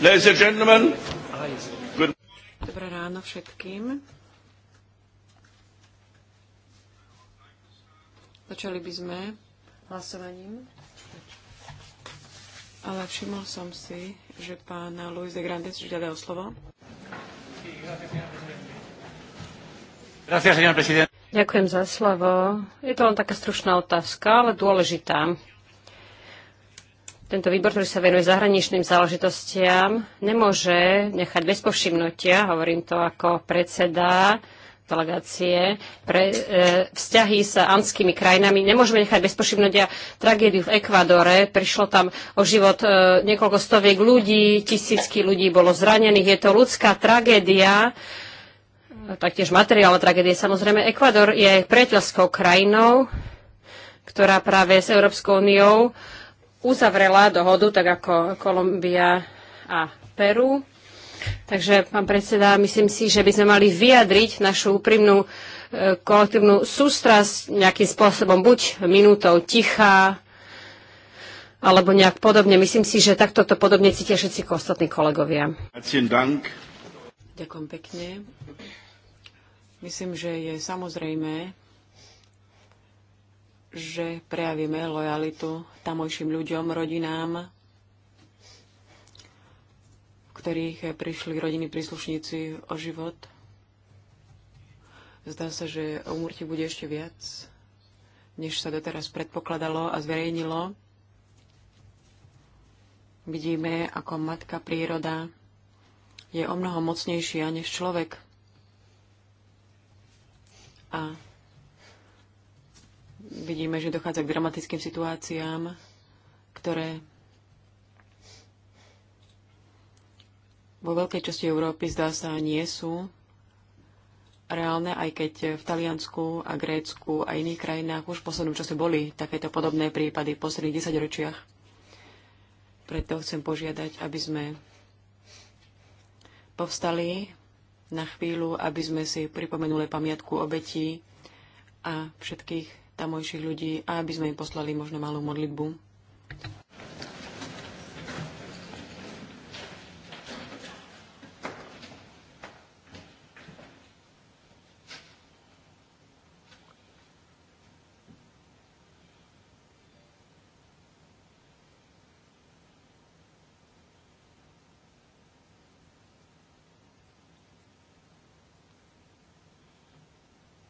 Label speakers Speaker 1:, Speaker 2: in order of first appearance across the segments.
Speaker 1: Ladies and gentlemen, good...
Speaker 2: Dobré ráno všetkým. Začali by sme hlasovaním. Ale všimol som si, že pán Luis de Grandes žiada o slovo.
Speaker 3: Ďakujem za slovo. Je to len taká stručná otázka, ale dôležitá tento výbor, ktorý sa venuje zahraničným záležitostiam, nemôže nechať bez povšimnutia, hovorím to ako predseda delegácie, pre e, vzťahy s andskými krajinami. Nemôžeme nechať bez povšimnutia tragédiu v Ekvadore. Prišlo tam o život e, niekoľko stoviek ľudí, tisícky ľudí bolo zranených. Je to ľudská tragédia, taktiež materiálna tragédie, Samozrejme, Ekvador je priateľskou krajinou, ktorá práve s Európskou úniou uzavrela dohodu, tak ako Kolumbia a Peru. Takže, pán predseda, myslím si, že by sme mali vyjadriť našu úprimnú e, kolektívnu sústrasť nejakým spôsobom, buď minútou tichá, alebo nejak podobne. Myslím si, že takto to podobne cítia všetci ostatní kolegovia.
Speaker 1: Ďakujem
Speaker 2: pekne. Myslím, že je samozrejme, že prejavíme lojalitu tamojším ľuďom, rodinám, v ktorých prišli rodiny príslušníci o život. Zdá sa, že umrti bude ešte viac, než sa doteraz predpokladalo a zverejnilo. Vidíme, ako matka príroda je o mnoho mocnejšia než človek. A vidíme, že dochádza k dramatickým situáciám, ktoré vo veľkej časti Európy zdá sa nie sú reálne, aj keď v Taliansku a Grécku a iných krajinách už v poslednom čase boli takéto podobné prípady v posledných desaťročiach. Preto chcem požiadať, aby sme povstali na chvíľu, aby sme si pripomenuli pamiatku obetí a všetkých tamojších ľudí a aby sme im poslali možno malú modlitbu.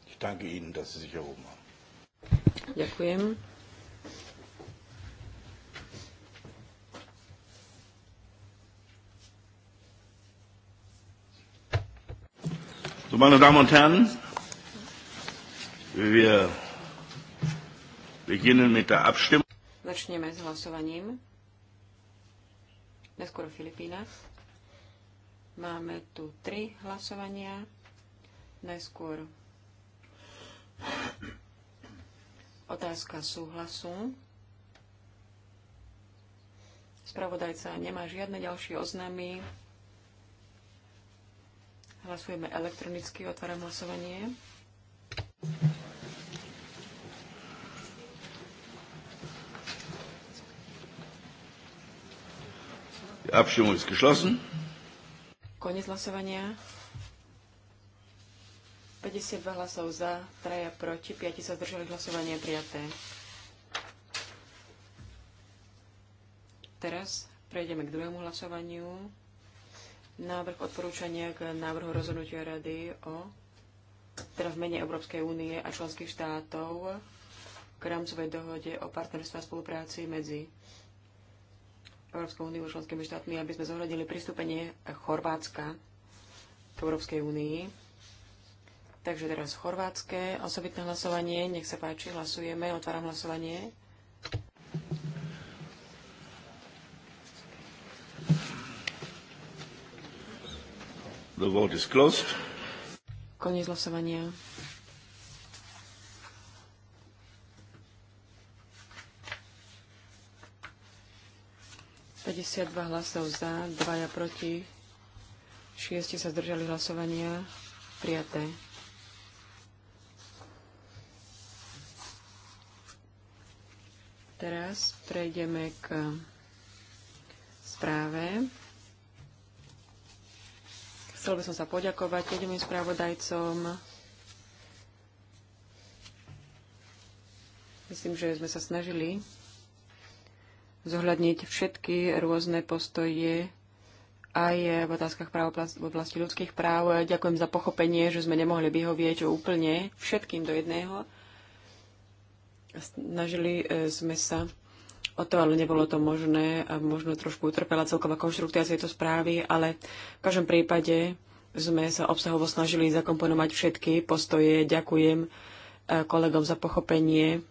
Speaker 1: Ich danke Ihnen, dass Sie sich erhoben haben. Ďakujem. So, meine Damen und Herren, wir beginnen mit der Abstimmung.
Speaker 2: Začneme s hlasovaním. Neskôr o Filipínach. Máme tu tri hlasovania. Neskôr Otázka súhlasu. Spravodajca nemá žiadne ďalšie oznámy. Hlasujeme elektronicky, otváram hlasovanie.
Speaker 1: Abstimmung ist geschlossen.
Speaker 2: Konec hlasovania. 52 hlasov za, 3 proti, 5 sa zdržali hlasovanie prijaté. Teraz prejdeme k druhému hlasovaniu. Návrh odporúčania k návrhu rozhodnutia Rady o teda v mene Európskej únie a členských štátov k rámcovej dohode o partnerstve a spolupráci medzi Európskou úniou a členskými štátmi, aby sme zohľadili pristúpenie Chorvátska k Európskej únii Takže teraz chorvátske osobitné hlasovanie. Nech sa páči, hlasujeme. Otváram hlasovanie.
Speaker 1: The vote is closed.
Speaker 2: Koniec hlasovania. dva hlasov za, dvaja proti, šiesti sa zdržali hlasovania, prijaté. Teraz prejdeme k správe. Chcel by som sa poďakovať jedným správodajcom. Myslím, že sme sa snažili zohľadniť všetky rôzne postoje aj v otázkach práv v oblasti ľudských práv. Ďakujem za pochopenie, že sme nemohli vyhovieť úplne všetkým do jedného. Snažili e, sme sa o to, ale nebolo to možné a možno trošku utrpela celková konštrukcia tejto správy, ale v každom prípade sme sa obsahovo snažili zakomponovať všetky postoje. Ďakujem e, kolegom za pochopenie.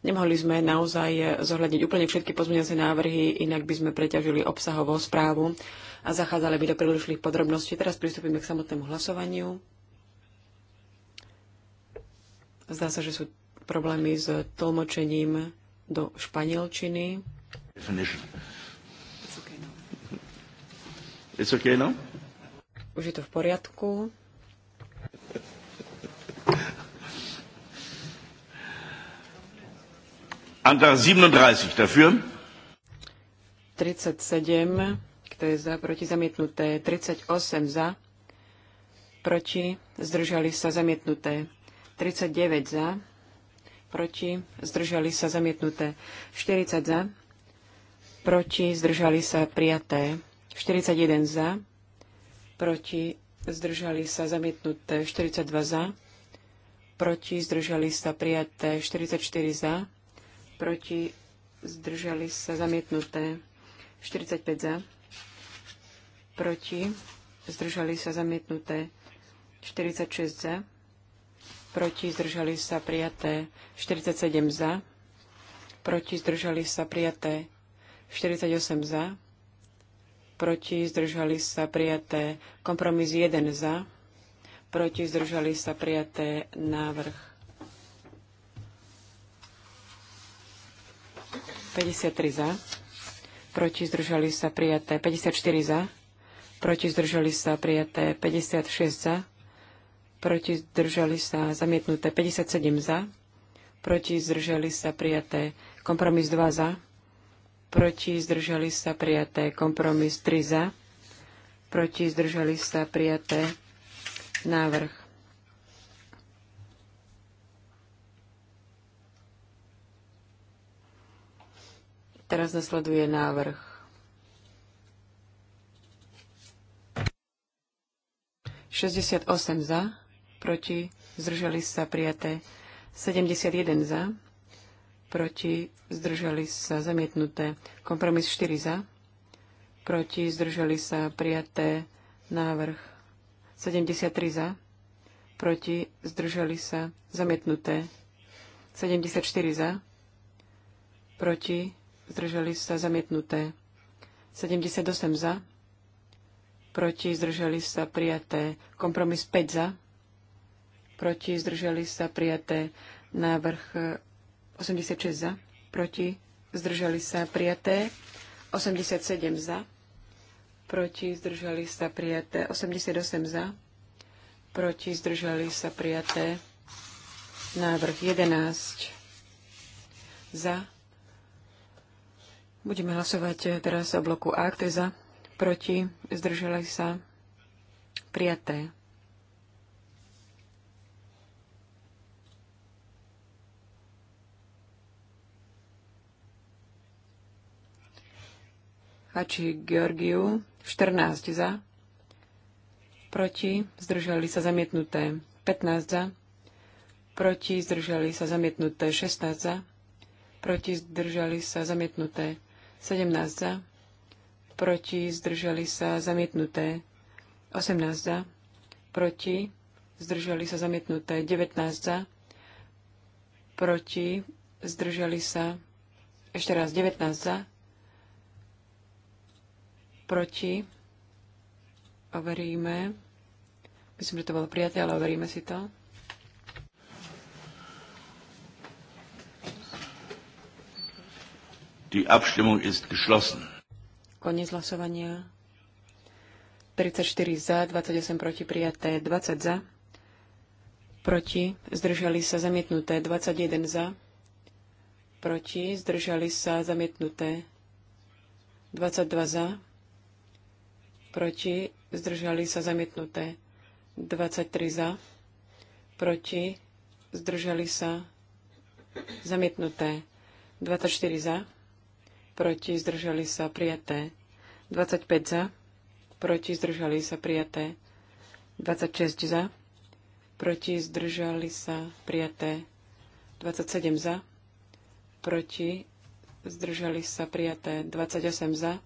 Speaker 2: Nemohli sme naozaj zohľadniť úplne všetky pozmeňovacie návrhy, inak by sme preťažili obsahovú správu a zachádzali by do prílišných podrobností. Teraz pristúpime k samotnému hlasovaniu. Zdá sa, že sú problémy s tlmočením do španielčiny.
Speaker 1: It's okay now. No?
Speaker 2: Už je to v poriadku.
Speaker 1: Antrag 37 dafür.
Speaker 2: 37, kto je za, proti zamietnuté. 38 za, proti, zdržali sa zamietnuté. 39 za, proti, zdržali sa zamietnuté. 40 za, proti, zdržali sa prijaté. 41 za, proti, zdržali sa zamietnuté. 42 za, proti, zdržali sa prijaté. 44 za, proti, zdržali sa zamietnuté. 45 za, proti, zdržali sa zamietnuté. 46 za, proti zdržali sa prijaté 47 za, proti zdržali sa prijaté 48 za, proti zdržali sa prijaté kompromis 1 za, proti zdržali sa prijaté návrh 53 za, proti zdržali sa prijaté 54 za, proti zdržali sa prijaté 56 za, proti zdržali sa zamietnuté 57 za, proti zdržali sa prijaté kompromis 2 za, proti zdržali sa prijaté kompromis 3 za, proti zdržali sa prijaté návrh. Teraz nasleduje návrh. 68 osem za proti, zdržali sa prijaté 71 za, proti, zdržali sa zamietnuté kompromis 4 za, proti, zdržali sa prijaté návrh 73 za, proti, zdržali sa zamietnuté 74 za, proti, zdržali sa zamietnuté 78 za, proti zdržali sa prijaté kompromis 5 za, proti, zdržali sa prijaté. Návrh 86 e, za, proti, zdržali sa prijaté. 87 za, proti, zdržali sa prijaté. 88 za, proti, zdržali sa prijaté. Návrh 11 za. Budeme hlasovať teraz o bloku A, kto je za, proti, zdržali sa prijaté. Hači Georgiu 14 za, proti zdržali sa zamietnuté 15 za, proti zdržali sa zamietnuté 16 za, proti zdržali sa zamietnuté 17 za, proti zdržali sa zamietnuté 18 za, proti zdržali sa zamietnuté 19 za, proti zdržali sa ešte raz 19 za, proti, veríme, Myslím, že to bolo prijaté, ale overíme si to.
Speaker 1: Die Abstimmung ist geschlossen.
Speaker 2: Koniec hlasovania. 34 za, 28 proti prijaté, 20 za. Proti zdržali sa zamietnuté, 21 za. Proti zdržali sa zamietnuté, 22 za proti, zdržali sa zamietnuté. 23 za, proti, zdržali sa zamietnuté. 24 za, proti, zdržali sa prijaté. 25 za, proti, zdržali sa prijaté. 26 za, proti, zdržali sa prijaté. 27 za, proti, zdržali sa prijaté. 28 za,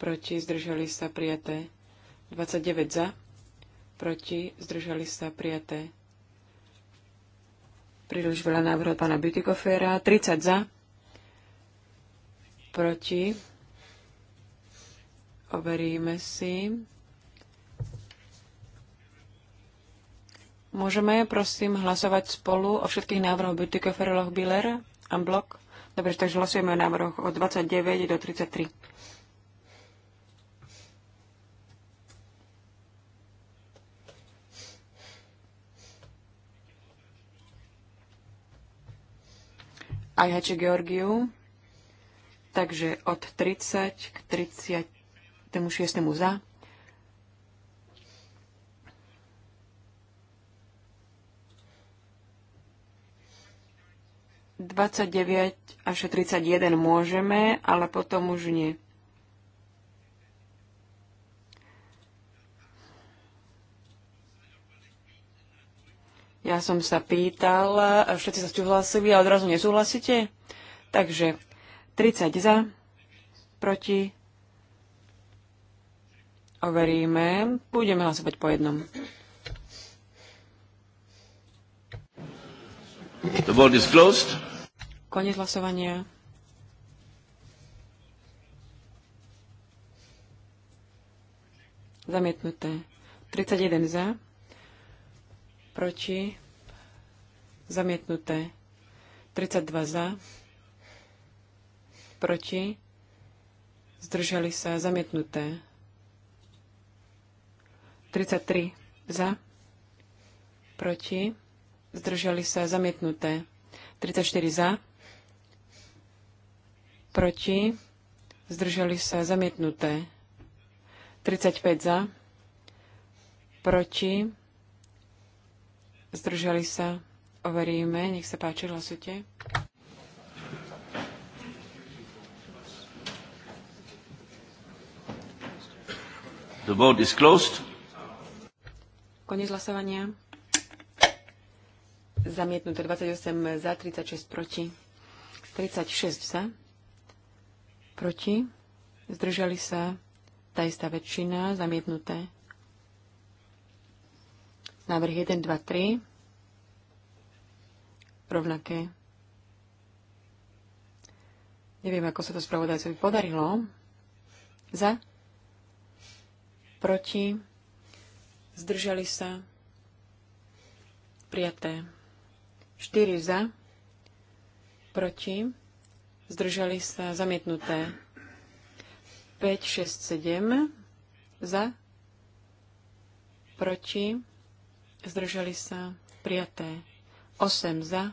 Speaker 2: proti zdržali sa prijaté. 29 za, proti zdržali sa prijaté. Príliš veľa návrhov od pána Bytikofera. 30 za, proti. Overíme si. Môžeme, prosím, hlasovať spolu o všetkých návrhoch Bütikofer, Lochbiller a blok? Dobre, takže hlasujeme o návrhoch od 29 do 33. aj Hače Georgiu. Takže od 30 k 36 za. Dvadsať až 31 môžeme, ale potom už nie. Ja som sa pýtal, všetci sa súhlasili a odrazu nesúhlasíte? Takže 30 za, proti. Overíme. Budeme hlasovať po jednom.
Speaker 1: The vote is closed.
Speaker 2: Konec hlasovania. Zamietnuté. 31 za proti, zamietnuté. 32 za, proti, zdržali sa, zamietnuté. 33 za, proti, zdržali sa, zamietnuté. 34 za, proti, zdržali sa, zamietnuté. 35 za, proti, Zdržali sa? Overíme. Nech sa páči, hlasujte.
Speaker 1: The vote is closed.
Speaker 2: Koniec hlasovania. Zamietnuté 28 za, 36 proti. 36 za, proti. Zdržali sa tá istá väčšina, zamietnuté. Návrh 1, 2, 3. Rovnaké. Neviem, ako sa to spravodajcovi podarilo. Za? Proti? Zdržali sa? Prijaté. 4 za? Proti? Zdržali sa? Zamietnuté. 5, 6, 7. Za? Proti? zdržali sa, prijaté. 8 za,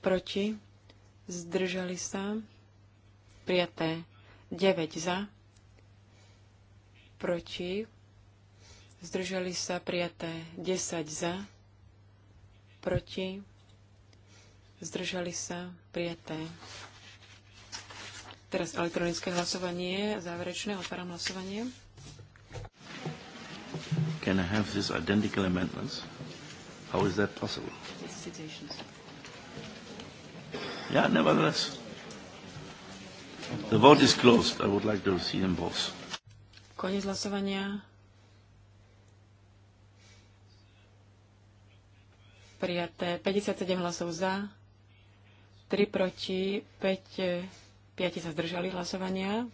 Speaker 2: proti, zdržali sa, prijaté. 9 za, proti, zdržali sa, prijaté. 10 za, proti, zdržali sa, prijaté. Teraz elektronické hlasovanie, záverečné, otváram hlasovanie
Speaker 1: can have these identical amendments? How is that possible? Yeah, nevertheless. The vote is closed. I would like to see them both.
Speaker 2: Konec hlasovania. Prijaté 57 hlasov za, 3 proti, 5, 5 sa zdržali hlasovania.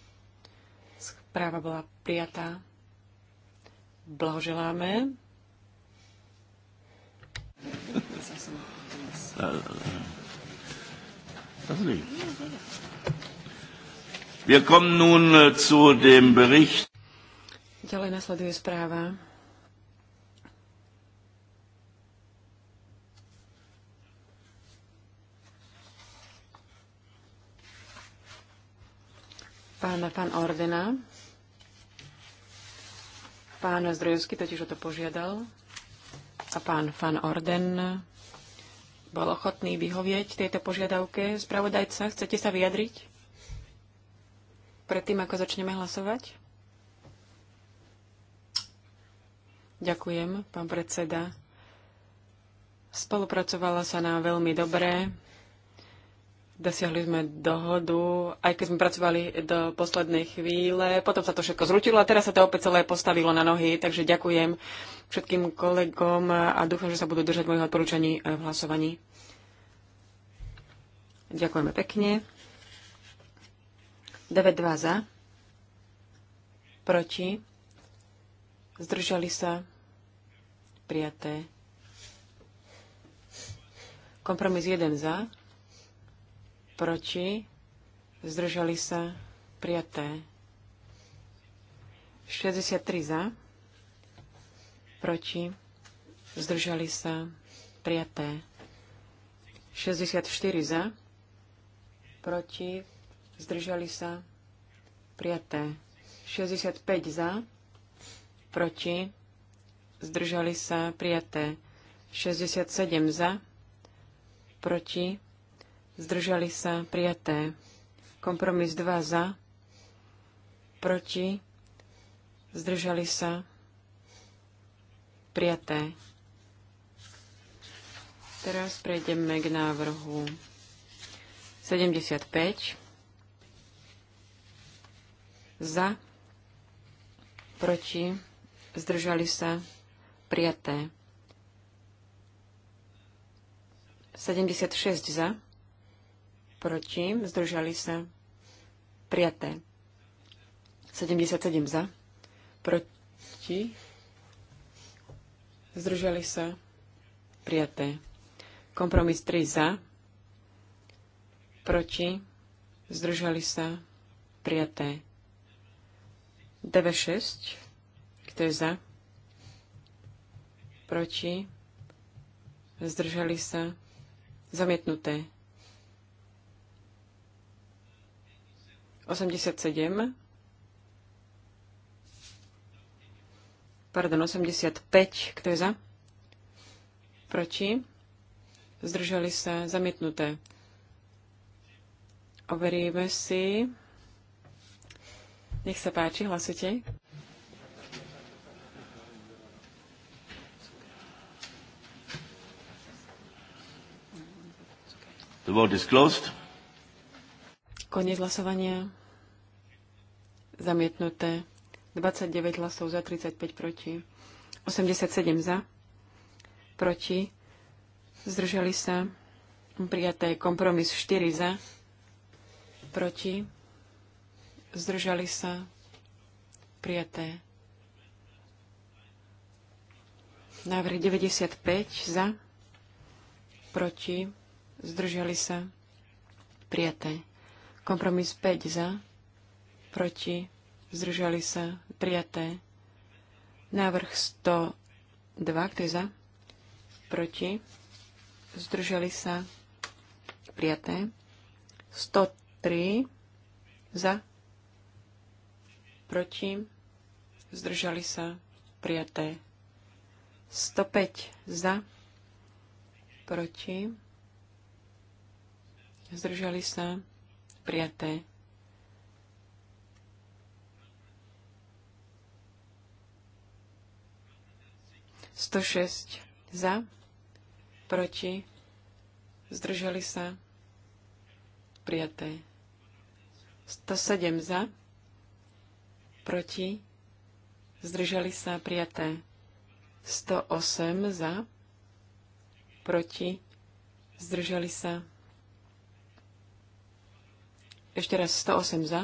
Speaker 2: Správa bola prijatá. Blahoželáme.
Speaker 1: Wir kommen nun äh, zu dem Bericht.
Speaker 2: Ďalej nasleduje správa. Pána pán Ordena. Pán Zdrojovský totiž o to požiadal a pán Van Orden bol ochotný vyhovieť tejto požiadavke. Spravodajca, chcete sa vyjadriť? Predtým, ako začneme hlasovať? Ďakujem, pán predseda. Spolupracovala sa nám veľmi dobre. Dosiahli sme dohodu, aj keď sme pracovali do poslednej chvíle. Potom sa to všetko zrutilo a teraz sa to opäť celé postavilo na nohy. Takže ďakujem všetkým kolegom a dúfam, že sa budú držať mojich odporúčaní v hlasovaní. Ďakujeme pekne. 9-2 za. Proti. Zdržali sa. Prijaté. Kompromis 1 za proti, zdržali sa, prijaté. 63 za, proti, zdržali sa, prijaté. 64 za, proti, zdržali sa, prijaté. 65 za, proti, zdržali sa, prijaté. 67 za, proti, zdržali sa prijaté. Kompromis 2 za, proti, zdržali sa prijaté. Teraz prejdeme k návrhu 75. Za, proti, zdržali sa, prijaté. 76 za, proti, zdržali sa, prijaté. 77 za, proti, zdržali sa, prijaté. Kompromis 3 za, proti, zdržali sa, prijaté. DV6, kto je za, proti, zdržali sa, zamietnuté. 87. Pardon, 85. Kto je za? Proti? Zdržali sa zamietnuté. Overíme si. Nech sa páči, hlasujte.
Speaker 1: The vote is closed.
Speaker 2: Koniec hlasovania. Zamietnuté. 29 hlasov za, 35 proti. 87 za. Proti. Zdržali sa. Prijaté kompromis 4 za. Proti. Zdržali sa. Prijaté. Návrh 95 za. Proti. Zdržali sa. Prijaté. Kompromis 5 za, proti, zdržali sa, prijaté. Návrh 102, kto je za, proti, zdržali sa, prijaté. 103 za, proti, zdržali sa, prijaté. 105 za, proti, zdržali sa, prijaté. Prijaté. Sto šesť za, proti, zdržali sa, prijaté. Sto sedem za, proti, zdržali sa, prijaté. Sto osem za, proti, zdržali sa, ešte raz 108 za.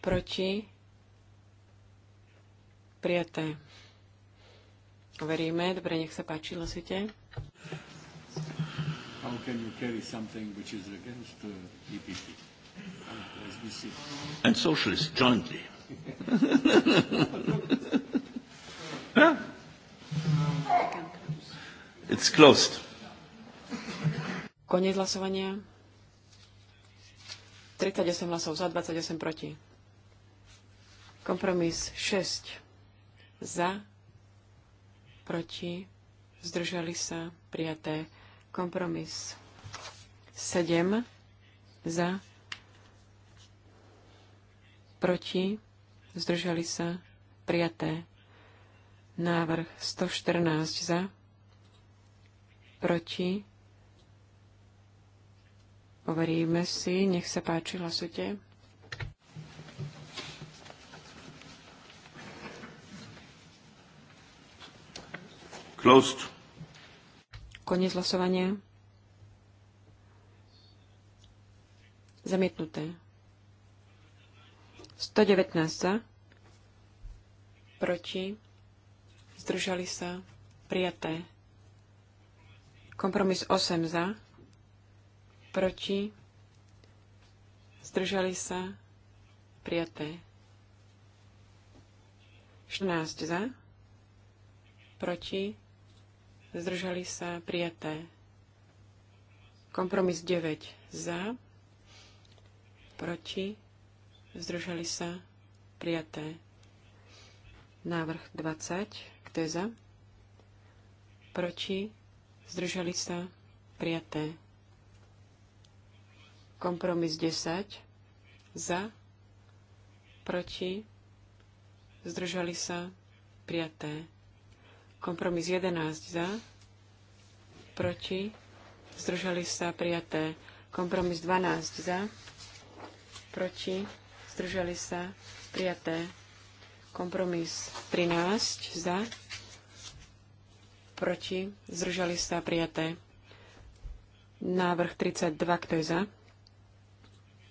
Speaker 2: Proti. Prijaté. Overíme. Dobre, nech sa páči, hlasujte.
Speaker 1: How can you carry something which is against the uh, EPP? And socialists jointly. It's closed.
Speaker 2: Konec hlasovania. 38 hlasov za, 28 proti. Kompromis 6 za, proti, zdržali sa, prijaté. Kompromis 7 za, proti, zdržali sa, prijaté. Návrh 114 za, proti, Overíme si. Nech sa páči, hlasujte. Closed. Koniec hlasovania. Zamietnuté. 119 za. Proti. Zdržali sa. Prijaté. Kompromis 8 za proti, zdržali sa, prijaté. 14 za, proti, zdržali sa, prijaté. Kompromis 9 za, proti, zdržali sa, prijaté. Návrh 20, kto je za? Proti, zdržali sa, prijaté. Kompromis 10. Za. Proti. Zdržali sa. Prijaté. Kompromis 11. Za. Proti. Zdržali sa. Prijaté. Kompromis 12. Za. Proti. Zdržali sa. Prijaté. Kompromis 13. Za. Proti. Zdržali sa. Prijaté. Návrh 32. Kto je za?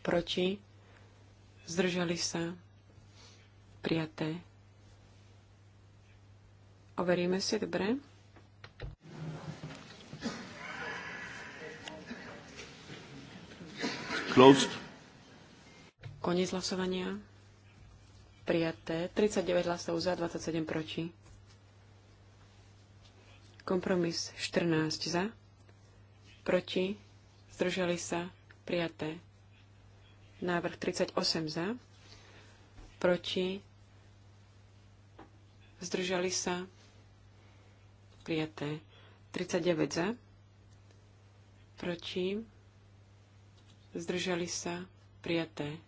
Speaker 2: proti, zdržali sa, prijaté. Overíme si, dobre? Closed. Koniec hlasovania. Prijaté. 39 hlasov za, 27 proti. Kompromis 14 za, proti, zdržali sa, prijaté. Návrh 38 za. Proti. Zdržali sa. Prijaté. 39 za. Proti. Zdržali sa. Prijaté.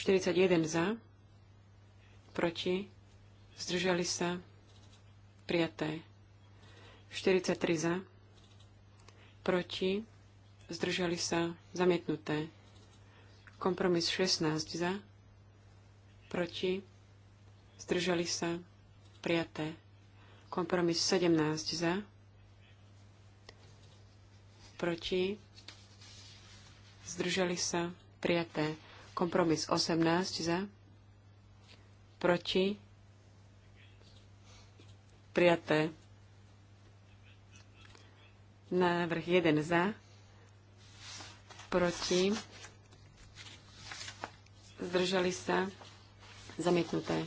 Speaker 2: 41 za. Proti. Zdržali sa. Prijaté. 43 za. Proti zdržali sa, zamietnuté. Kompromis 16 za, proti, zdržali sa, prijaté. Kompromis 17 za, proti, zdržali sa, prijaté. Kompromis 18 za, proti, prijaté. Návrh 1 za, proti, zdržali sa, zamietnuté.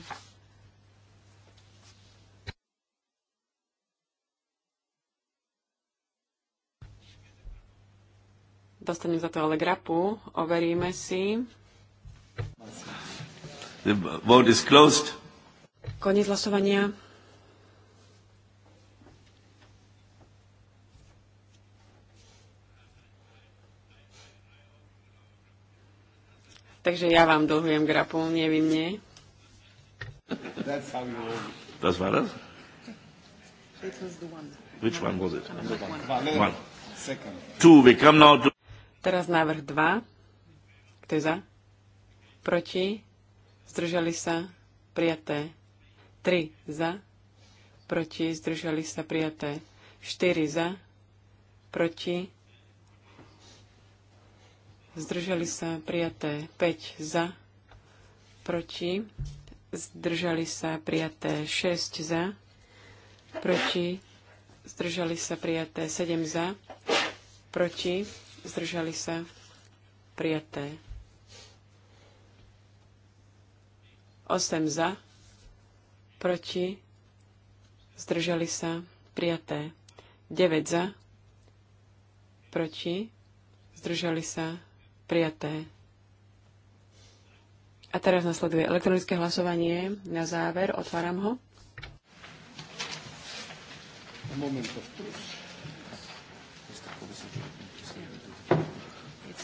Speaker 2: Dostanem za to ale grapu, overíme si.
Speaker 1: The vote is closed.
Speaker 2: Koniec hlasovania. Takže ja vám dlhujem grapul, nie vy mne.
Speaker 4: That's how you one.
Speaker 1: Which one was it?
Speaker 2: One. one. Second.
Speaker 1: Two. We come now to...
Speaker 2: Teraz návrh 2. Kto je za? Proti? Zdržali sa? Prijaté. 3 za? Proti? Zdržali sa? Prijaté. 4 za? Proti? zdržali sa prijaté 5 za, proti, zdržali sa prijaté 6 za, proti, zdržali sa prijaté 7 za, proti, zdržali sa prijaté 8 za, proti, zdržali sa prijaté 9 za, proti, zdržali sa Prijaté. A teraz nasleduje elektronické hlasovanie. Na záver otváram ho.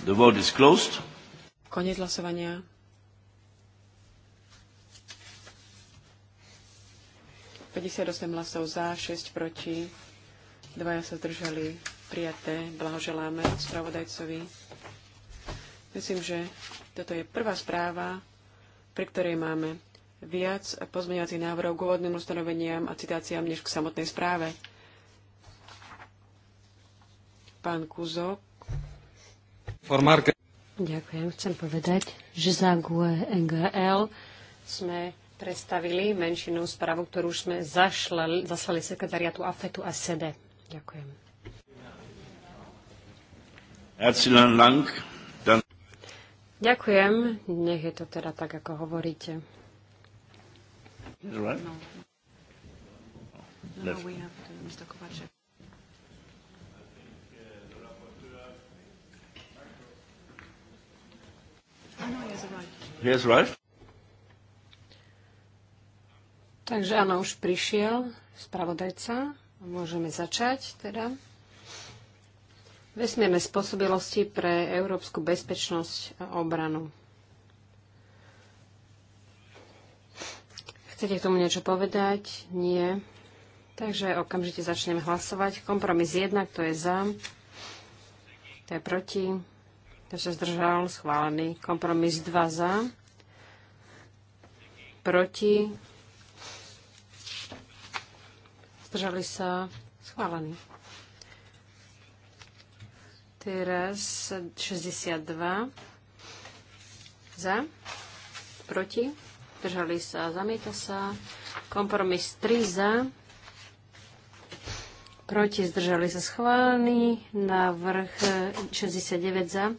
Speaker 2: The vote is closed. Konec hlasovania. hlasov za, 6 proti, dvaja sa zdržali, prijaté, blahoželáme spravodajcovi. Myslím, že toto je prvá správa, pri ktorej máme viac pozmeňovacích návrhov k úvodným ustanoveniam a citáciám než k samotnej správe. Pán Kuzok.
Speaker 4: Formárke.
Speaker 3: Ďakujem. Chcem povedať, že za GUE NGL sme predstavili menšinnú správu, ktorú už sme zašlali, zaslali sekretariatu AFETu a SEDE.
Speaker 1: Ďakujem. Herzlichen Dank.
Speaker 3: Ďakujem. Nech je to teda tak, ako hovoríte.
Speaker 2: No.
Speaker 1: No,
Speaker 3: Takže áno, už prišiel spravodajca. Môžeme začať teda vesmierne spôsobilosti pre európsku bezpečnosť a obranu. Chcete k tomu niečo povedať? Nie. Takže okamžite začneme hlasovať. Kompromis 1, kto je za, kto je proti, kto sa zdržal, schválený. Kompromis 2 za, proti, zdržali sa, schválený. Teraz 62 za, proti, držali sa, zamieta sa. Kompromis 3 za, proti, zdržali sa schválený, Návrh 69 za,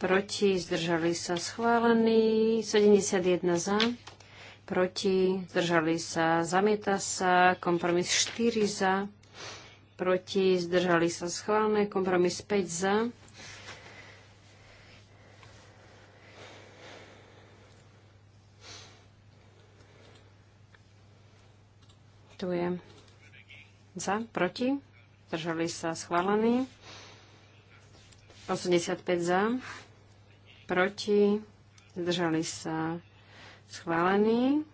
Speaker 3: proti, zdržali sa schválený, 71 za, proti, zdržali sa, zamieta sa. Kompromis 4 za, proti, zdržali sa schválne, kompromis 5 za, tu je za, proti, zdržali sa schválení, 85 za, proti, zdržali sa schválení,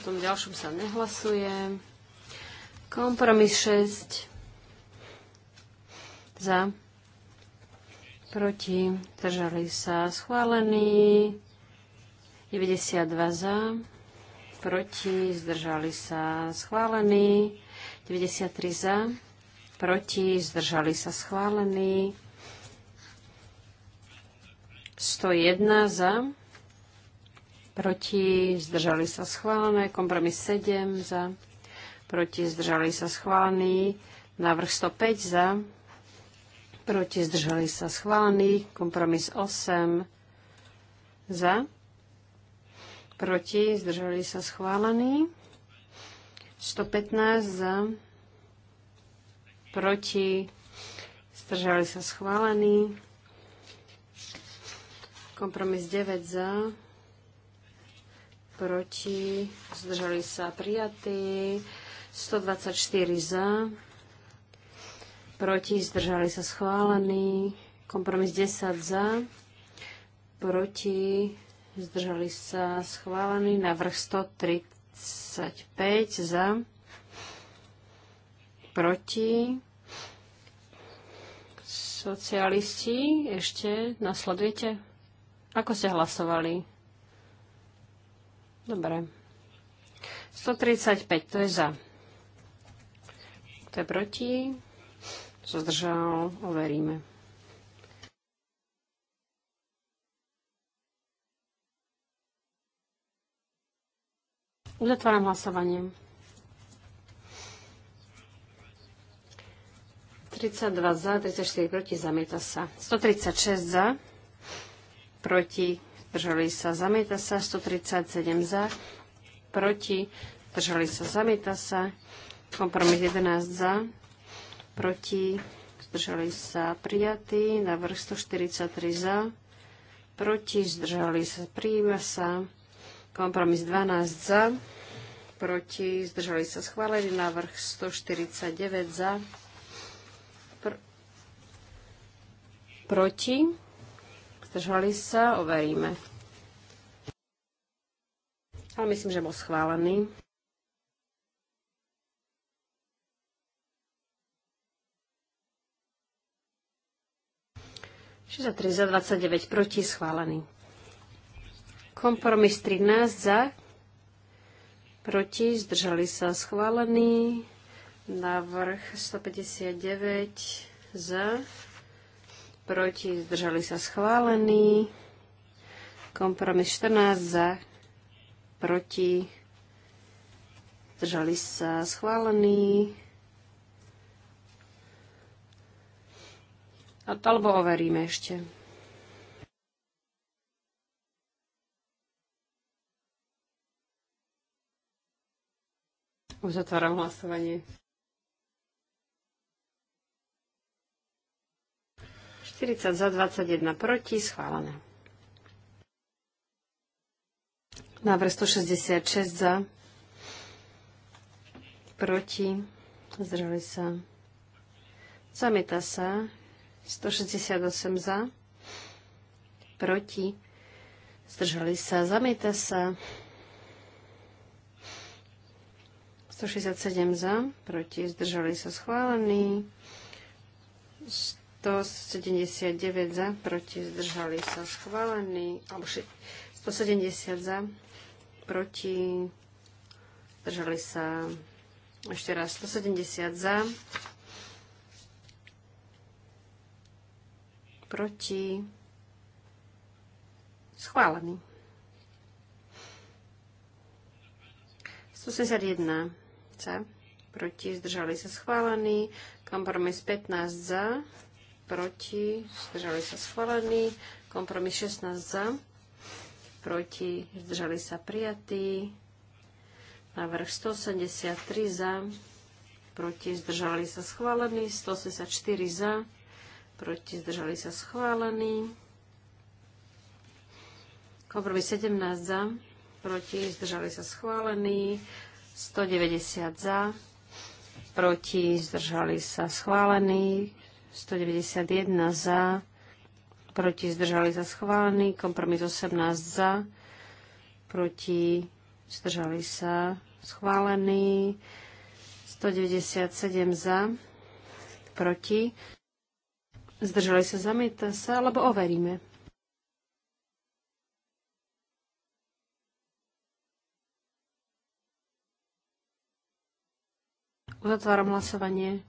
Speaker 3: potom tom ďalšom sa nehlasuje. Kompromis 6 za, proti, držali sa schválení, 92 za, proti, zdržali sa schválení, 93 za, proti, zdržali sa schválení, 101 za, proti, zdržali sa schválené, kompromis 7 za, proti, zdržali sa schválený, návrh 105 za, proti, zdržali sa schválený, kompromis 8 za, proti, zdržali sa schválený, 115 za, proti, zdržali sa schválený, kompromis 9 za, proti, zdržali sa prijatí, 124 za, proti, zdržali sa schválení, kompromis 10 za, proti, zdržali sa schválení, navrh 135 za, proti, socialisti ešte nasledujete? Ako ste hlasovali? Dobre. 135, to je za. To je proti. Kto zdržal, overíme. Uzatváram hlasovanie. 32 za, 34 proti, zamieta sa. 136 za, proti, zdržali sa, zamieta sa, 137 za, proti, zdržali sa, zamieta sa, kompromis 11 za, proti, zdržali sa, prijatý, návrh 143 za, proti, zdržali sa, prijíma sa, kompromis 12 za, proti, zdržali sa, schválený návrh 149 za, pr- proti, zdržali sa, overíme. Ale myslím, že bol schválený. za 3 za 29 proti schválený. Kompromis 13 za proti zdržali sa schválený. Návrh 159 za proti, zdržali sa schválení. Kompromis 14 za, proti, zdržali sa schválení. To Alebo overíme ešte.
Speaker 2: Uzatváram hlasovanie.
Speaker 3: 40 za, 21 proti, schválené. Návrh 166 za, proti, zdržali sa. Zamieta sa. 168 za, proti, zdržali sa. Zamieta sa. 167 za, proti, zdržali sa schválený 179 za, proti zdržali sa schválení, alebo 170 za, proti zdržali sa, ešte raz 170 za, proti schválený. 171 za, proti zdržali sa schválení, kompromis 15 za, proti, zdržali sa schválení, kompromis 16 za, proti, zdržali sa prijatí, návrh 183 za, proti, zdržali sa schválení, 184 za, proti, zdržali sa schválení, kompromis 17 za, proti, zdržali sa schválení, 190 za, proti, zdržali sa schválení, 191 za, proti zdržali sa schválený, kompromis 18 za, proti zdržali sa schválený, 197 za, proti, zdržali sa, zamieta sa, alebo overíme. Uzatváram hlasovanie.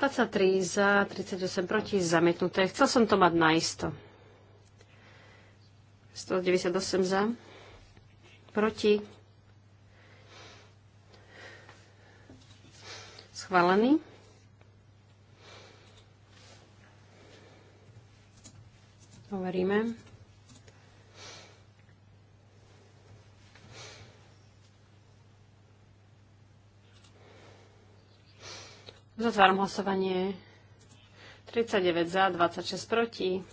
Speaker 3: 23 za, 38 proti, zamietnuté. Chcel som to mať naisto. 198 za, proti. Schválený. Overíme. Zatváram hlasovanie. 39 za, 26 proti.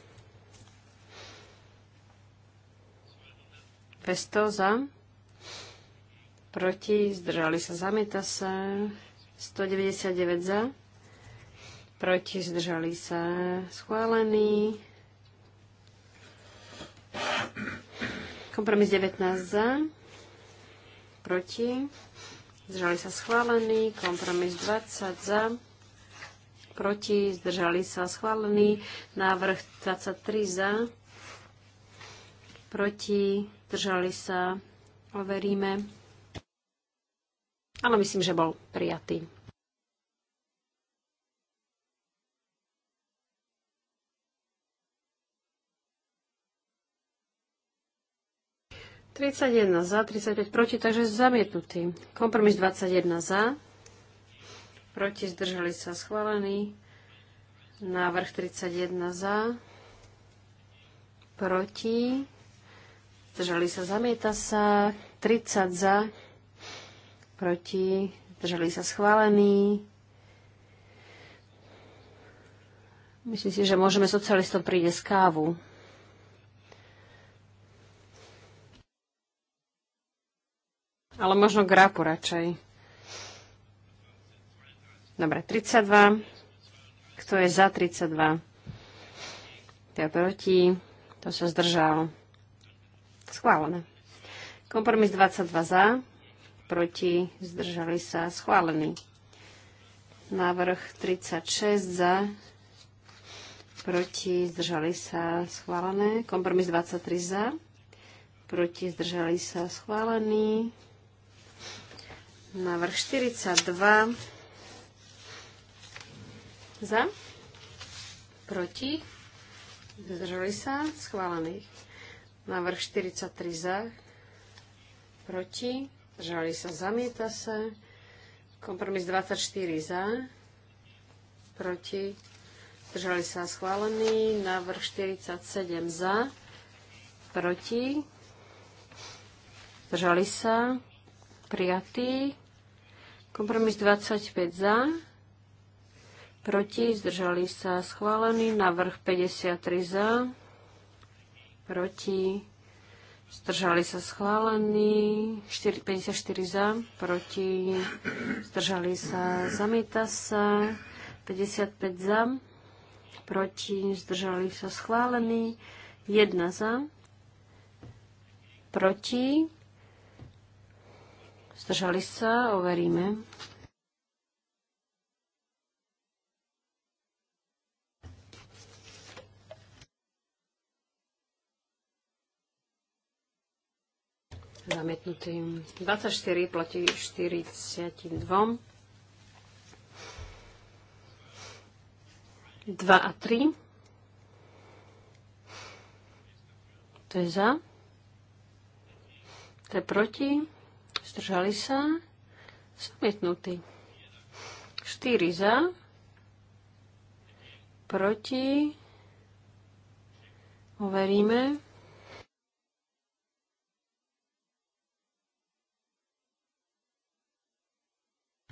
Speaker 3: 200 za. Proti, zdržali sa, zamieta sa. 199 za. Proti, zdržali sa, schválený. Kompromis 19 za. Proti zdržali sa schválení, kompromis 20 za, proti, zdržali sa schválení, návrh 23 za, proti, zdržali sa, overíme. Ale myslím, že bol prijatý. 31 za, 35 proti, takže zamietnutý. Kompromis 21 za, proti zdržali sa schválený. Návrh 31 za, proti, zdržali sa, zamieta sa. 30 za, proti, zdržali sa schválený. Myslím si, že môžeme socialistom príde z kávu. ale možno grapu radšej. Dobre, 32. Kto je za 32? Kto je proti? to sa zdržal? Schválené. Kompromis 22 za, proti, zdržali sa, schválený. Návrh 36 za, proti, zdržali sa, schválené. Kompromis 23 za, proti, zdržali sa, schválený. Návrh 42. Za. Proti. Zdržali sa. Schválený. Návrh 43 za. Proti. Zdržali sa. Zamieta sa. Kompromis 24 za. Proti. Zdržali sa. Schválený. Návrh 47 za. Proti. Zdržali sa. Prijatý. Kompromis 25 za, proti, zdržali sa schválený. Navrh 53 za, proti, zdržali sa schválený. 54 za, proti, zdržali sa, zamieta sa. 55 za, proti, zdržali sa schválený. 1 za, proti, Zdržali sa, overíme. Zamietnutý 24 platí 42. 2 a 3. To je za. To je proti. Zdržali sa? Zamietnutý. 4 za. Proti. Overíme.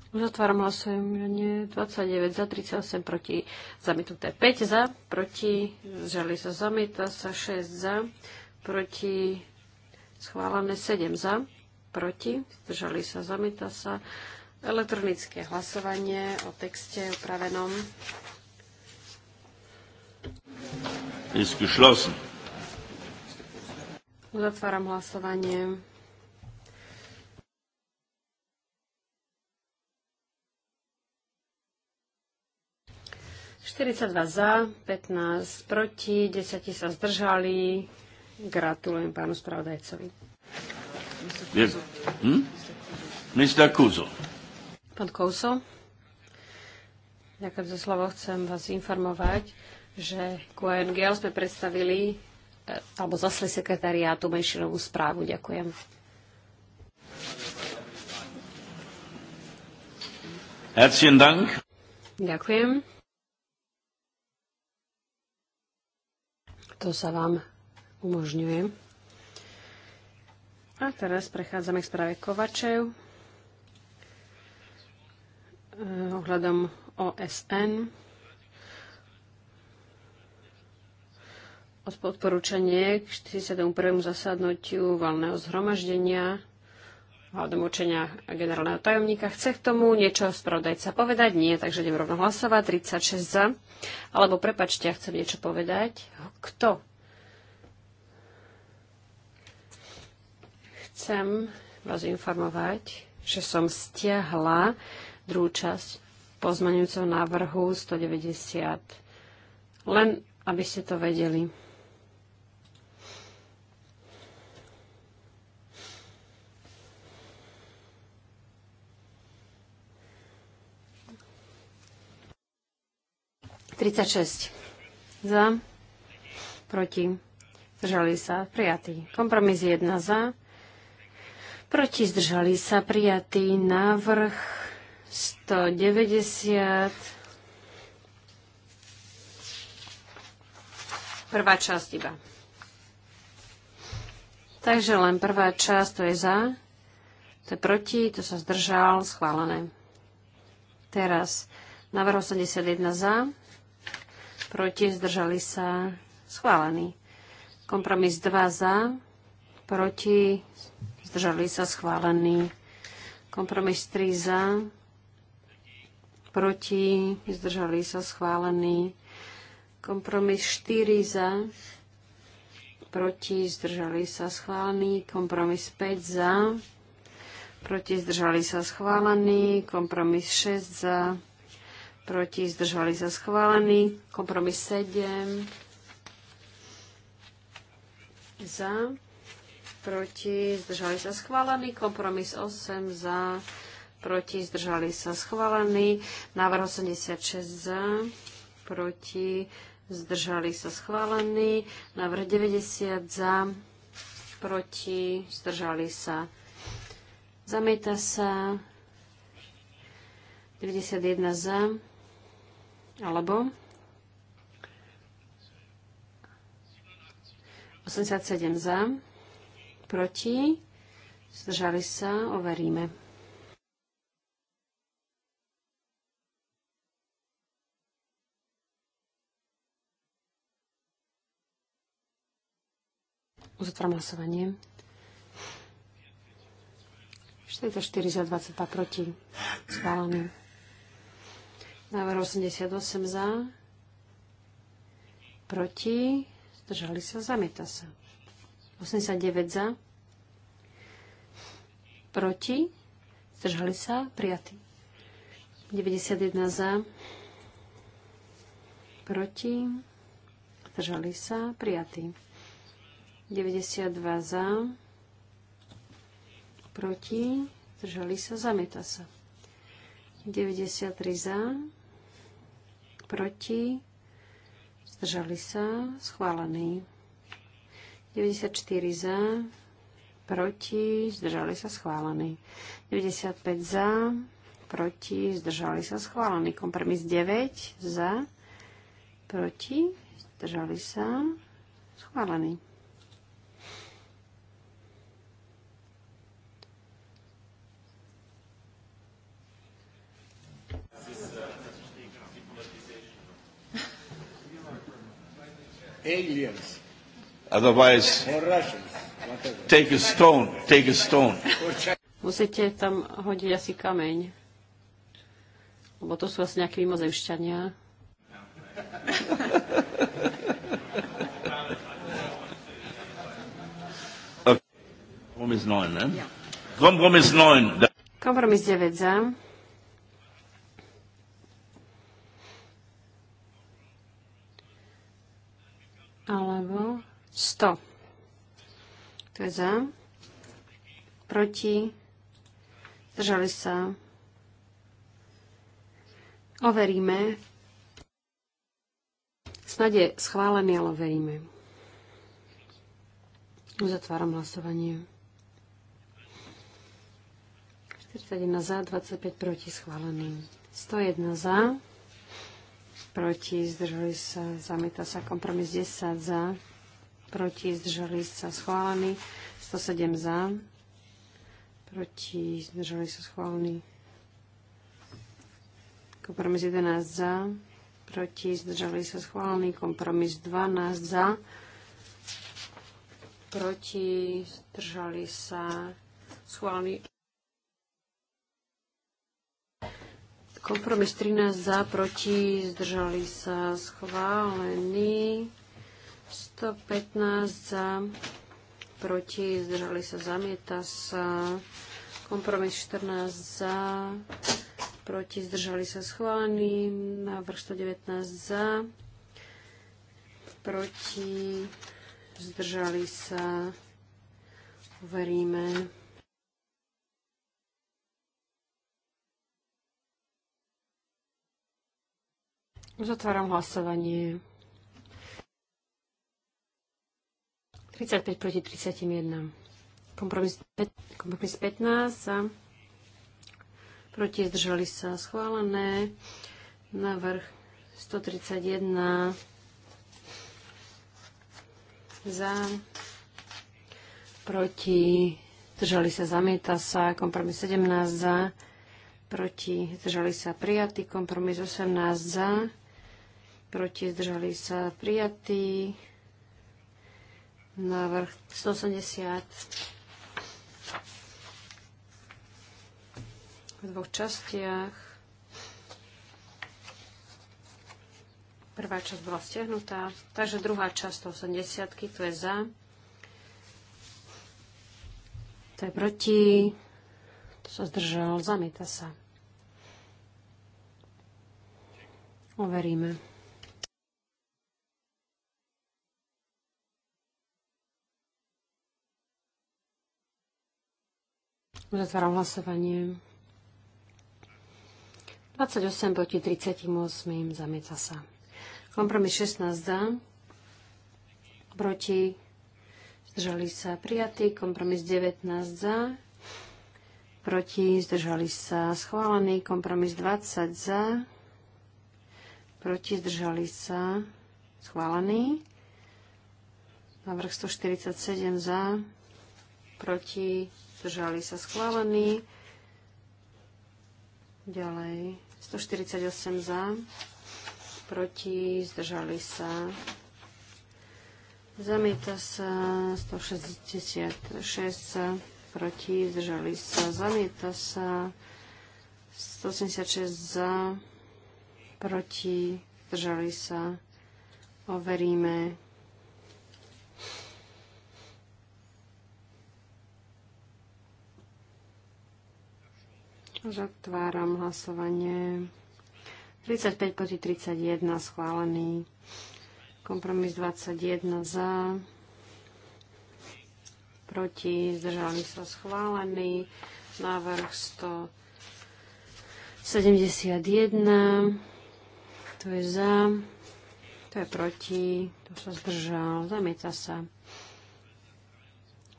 Speaker 3: Uzatváram hlasovanie 29 za, 38 proti, zamietnuté 5 za, proti, zžali sa zamieta sa 6 za, proti, schválené 7 za, proti, zdržali sa, zamieta sa. Elektronické hlasovanie o texte upravenom. Ist Uzatváram hlasovanie. Štyridsaťdva za, 15 proti, 10 sa zdržali. Gratulujem pánu spravodajcovi.
Speaker 1: Hm? Mr. Kuzo.
Speaker 3: Pán Kouso, ďakujem za slovo. Chcem vás informovať, že QNGL sme predstavili eh, alebo zasli sekretariátu menšinovú správu. Ďakujem.
Speaker 1: Herzlichen Dank.
Speaker 3: Ďakujem. To sa vám umožňujem. A teraz prechádzame k správe Kovačev eh, ohľadom OSN. odporúčanie k 41. zasadnutiu valného zhromaždenia a určenia generálneho tajomníka. Chce k tomu niečo spravodajca povedať? Nie, takže idem rovno hlasovať. 36 za. Alebo prepačte, ja chcem niečo povedať. Kto Chcem vás informovať, že som stiahla druhú časť pozmaňujúceho návrhu 190. Len aby ste to vedeli. Tridsaťšesť. Za. Proti. Zdržali sa. Prijatý. Kompromis 1 za Proti zdržali sa prijatý návrh 190. Prvá časť iba. Takže len prvá časť, to je za, to je proti, to sa zdržal, schválené. Teraz návrh 81 za, proti, zdržali sa, schválený. Kompromis 2 za, proti, zdržali sa schválený. Kompromis 3 za, proti, zdržali sa schválený. Kompromis 4 za, proti, zdržali sa schválený. Kompromis 5 za, proti, zdržali sa schválený. Kompromis 6 za, proti, zdržali sa schválený. Kompromis 7 za, proti, zdržali sa schválený. Kompromis 8 za, proti, zdržali sa schválený. Návrh 86 za, proti, zdržali sa schválený. Návrh 90 za, proti, zdržali sa. Zamieta sa 91 za, alebo 87 za, proti, zdržali sa, overíme. Uzatvorím hlasovanie. 44 za 22 proti. Schválený. Návrh 88 za. Proti. Zdržali sa. Zamieta sa. 89 za proti, zdržali sa, prijatí. 91 za, proti, zdržali sa, prijatí. 92 za, proti, zdržali sa, zamieta sa. 93 za, proti, zdržali sa, schválený. 94 za, proti, zdržali sa schválení. 95 za, proti, zdržali sa schválení. Kompromis 9 za, proti, zdržali sa schválení.
Speaker 1: Aliens. Otherwise, or Take a stone, take a stone.
Speaker 3: Musíte tam hodiť asi kameň. Lebo to sú asi nejaké mimozemšťania.
Speaker 1: Kompromis 9, ne? Kompromis 9.
Speaker 3: Kompromis 9 za. Alebo 100. Kto je za? Proti? Zdržali sa? Overíme. Snad je schválený, ale overíme. Uzatváram hlasovanie. 41 za, 25 proti schválený. 101 za, proti, zdržali sa, zamieta sa kompromis 10 za, proti, zdržali sa schválený, 107 za, proti, zdržali sa schválený. Kompromis 11 za, proti, zdržali sa schválený. kompromis 12 za, proti, zdržali sa schválený. Kompromis 13 za, proti, zdržali sa schválení. 115 za, proti, zdržali sa, zamieta sa. Kompromis 14 za, proti, zdržali sa, schválený. Návrh 119 za, proti, zdržali sa, uveríme. Zatváram hlasovanie. 35 proti 31. Kompromis, kompromis 15 za. Proti zdržali sa schválené. Navrh 131 za. Proti zdržali sa zamieta sa. Kompromis 17 za. Proti zdržali sa prijatý. Kompromis 18 za. Proti zdržali sa prijatý. Návrh 180 v dvoch častiach. Prvá časť bola stiahnutá, takže druhá časť 180, to je za. To je proti. To sa zdržal, zamieta sa. Overíme. Uzatváram hlasovanie. 28 proti 38 zamieta sa. Kompromis 16 za, proti, zdržali sa prijatý. Kompromis 19 za, proti, zdržali sa schválený. Kompromis 20 za, proti, zdržali sa schválený. Návrh 147 za, proti, zdržali sa schválení. Ďalej 148 za, proti, zdržali sa. Zamieta sa 166 za, proti, zdržali sa. Zamieta sa 186 za, proti, zdržali sa. Overíme Zatváram hlasovanie. 35 proti 31 schválený. Kompromis 21 za. Proti zdržali sa schválený. Návrh 171. To je za. To je proti. To sa zdržal. Zamieta sa.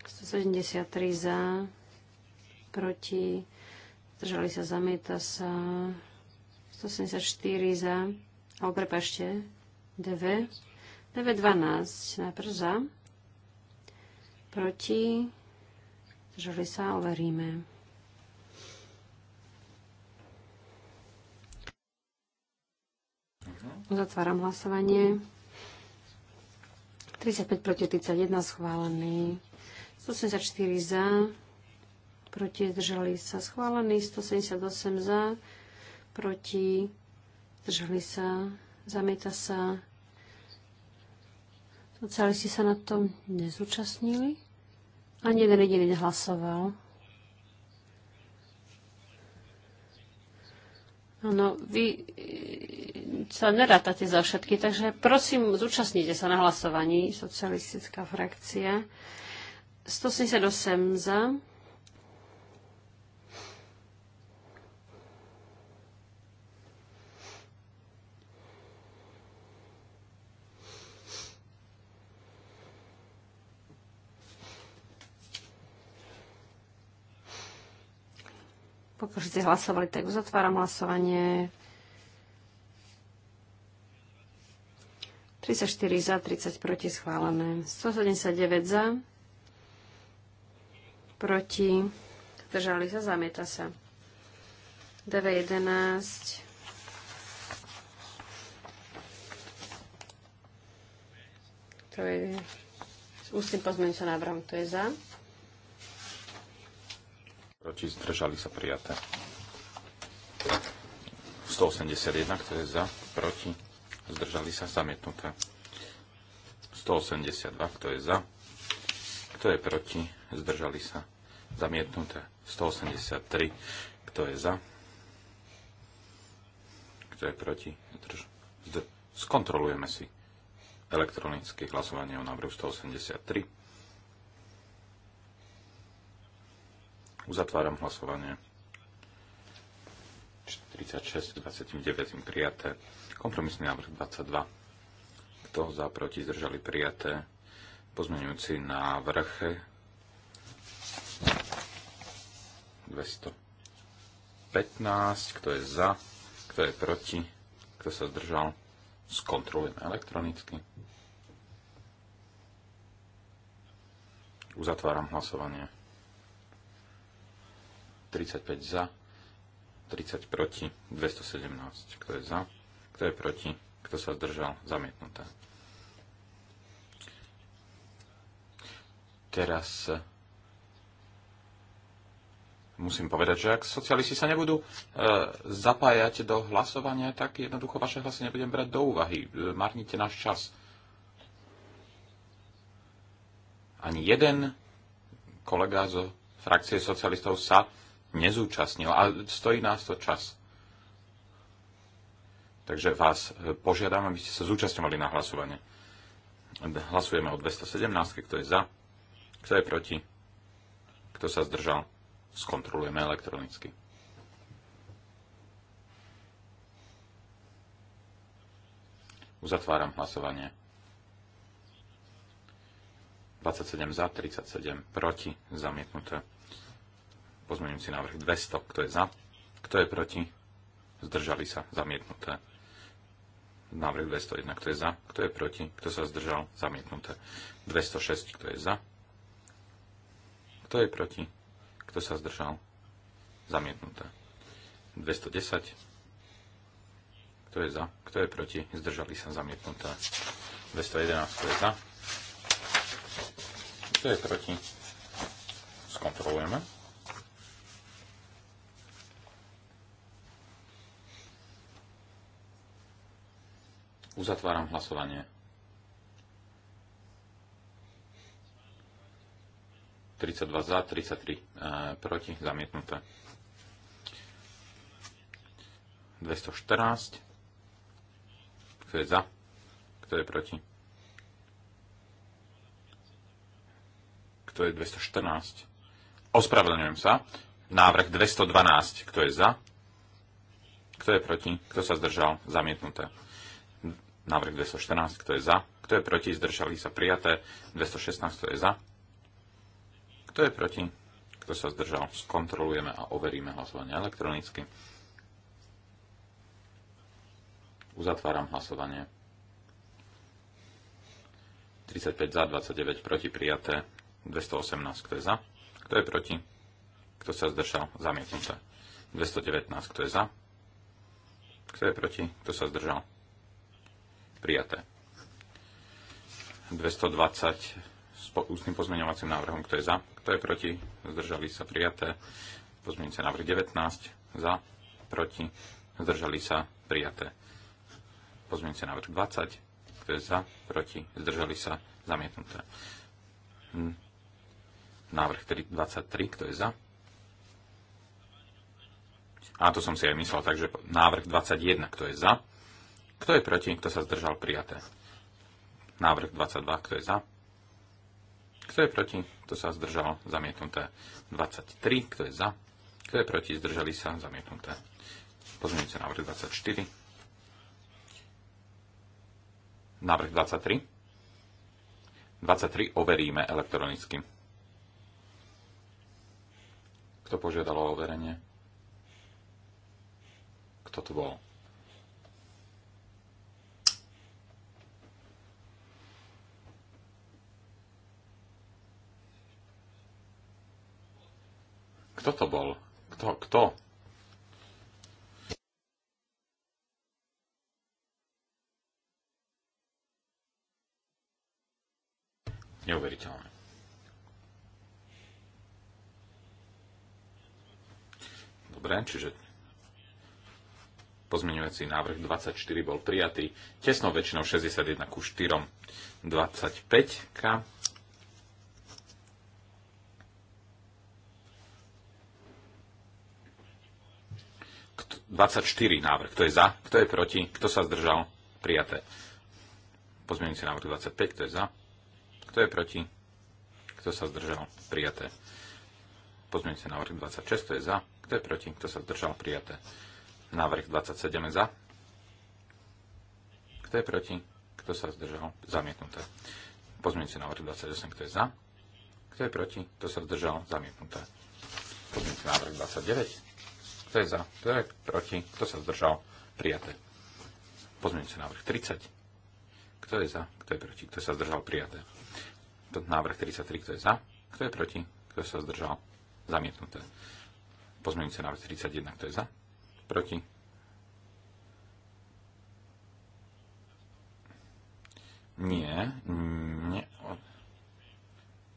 Speaker 3: 173 za. Proti Zdržali sa, zamieta sa. 174 za. Alebo prepašte. DV. DV 12. Najprv za. Proti. Zdržali sa, overíme. Uzatváram hlasovanie. 35 proti 31 schválený. 184 za proti zdržali sa schválený, 178 za, proti zdržali sa, zamieta sa. Socialisti sa na tom nezúčastnili. Ani jeden jediný nehlasoval. Áno, vy e, sa nerátate za všetky, takže prosím, zúčastnite sa na hlasovaní, socialistická frakcia. 178 za, všetci hlasovali, tak uzatváram hlasovanie. 34 za, 30 proti schválené. 179 za, proti, zdržali sa, zamieta sa. 911 to je s ústnym pozmeňujúcim návrhom, to je za
Speaker 4: proti, zdržali sa prijaté. 181, kto je za, proti, zdržali sa zamietnuté. 182, kto je za, kto je proti, zdržali sa zamietnuté. 183, kto je za, kto je proti, zdrž... Zdr... skontrolujeme si elektronické hlasovanie o návrhu 183. Uzatváram hlasovanie. 46 29 prijaté. Kompromisný návrh 22. Kto za proti zdržali prijaté? Pozmeňujúci návrh 215. Kto je za? Kto je proti? Kto sa zdržal? Skontrolujeme elektronicky. Uzatváram hlasovanie. 35 za, 30 proti, 217. Kto je za, kto je proti, kto sa zdržal, zamietnuté. Teraz eh, musím povedať, že ak socialisti sa nebudú e, zapájať do hlasovania, tak jednoducho vaše hlasy nebudem brať do úvahy. Eh, marnite náš čas. Ani jeden kolega zo frakcie socialistov sa nezúčastnil a stojí nás to čas. Takže vás e, požiadam, aby ste sa zúčastňovali na hlasovanie. Hlasujeme o 217, kto je za, kto je proti, kto sa zdržal. Skontrolujeme elektronicky. Uzatváram hlasovanie. 27 za, 37 proti, zamietnuté. Pozmeňujúci návrh 200. Kto je za? Kto je proti? Zdržali sa. Zamietnuté. Návrh 201. Kto je za? Kto je proti? Kto sa zdržal? Zamietnuté. 206. Kto je za? Kto je proti? Kto sa zdržal? Zamietnuté. 210. Kto je za? Kto je proti? Zdržali sa. Zamietnuté. 211. Kto je za? Kto je proti? Skontrolujeme. Uzatváram hlasovanie. 32 za, 33 e, proti, zamietnuté. 214. Kto je za? Kto je proti? Kto je 214? Ospravedlňujem sa. Návrh 212. Kto je za? Kto je proti? Kto sa zdržal? Zamietnuté. Návrh 214, kto je za? Kto je proti? Zdržali sa prijaté. 216, kto je za? Kto je proti? Kto sa zdržal? Skontrolujeme a overíme hlasovanie elektronicky. Uzatváram hlasovanie. 35 za, 29 proti, prijaté. 218, kto je za? Kto je proti? Kto sa zdržal? Zamietnuté. 219, kto je za? Kto je proti? Kto sa zdržal? Prijaté. 220 s ústnym pozmeňovacím návrhom. Kto je za? Kto je proti? Zdržali sa prijaté. Pozmeňujúce návrh 19. Za? Proti? Zdržali sa prijaté. Pozmeňujúce návrh 20. Kto je za? Proti? Zdržali sa zamietnuté. Hm. Návrh 23. Kto je za? A to som si aj myslel, takže návrh 21, kto je za, kto je proti? Kto sa zdržal? Prijaté. Návrh 22. Kto je za? Kto je proti? Kto sa zdržal? Zamietnuté. 23. Kto je za? Kto je proti? Zdržali sa? Zamietnuté. Pozmeňujúce návrh 24. Návrh 23. 23 overíme elektronicky. Kto požiadal o overenie? Kto to bol? Kto to bol? Kto? Kto? Neuveriteľné. Dobre, čiže pozmeňujúci návrh 24 bol prijatý tesnou väčšinou 61 ku 4. 25 24 návrh. Kto je za? Kto je proti? Kto sa zdržal? Prijaté. Pozmeňujúci návrh 25. Kto je za? Kto je proti? Kto sa zdržal? Prijaté. Pozmeňujúci návrh 26. Kto je za? Kto je proti? Kto sa zdržal? Prijaté. Návrh 27 je za. Kto je proti? Kto sa zdržal? Zamietnuté. Pozmeňujúci návrh 28. Kto je za? Kto je proti? Kto sa zdržal? Zamietnuté. Pozmeňujúci návrh 29. Kto je za? Kto je proti? Kto sa zdržal? Prijaté. Pozmeňujúci návrh 30. Kto je za? Kto je proti? Kto sa zdržal? Prijaté. Návrh 33. Kto je za? Kto je proti? Kto sa zdržal? Zamietnuté. Pozmeňujúci návrh 31. Kto je za? Proti? Nie.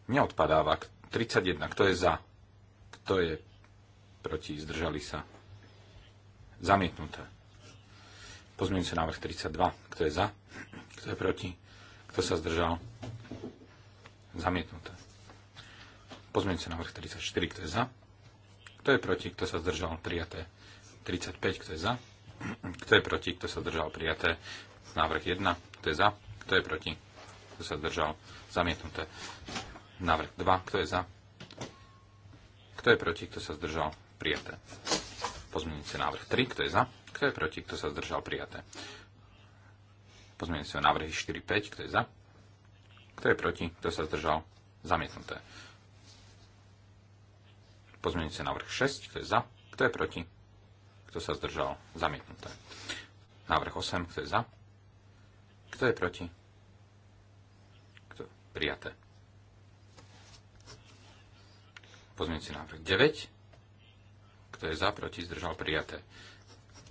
Speaker 4: neodpadáva. 31. Kto je za? Kto je proti, zdržali sa, zamietnuté. sa návrh 32, kto je za, kto je proti, kto sa zdržal, zamietnuté. sa návrh 34, kto je za, kto je proti, kto sa zdržal, prijaté. 35, kto je za, kto je proti, kto sa zdržal, prijaté. Návrh 1, kto je za, kto je proti, kto sa zdržal, zamietnuté. Návrh 2, kto je za, kto je proti, kto sa zdržal? prijaté. Pozmeňujúci návrh 3, kto je za, kto je proti, kto sa zdržal, prijaté. Pozmeňujúce návrhy 4, 5, kto je za, kto je proti, kto sa zdržal, zamietnuté. Pozmeňujúce návrh 6, kto je za, kto je proti, kto sa zdržal, zamietnuté. Návrh 8, kto je za, kto je proti, kto prijaté. Pozmeňujúci návrh 9, kto je za, proti, zdržal prijaté.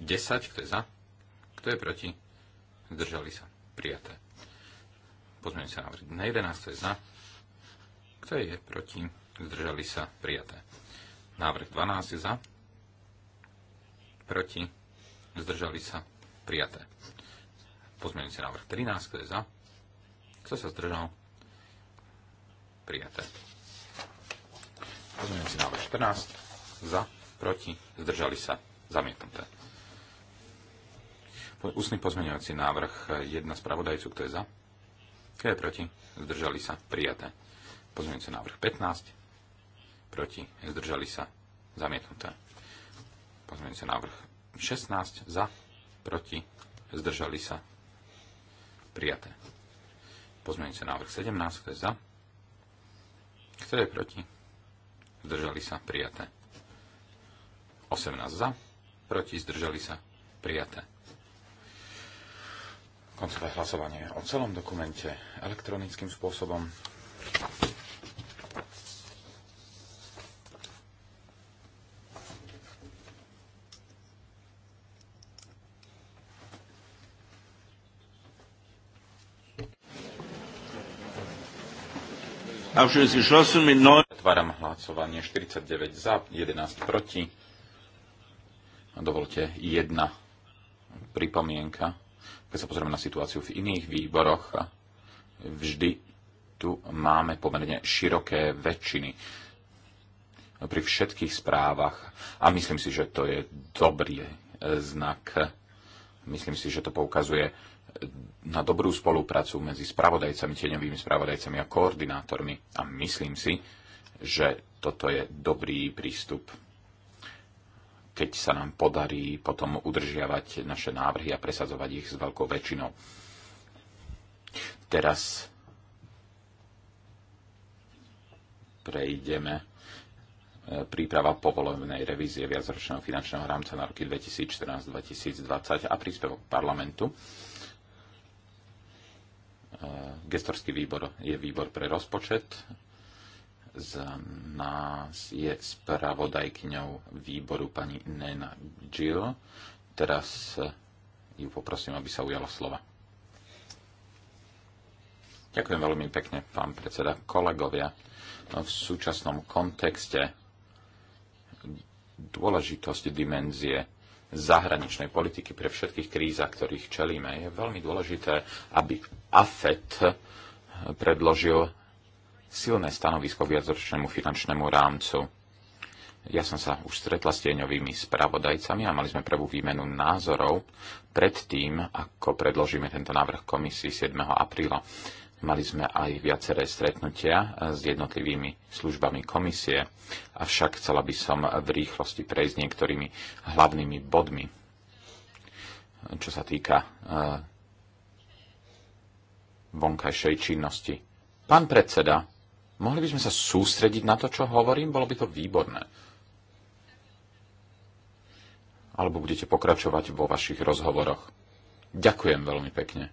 Speaker 4: 10, kto je za, kto je proti, zdržali sa prijaté. Pozmeňujem sa návrh na 11, kto je za, kto je proti, zdržali sa prijaté. Návrh 12 je za, proti, zdržali sa prijaté. Pozmeňujem sa návrh 13, kto je za, kto sa zdržal, prijaté. Pozmeňujem si návrh 14, za, proti, zdržali sa, zamietnuté. Ústny pozmeňovací návrh eh, jedna z pravodajcu, kto je za, kto je proti, zdržali sa, prijaté. Pozmeňujúci návrh 15, proti, zdržali sa, zamietnuté. Pozmeňujúci návrh 16, za, proti, zdržali sa, prijaté. Pozmeňujúce návrh 17, kto je za, kto je proti, zdržali sa, prijaté 18 za, proti, zdržali sa, prijaté. Koncové hlasovanie o celom dokumente elektronickým spôsobom. Otváram hlasovanie 49 za, 11 proti. Dovolte jedna pripomienka. Keď sa pozrieme na situáciu v iných výboroch, vždy tu máme pomerne široké väčšiny pri všetkých správach a myslím si, že to je dobrý e, znak. Myslím si, že to poukazuje na dobrú spoluprácu medzi spravodajcami, tieňovými spravodajcami a koordinátormi a myslím si, že toto je dobrý prístup keď sa nám podarí potom udržiavať naše návrhy a presadzovať ich s veľkou väčšinou. Teraz prejdeme e, príprava povolenej revízie viacročného finančného rámca na roky 2014-2020 a príspevok parlamentu. E, gestorský výbor je výbor pre rozpočet z nás je spravodajkňou výboru pani Nena Gill. Teraz eh, ju poprosím, aby sa ujala slova. Ďakujem veľmi pekne, pán predseda. Kolegovia, no, v súčasnom kontexte dôležitosť dimenzie zahraničnej politiky pre všetkých krízach, ktorých čelíme, je veľmi dôležité, aby AFET eh, predložil silné stanovisko k viacročnému finančnému rámcu. Ja som sa už stretla s tieňovými spravodajcami a mali sme prvú výmenu názorov pred tým, ako predložíme tento návrh komisii 7. apríla. Mali sme aj viaceré stretnutia s jednotlivými službami komisie, avšak chcela by som v rýchlosti prejsť niektorými hlavnými bodmi, čo sa týka eh, vonkajšej činnosti. Pán predseda, Mohli by sme sa sústrediť na to, čo hovorím? Bolo by to výborné. Alebo budete pokračovať vo vašich rozhovoroch. Ďakujem veľmi pekne.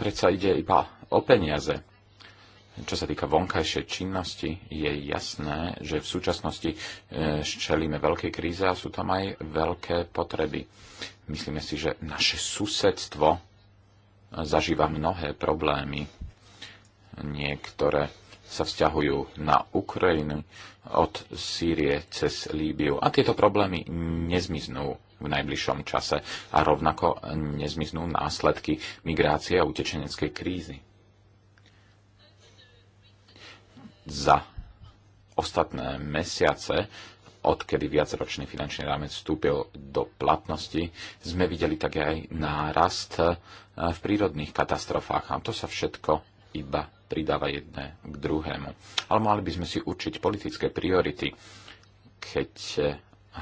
Speaker 4: Predsa ide iba o peniaze. Čo sa týka vonkajšej činnosti, je jasné, že v súčasnosti ščelíme e, veľké kríze a sú tam aj veľké potreby. Myslíme si, že naše susedstvo zažíva mnohé problémy. Niektoré sa vzťahujú na Ukrajinu od Sýrie cez Líbiu. A tieto problémy nezmiznú v najbližšom čase a rovnako nezmiznú následky migrácie a utečeneckej krízy. Za ostatné mesiace odkedy viacročný finančný rámec vstúpil do platnosti, sme videli tak aj nárast e, v prírodných katastrofách. A to sa všetko iba pridáva jedné k druhému. Ale mali by sme si určiť politické priority, keď e,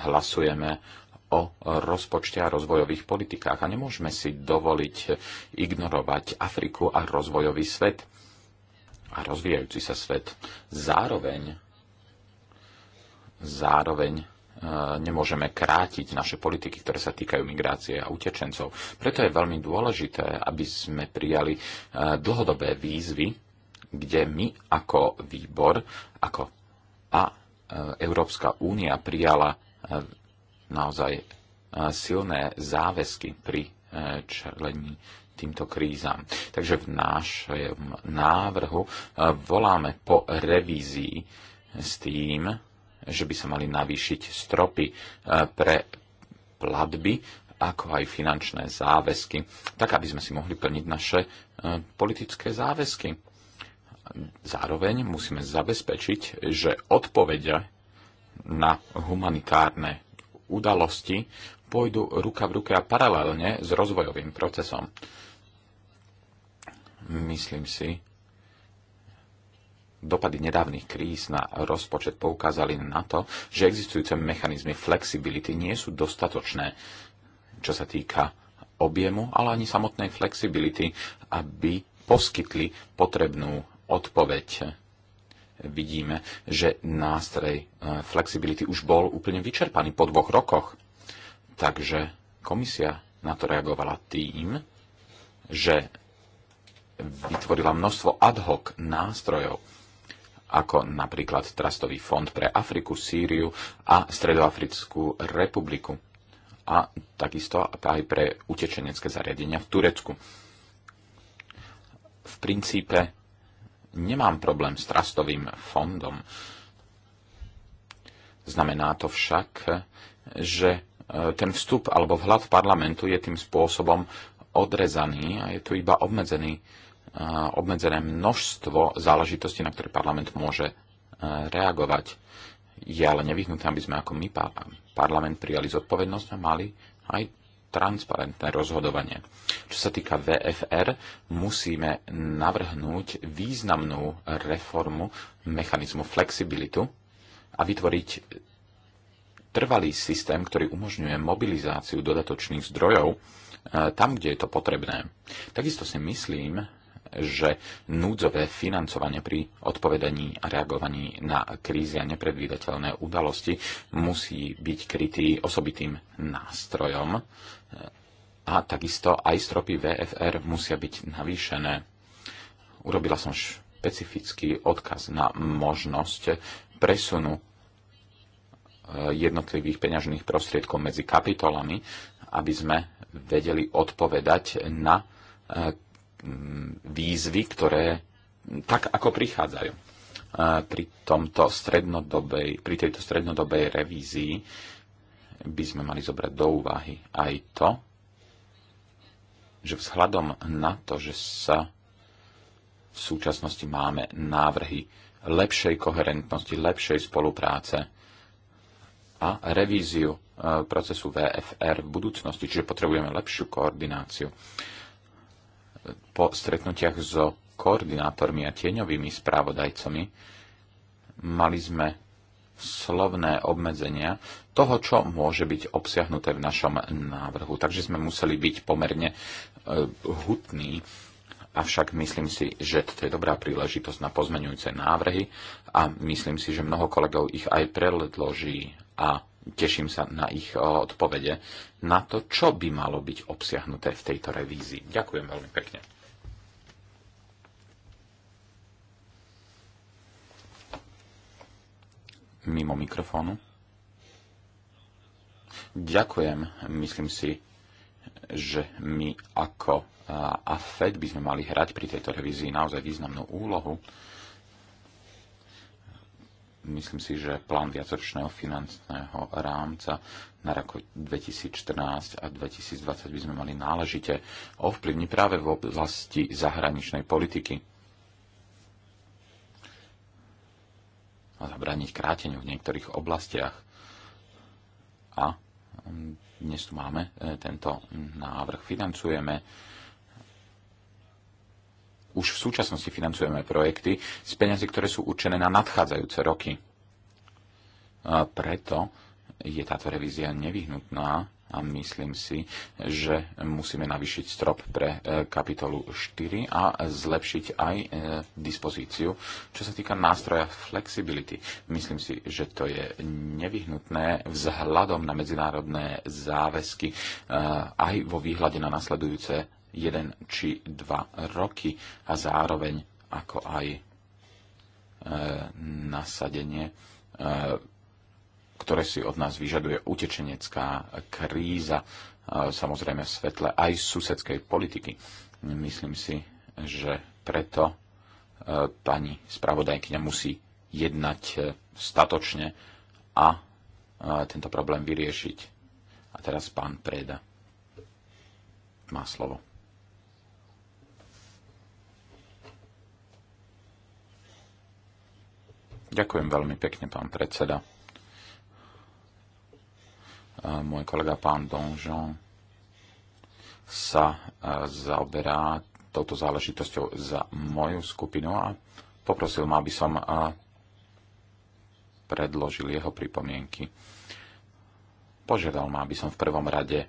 Speaker 4: hlasujeme o rozpočte a rozvojových politikách. A nemôžeme si dovoliť e, ignorovať Afriku a rozvojový svet a rozvíjajúci sa svet. Zároveň zároveň e, nemôžeme krátiť naše politiky, ktoré sa týkajú migrácie a utečencov. Preto je veľmi dôležité, aby sme prijali e, dlhodobé výzvy, kde my ako výbor ako a e, Európska únia prijala naozaj silné záväzky pri čelení týmto krízam. Takže v našom návrhu voláme po revízii s tým, že by sa mali navýšiť stropy e, pre platby, ako aj finančné záväzky, tak aby sme si mohli plniť naše e, politické záväzky. Zároveň musíme zabezpečiť, že odpovede na humanitárne udalosti pôjdu ruka v ruke a paralelne s rozvojovým procesom. Myslím si, dopady nedávnych kríz na rozpočet poukázali na to, že existujúce mechanizmy flexibility nie sú dostatočné, čo sa týka objemu, ale ani samotnej flexibility, aby poskytli potrebnú odpoveď. Vidíme, že nástroj e, flexibility už bol úplne vyčerpaný po dvoch rokoch. Takže komisia na to reagovala tým, že vytvorila množstvo ad hoc nástrojov, ako napríklad Trastový fond pre Afriku, Sýriu a Stredoafrickú republiku a takisto aj pre utečenecké zariadenia v Turecku. V princípe nemám problém s trastovým fondom. Znamená to však, že e, ten vstup alebo vhľad parlamentu je tým spôsobom odrezaný a je tu iba obmedzený obmedzené množstvo záležitostí, na ktoré parlament môže e, reagovať. Je ale nevyhnutné, aby sme ako my, parlament, prijali zodpovednosť a mali aj transparentné rozhodovanie. Čo sa týka VFR, musíme navrhnúť významnú reformu mechanizmu flexibilitu a vytvoriť trvalý systém, ktorý umožňuje mobilizáciu dodatočných zdrojov e, tam, kde je to potrebné. Takisto si myslím, že núdzové financovanie pri odpovedaní a reagovaní na krízy a nepredvídateľné udalosti musí byť krytý osobitým nástrojom a takisto aj stropy VFR musia byť navýšené. Urobila som špecifický odkaz na možnosť presunu eh, jednotlivých peňažných prostriedkov medzi kapitolami, aby sme vedeli odpovedať na eh, Mm, výzvy, ktoré tak ako prichádzajú. Pri, tomto strednodobej, pri tejto strednodobej revízii by sme mali zobrať do úvahy aj to, že vzhľadom na to, že sa v súčasnosti máme návrhy lepšej koherentnosti, lepšej spolupráce a revíziu e, procesu VFR v budúcnosti, čiže potrebujeme lepšiu koordináciu po stretnutiach so koordinátormi a tieňovými správodajcami mali sme slovné obmedzenia toho, čo môže byť obsiahnuté v našom návrhu. Takže sme museli byť pomerne e, hutní, avšak myslím si, že to je dobrá príležitosť na pozmenujúce návrhy a myslím si, že mnoho kolegov ich aj predloží a teším sa na ich odpovede na to, čo by malo byť obsiahnuté v tejto revízii. Ďakujem veľmi pekne. Mimo mikrofónu. Ďakujem. Myslím si, že my ako AFED by sme mali hrať pri tejto revízii naozaj významnú úlohu myslím si, že plán viacročného finančného rámca na rok 2014 a 2020 by sme mali náležite ovplyvniť práve v oblasti zahraničnej politiky a zabraniť kráteniu v niektorých oblastiach. A dnes tu máme e, tento návrh, financujeme už v súčasnosti financujeme projekty z peniazy, ktoré sú určené na nadchádzajúce roky. A preto je táto revízia nevyhnutná a myslím si, že musíme navýšiť strop pre e, kapitolu 4 a zlepšiť aj e, dispozíciu, čo sa týka nástroja flexibility. Myslím si, že to je nevyhnutné vzhľadom na medzinárodné záväzky e, aj vo výhľade na nasledujúce 1 či 2 roky a zároveň ako aj e, nasadenie, e, ktoré si od nás vyžaduje utečenecká kríza, e, samozrejme v svetle aj susedskej politiky. Myslím si, že preto e, pani spravodajkyňa musí jednať e, statočne a e, tento problém vyriešiť. A teraz pán Preda má slovo. Ďakujem veľmi pekne, pán predseda. Môj kolega pán Donžon sa e, zaoberá touto záležitosťou za moju skupinu a poprosil ma, aby som e, predložil jeho pripomienky. Požiadal ma, aby som v prvom rade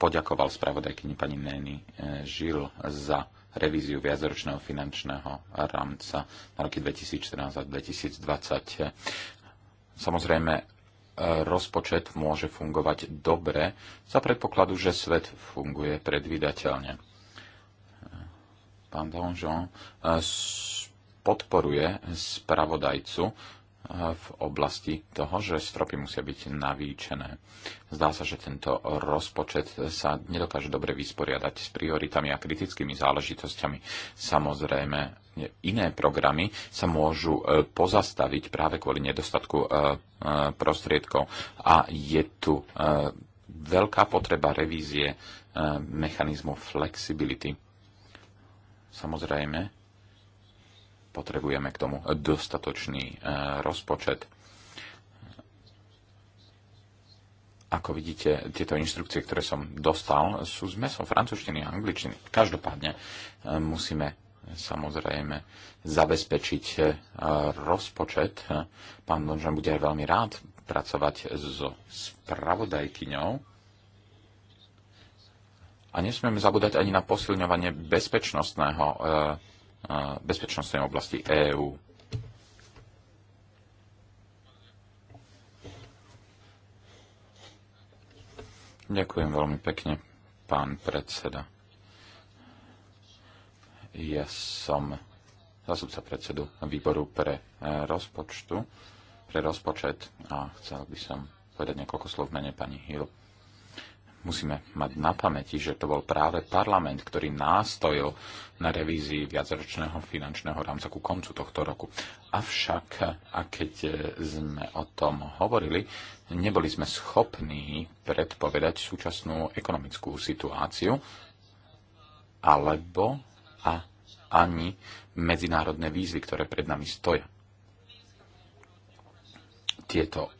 Speaker 4: poďakoval spravodajkyni pani Neny e, Žil za revíziu viacročného finančného rámca na roky 2014 a 2020. Samozrejme, rozpočet môže fungovať dobre za predpokladu, že svet funguje predvydateľne. Pán Donjon eh, podporuje spravodajcu v oblasti toho, že stropy musia byť navýčené. Zdá sa, že tento rozpočet sa nedokáže dobre vysporiadať s prioritami a kritickými záležitosťami. Samozrejme, iné programy sa môžu e, pozastaviť práve kvôli nedostatku e, e, prostriedkov. A je tu veľká potreba revízie mechanizmu flexibility. Samozrejme, potrebujeme k tomu dostatočný e, rozpočet. Ako vidíte, tieto inštrukcie, ktoré som dostal, sú zmesom francúzštiny a angličtiny. Každopádne e, musíme samozrejme zabezpečiť e, rozpočet. Pán Donžan bude aj veľmi rád pracovať so spravodajkyňou. A nesmieme zabúdať ani na posilňovanie bezpečnostného bezpečnostnej oblasti EÚ. Ďakujem veľmi pekne, pán predseda. Ja som zastupca predsedu výboru pre eh, rozpočtu, pre rozpočet a chcel by som povedať niekoľko slov v mene pani Hill musíme mať na pamäti, že to bol práve parlament, ktorý nástojil na revízii viacročného finančného rámca ku koncu tohto roku. Avšak, a keď sme o tom hovorili, neboli sme schopní predpovedať súčasnú ekonomickú situáciu alebo a ani medzinárodné výzvy, ktoré pred nami stoja. Tieto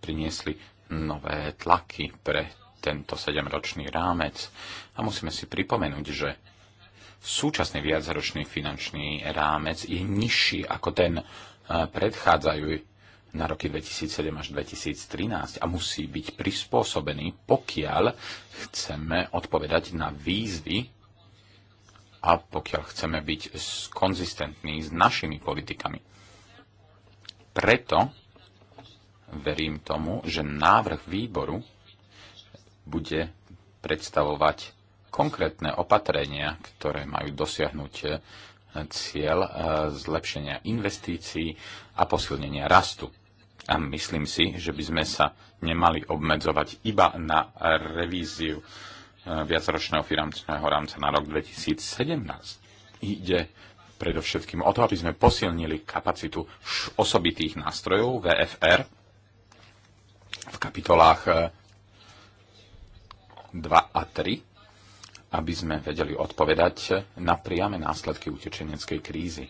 Speaker 4: priniesli nové tlaky pre tento sedemročný rámec. A musíme si pripomenúť, že súčasný viacročný finančný rámec je nižší ako ten e, predchádzajú na roky 2007 až 2013 a musí byť prispôsobený, pokiaľ chceme odpovedať na výzvy a pokiaľ chceme byť konzistentní s našimi politikami. Preto verím tomu, že návrh výboru bude predstavovať konkrétne opatrenia, ktoré majú dosiahnuť e, cieľ e, zlepšenia investícií a posilnenia rastu. A myslím si, že by sme sa nemali obmedzovať iba na revíziu e, viacročného finančného rámca na rok 2017. Ide predovšetkým o to, aby sme posilnili kapacitu osobitých nástrojov VFR v kapitolách 2 a 3, aby sme vedeli odpovedať na priame následky utečeneckej krízy.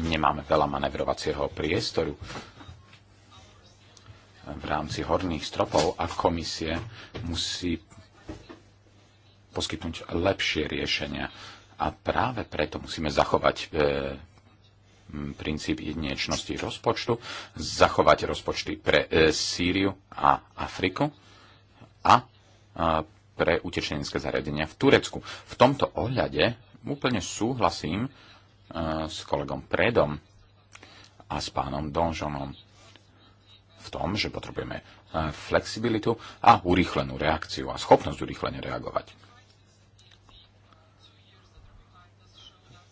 Speaker 4: Nemáme veľa manevrovacieho priestoru v rámci horných stropov a komisie musí poskytnúť lepšie riešenia. A práve preto musíme zachovať e, princíp jedinečnosti rozpočtu, zachovať rozpočty pre e, Sýriu a Afriku a pre utečenecké zariadenia v Turecku. V tomto ohľade úplne súhlasím e, s kolegom Predom a s pánom Donžonom v tom, že potrebujeme e, flexibilitu a urýchlenú reakciu a schopnosť urýchlene reagovať.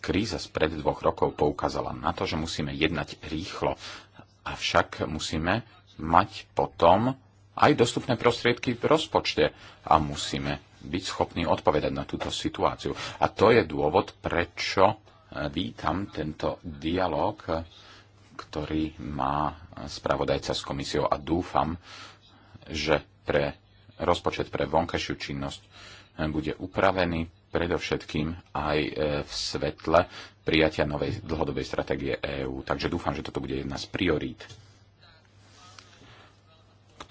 Speaker 4: Kríza spred dvoch rokov poukázala na to, že musíme jednať rýchlo, avšak musíme mať potom aj dostupné prostriedky v rozpočte a musíme byť schopní odpovedať na túto situáciu. A to je dôvod, prečo e, vítam tento dialog, e, ktorý má spravodajca s komisiou a dúfam, že pre rozpočet pre vonkajšiu činnosť e, bude upravený predovšetkým aj v svetle prijatia novej dlhodobej stratégie EÚ. Takže dúfam, že toto bude jedna z priorít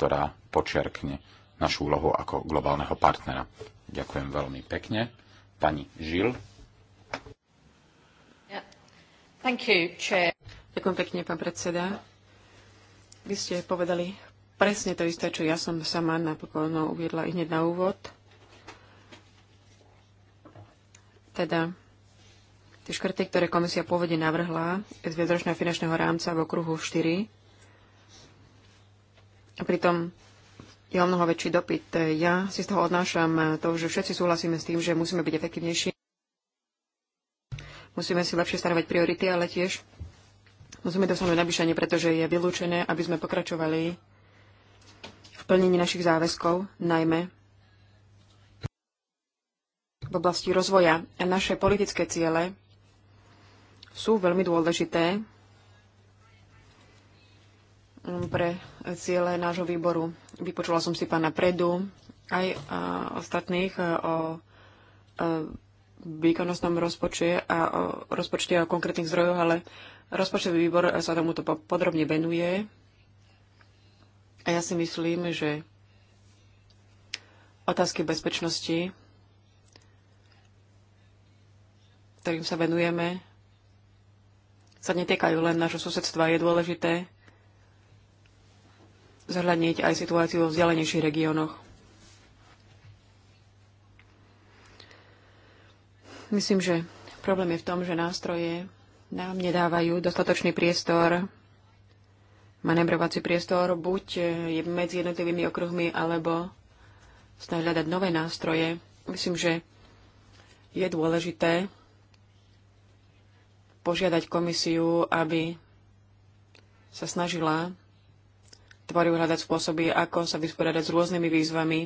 Speaker 4: ktorá počiarkne našu úlohu ako globálneho partnera. Ďakujem veľmi pekne. Pani Žil.
Speaker 2: Yeah. You, Ďakujem pekne, pán predseda. Vy ste povedali presne to isté, čo ja som sama napokon uviedla hneď na úvod. Teda tie škrty, ktoré komisia pôvodne navrhla z viedročného finančného rámca v okruhu 4, a pritom je o mnoho väčší dopyt. Ja si z toho odnášam to, že všetci súhlasíme s tým, že musíme byť efektívnejší. Musíme si lepšie stanovať priority, ale tiež musíme dosiahnuť navýšenie, pretože je vylúčené, aby sme pokračovali v plnení našich záväzkov, najmä v oblasti rozvoja. A naše politické ciele sú veľmi dôležité Mm, pre ciele nášho výboru. Vypočula som si pána Predu, aj ostatných e, o e, výkonnostnom rozpočte a o rozpočte a o konkrétnych zdrojoch, ale rozpočtový výbor sa tomuto podrobne venuje. A ja si myslím, že otázky bezpečnosti, ktorým sa venujeme, sa netýkajú len nášho susedstva. Je dôležité, zohľadniť aj situáciu vo vzdialenejších regiónoch. Myslím, že problém je v tom, že nástroje nám nedávajú dostatočný priestor, manebrovací priestor, buď medzi jednotlivými okruhmi, alebo snaží hľadať nové nástroje. Myslím, že je dôležité požiadať komisiu, aby sa snažila tvoril hľadať spôsoby, ako sa vysporiadať s rôznymi výzvami.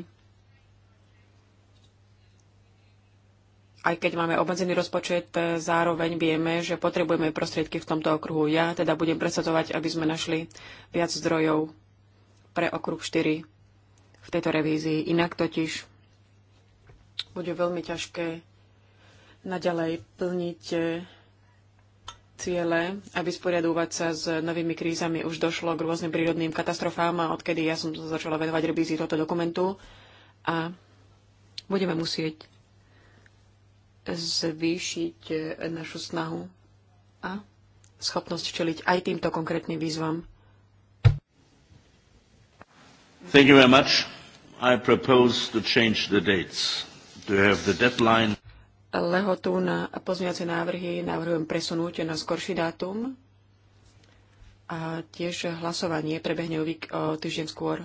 Speaker 2: Aj keď máme obmedzený rozpočet, zároveň vieme, že potrebujeme prostriedky v tomto okruhu. Ja teda budem presadzovať, aby sme našli viac zdrojov pre okruh 4 v tejto revízii. Inak totiž bude veľmi ťažké naďalej plniť ciele a vysporiadúvať sa s novými krízami. Už došlo k rôznym prírodným katastrofám, a odkedy ja som sa začala venovať revízii tohto dokumentu. A budeme musieť zvýšiť eh, našu snahu a schopnosť čeliť aj týmto konkrétnym výzvam.
Speaker 1: Thank you very much. I propose to change the dates, to have the deadline
Speaker 2: lehotu na pozmeňovacie návrhy navrhujem presunúť na skorší dátum a tiež hlasovanie prebehne o týždeň skôr.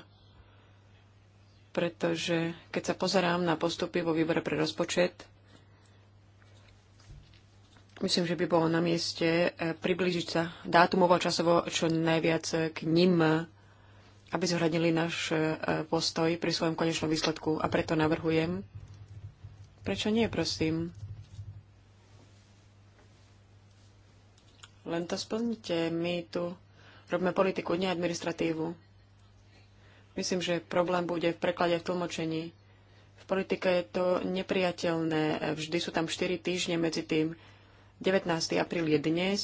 Speaker 2: Pretože keď sa pozerám na postupy vo výbore pre rozpočet, myslím, že by bolo na mieste e, priblížiť sa dátumovo a časovo čo najviac k ním, aby zohľadnili náš e, postoj pri svojom konečnom výsledku. A preto navrhujem Prečo nie, prosím? Len to splnite. My tu robíme politiku, nie administratívu. Myslím, že problém bude v preklade v tlmočení. V politike je to nepriateľné. Vždy sú tam 4 týždne medzi tým. 19. apríl je dnes.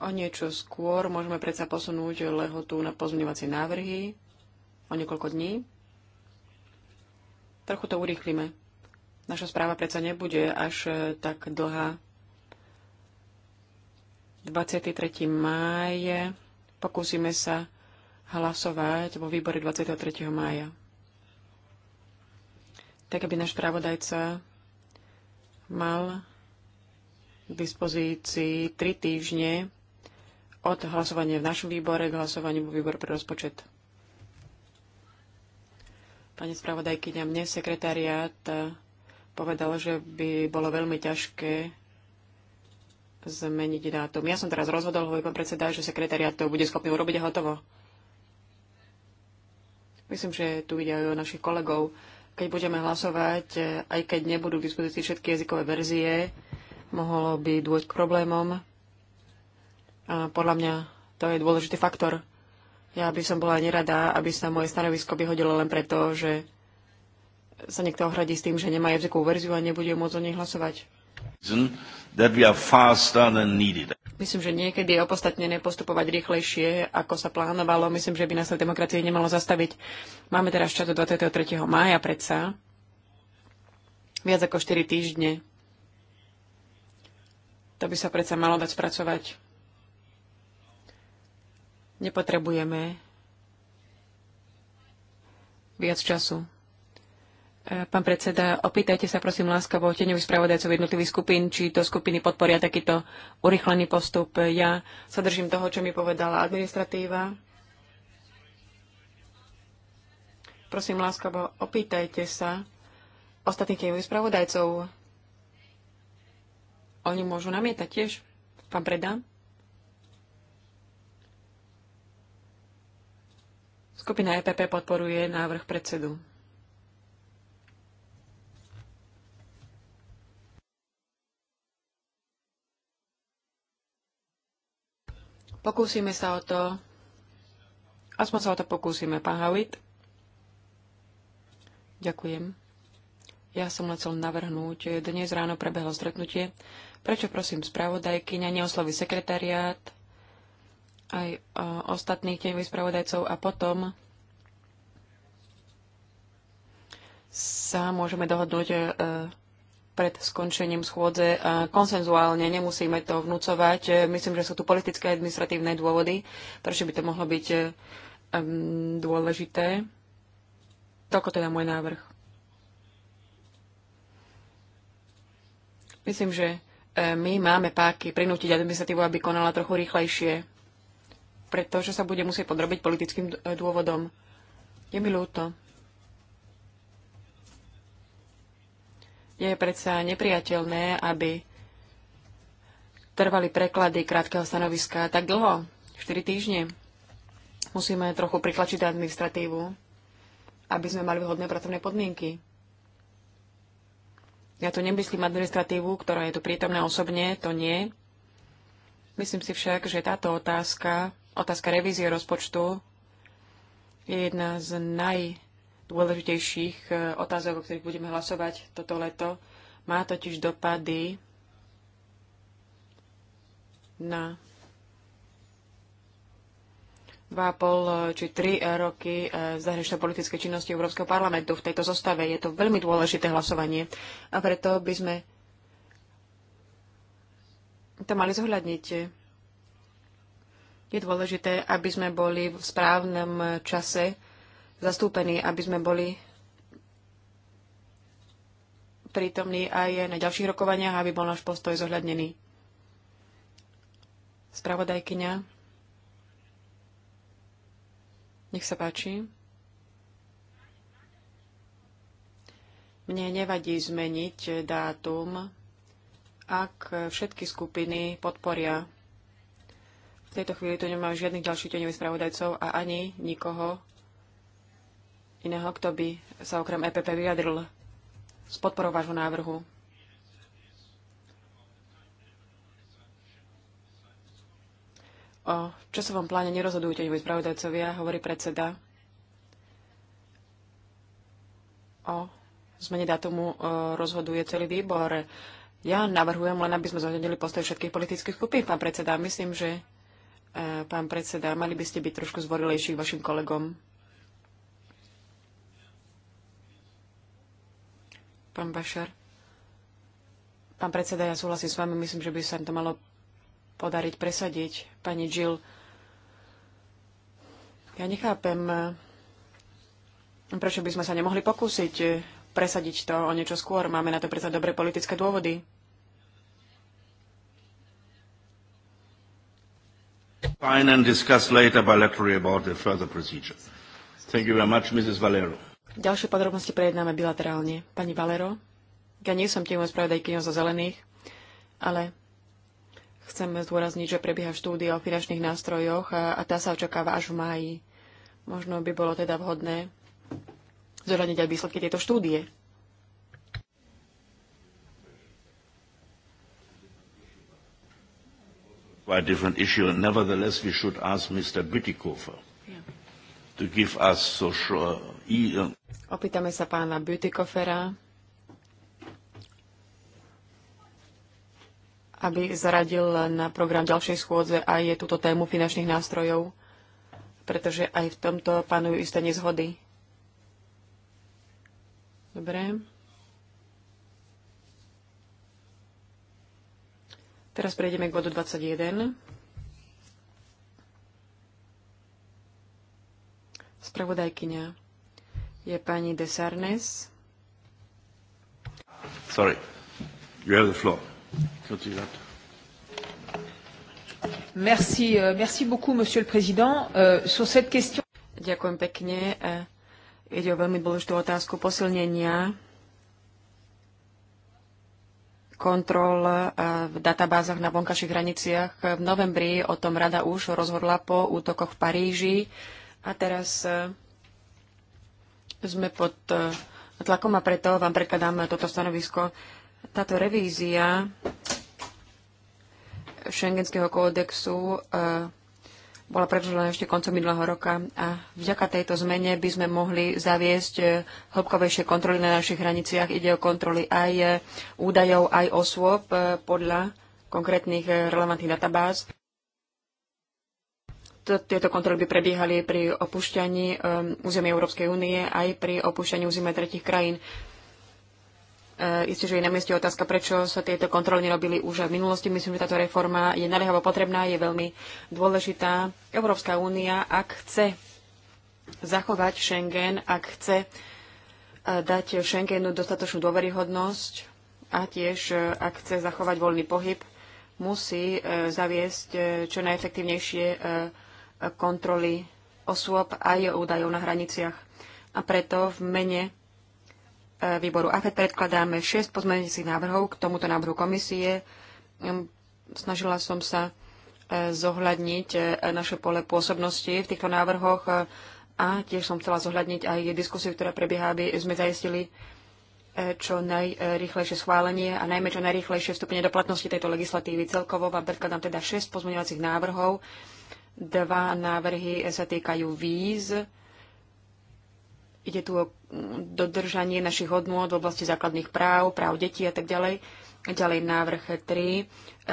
Speaker 2: O niečo skôr môžeme predsa posunúť lehotu na pozmeňovacie návrhy o niekoľko dní. Trochu to urýchlime. Naša správa predsa nebude až e, tak dlhá. 23. máje Pokúsime sa hlasovať vo výbore 23. mája. Tak, aby náš právodajca mal k dispozícii tri týždne od hlasovania v našom výbore k hlasovaniu vo výbore pre rozpočet. Pani spravodajkyňa, mne sekretariat eh, povedal, že by bolo veľmi ťažké zmeniť dátum. Ja som teraz rozhodol, hovorí pán predseda, že sekretariát to bude schopný urobiť a hotovo. Myslím, že tu ide aj o našich kolegov. Keď budeme hlasovať, eh, aj keď nebudú k dispozícii všetky jazykové verzie, mohlo by dôjsť k problémom. A podľa mňa to je dôležitý faktor. Ja by som bola nerada, aby sa moje stanovisko vyhodilo len preto, že sa niekto ohradí s tým, že nemá jazykovú verziu a nebude môcť o nej hlasovať. Myslím, že niekedy je opostatnené postupovať rýchlejšie, ako sa plánovalo. Myslím, že by nás na demokracie nemalo zastaviť. Máme teraz čas do 23. mája predsa. Viac ako 4 týždne. To by sa predsa malo dať spracovať. Nepotrebujeme viac času. E, pán predseda, opýtajte sa prosím láskavo o teňových spravodajcov jednotlivých skupín, či to skupiny podporia takýto urychlený postup. Ja sa držím toho, čo mi povedala administratíva. Prosím láskavo, opýtajte sa ostatných teňových spravodajcov. Oni môžu namietať tiež. Pán Preda? Skupina EPP podporuje návrh predsedu. Pokúsime sa o to. Aspoň sa o to pokúsime, pán Hawit. Ďakujem. Ja som len chcel navrhnúť. Dnes ráno prebehlo stretnutie. Prečo prosím spravodajkyňa neoslovi sekretariát aj e, ostatných tieňových spravodajcov a potom sa môžeme dohodnúť e, pred skončením schôdze e, konsenzuálne. Nemusíme to vnúcovať. Myslím, že sú tu politické a administratívne dôvody, prečo by to mohlo byť dôležité. Toľko teda môj návrh. Myslím, že my máme páky prinútiť administratívu, aby konala trochu rýchlejšie pretože sa bude musieť podrobiť politickým e, dôvodom. Je mi ľúto. Je predsa nepriateľné, aby trvali preklady krátkeho stanoviska tak dlho, 4 týždne. Musíme trochu priklačiť administratívu, aby sme mali vhodné pracovné podmienky. Ja tu nemyslím administratívu, ktorá je tu prítomná osobne, to nie. Myslím si však, že táto otázka otázka revízie rozpočtu je jedna z najdôležitejších eh, otázok, o ktorých budeme hlasovať toto leto. Má totiž dopady na 2,5 eh, či 3 eh, roky zahraničnej politické činnosti Európskeho parlamentu v tejto zostave. Je to veľmi dôležité hlasovanie a preto by sme to mali zohľadniť. Je dôležité, aby sme boli v správnom čase zastúpení, aby sme boli prítomní aj na ďalších rokovaniach, aby bol náš postoj zohľadnený. Spravodajkyňa. Nech sa páči. Mne nevadí zmeniť dátum, ak všetky skupiny podporia v tejto chvíli tu nemám žiadnych ďalších teňových spravodajcov a ani nikoho iného, kto by sa okrem EPP vyjadril s podporou vášho návrhu. O časovom pláne nerozhodujú teňoví spravodajcovia, hovorí predseda. O zmene datumu e, rozhoduje celý výbor. Ja navrhujem len, aby sme zohľadili postoj všetkých politických skupín, pán predseda. Myslím, že Pán predseda, mali by ste byť trošku zvorilejší k vašim kolegom. Pán Bašar. Pán predseda, ja súhlasím s vami, myslím, že by sa to malo podariť presadiť. Pani Jill, ja nechápem, prečo by sme sa nemohli pokúsiť presadiť to o niečo skôr. Máme na to predsa dobré politické dôvody.
Speaker 1: sign and discuss later bilaterally about the further procedure. Thank you very much, Mrs. Valero.
Speaker 2: Ďalšie podrobnosti prejednáme bilaterálne. Pani Valero, ja nie som tým spravodajkyňou zo zelených, ale chcem zdôrazniť, že prebieha štúdia o finančných nástrojoch a, a tá sa očakáva až v máji. Možno by bolo teda vhodné zohľadniť aj výsledky tejto štúdie.
Speaker 1: quite different issue. And nevertheless, we should ask Mr. Bütikofer yeah. to give us social... E, uh,
Speaker 2: Opýtame sa pána Bütikofera, aby zaradil na program ďalšej schôdze aj túto tému finančných nástrojov, pretože aj v tomto panujú isté nezhody. Dobre. Teraz prejdeme k bodu 21. Spravodajkyňa je pani Desarnes.
Speaker 1: Sorry. You have the floor. Continue that.
Speaker 2: Merci, euh, merci beaucoup, Monsieur le Président. Uh, sur cette question... Ďakujem pekne. E, ide o veľmi dôležitú otázku posilnenia kontrol e, v databázach na vonkajších hraniciach. V novembri o tom rada už rozhodla po útokoch v Paríži a teraz e, sme pod e, tlakom a preto vám prekladám toto stanovisko. Táto revízia Schengenského kódexu bola predložená ešte koncom minulého roka a vďaka tejto zmene by sme mohli zaviesť e, hĺbkovejšie kontroly na našich hraniciach. Ide o kontroly aj e, údajov, aj osôb e, podľa konkrétnych relevantných databáz. Tieto kontroly by prebiehali pri opúšťaní územia Európskej únie aj pri opúšťaní územia tretich krajín. Eh, isté, že je na mieste otázka, prečo sa tieto kontroly nerobili už v minulosti. Myslím, že táto reforma je naliehavo potrebná, je veľmi dôležitá. Európska únia, ak chce zachovať Schengen, ak chce eh, dať Schengenu dostatočnú dôveryhodnosť a tiež, eh, ak chce zachovať voľný pohyb, musí zaviesť čo najefektívnejšie kontroly osôb aj údajov na hraniciach. A preto v mene výboru AFED predkladáme 6 pozmeňujúcich návrhov k tomuto návrhu komisie. Hm, Snažila som sa e, zohľadniť e, naše pole pôsobnosti v týchto návrhoch e, a tiež som chcela zohľadniť aj diskusiu, ktorá prebieha, aby sme zaistili čo najrýchlejšie schválenie a najmä čo najrýchlejšie vstúpenie do platnosti tejto legislatívy celkovo. Vám predkladám teda 6 pozmeňovacích návrhov. Dva návrhy sa týkajú víz Ide tu o dodržanie našich hodnôt v oblasti základných práv, práv detí a tak ďalej. Ďalej návrh 3 e,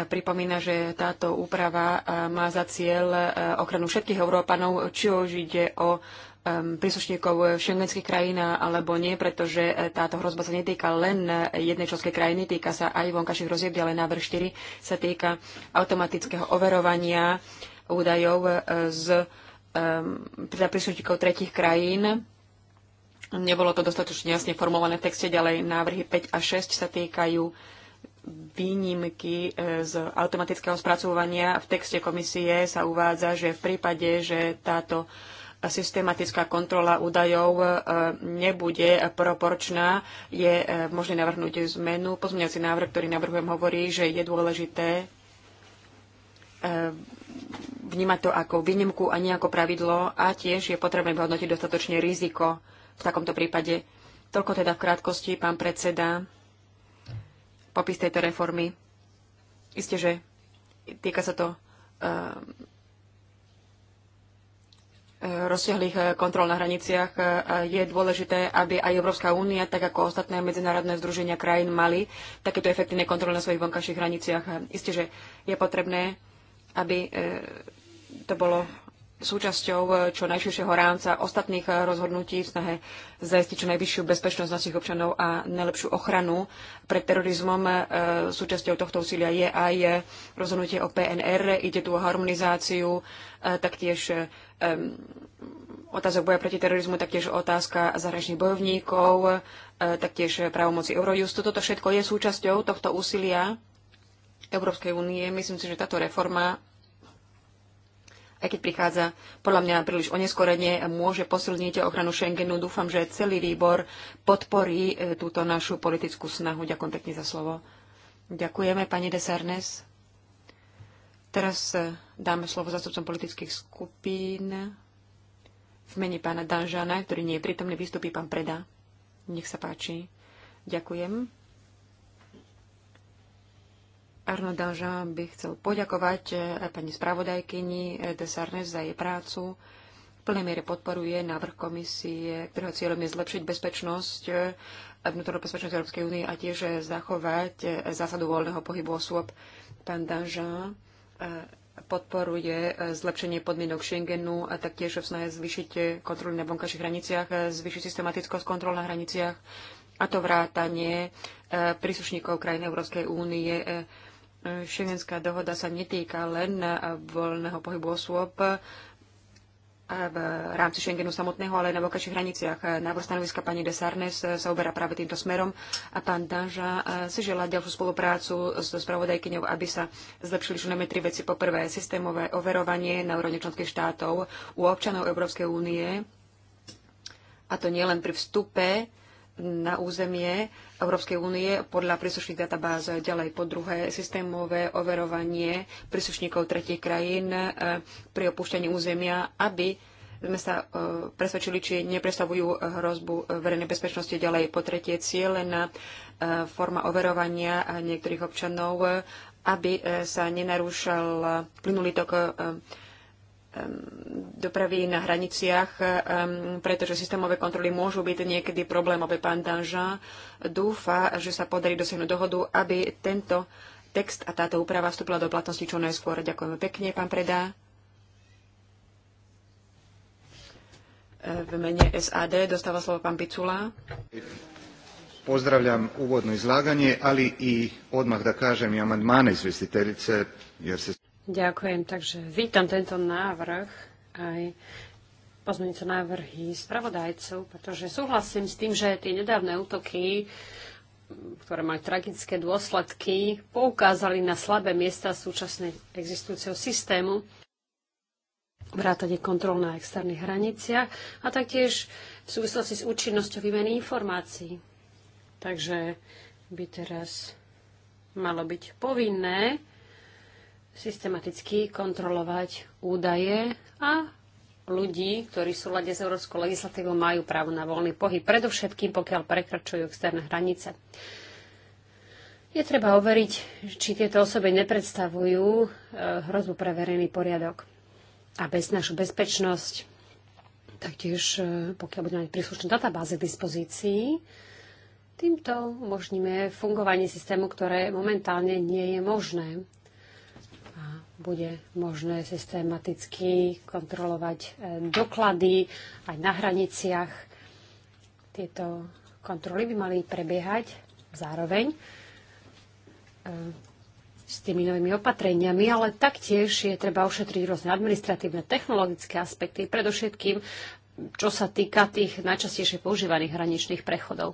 Speaker 2: pripomína, že táto úprava e, má za cieľ e, ochranu všetkých Európanov, či už ide o príslušníkov šengenských krajín alebo nie, pretože táto hrozba sa netýka len jednej členskej krajiny, týka sa aj vonkajších hrozieb, ale návrh 4 sa týka automatického overovania údajov z teda príslušníkov tretich krajín Nebolo to dostatočne jasne formované v texte ďalej. Návrhy 5 a 6 sa týkajú výnimky e, z automatického spracovania. V texte komisie sa uvádza, že v prípade, že táto systematická kontrola údajov e, nebude proporčná, je e, možné navrhnúť zmenu. Pozmeňovací návrh, ktorý navrhujem, hovorí, že je dôležité vnímať to ako výnimku a nie ako pravidlo a tiež je potrebné vyhodnotiť dostatočne riziko v takomto prípade. Toľko teda v krátkosti, pán predseda, popis tejto reformy. Isté, že týka sa to ehm, e, rozsiahlých e, kontrol na hraniciach e, je dôležité, aby aj Európska únia, tak ako ostatné medzinárodné združenia krajín, mali takéto efektívne kontroly na svojich vonkajších hraniciach. Isté, že je potrebné, aby to bolo súčasťou e, čo najširšieho rámca ostatných e, rozhodnutí v snahe zajistiť čo najvyššiu bezpečnosť našich občanov a najlepšiu ochranu pred terorizmom. E, súčasťou tohto úsilia je aj rozhodnutie o PNR. Ide tu o harmonizáciu, taktiež otázok boja proti terorizmu, taktiež otázka zahraničných bojovníkov, taktiež právomoci Eurojustu. Toto všetko je súčasťou tohto úsilia Európskej únie. Myslím si, že táto reforma aj keď prichádza podľa mňa príliš oneskorene, môže posilniť ochranu Schengenu. Dúfam, že celý výbor podporí e, túto našu politickú snahu. Ďakujem pekne za slovo. Ďakujeme, pani Desarnes. Teraz e, dáme slovo zastupcom politických skupín. V mene pána Danžana, ktorý nie je prítomný, vystupí pán Preda. Nech sa páči. Ďakujem. Arno Danžan by chcel poďakovať aj eh, pani spravodajkyni eh, Desarnes za jej prácu. V plnej miere podporuje návrh komisie, ktorého cieľom je zlepšiť bezpečnosť, eh, vnútornú bezpečnosť Európskej únie a tiež zachovať zásadu voľného pohybu osôb. Pán Danžan podporuje zlepšenie podmienok Schengenu a taktiež v snahe zvýšiť kontroly na vonkajších hraniciach, zvýšiť systematickosť kontrol na hraniciach a to vrátanie príslušníkov krajín Európskej únie Schengenská dohoda sa netýka len voľného pohybu osôb v rámci Schengenu samotného, ale aj na vokačných hraniciach. Návrh stanoviska pani Desarnes sa uberá práve týmto smerom a pán Danža eh, si želá ďalšiu spoluprácu s spravodajkyňou, aby sa zlepšili čo najmä tri veci. Po prvé, systémové overovanie na úrovni členských štátov u občanov Európskej únie, a to nielen pri vstupe na územie Európskej únie podľa príslušných databáz. Ďalej po druhé, systémové overovanie príslušníkov tretich krajín e, pri opúšťaní územia, aby sme sa e, presvedčili, či nepredstavujú e, hrozbu verejnej bezpečnosti ďalej. Po tretie, cieľená forma overovania niektorých občanov, aby sa nenarúšal plynulý tok dopravy na hraniciach, pretože systémové kontroly môžu byť niekedy problémové. Pán Danjean dúfa, že sa podarí dosiahnuť dohodu, aby tento text a táto úprava vstúpila do platnosti čo najskôr. Ďakujeme pekne, pán Predá. V mene SAD dostáva slovo pán Picula.
Speaker 4: Pozdravljam uvodno izlaganje, ali i odmah da kažem i amandmane izvestiteljice, jer se...
Speaker 3: Ďakujem. Takže vítam tento návrh aj pozmeňujúce návrhy spravodajcov, pretože súhlasím s tým, že tie nedávne útoky, ktoré majú tragické dôsledky, poukázali na slabé miesta súčasnej existujúceho systému, vrátanie kontrol na externých hraniciach a taktiež v súvislosti s účinnosťou výmeny informácií. Takže by teraz malo byť povinné systematicky kontrolovať údaje a ľudí, ktorí sú lade s európskou legislatívou, majú právo na voľný pohyb, predovšetkým pokiaľ prekračujú externé hranice. Je treba overiť, či tieto osoby nepredstavujú e, hrozbu pre verejný poriadok a bez našu bezpečnosť. Taktiež, e, pokiaľ budeme mať príslušné databázy k dispozícii, týmto umožníme fungovanie systému, ktoré momentálne nie je možné bude možné systematicky kontrolovať e, doklady aj na hraniciach. Tieto kontroly by mali prebiehať zároveň e, s tými novými opatreniami, ale taktiež je treba ošetriť rôzne administratívne, technologické aspekty, predovšetkým čo sa týka tých najčastejšie používaných hraničných prechodov.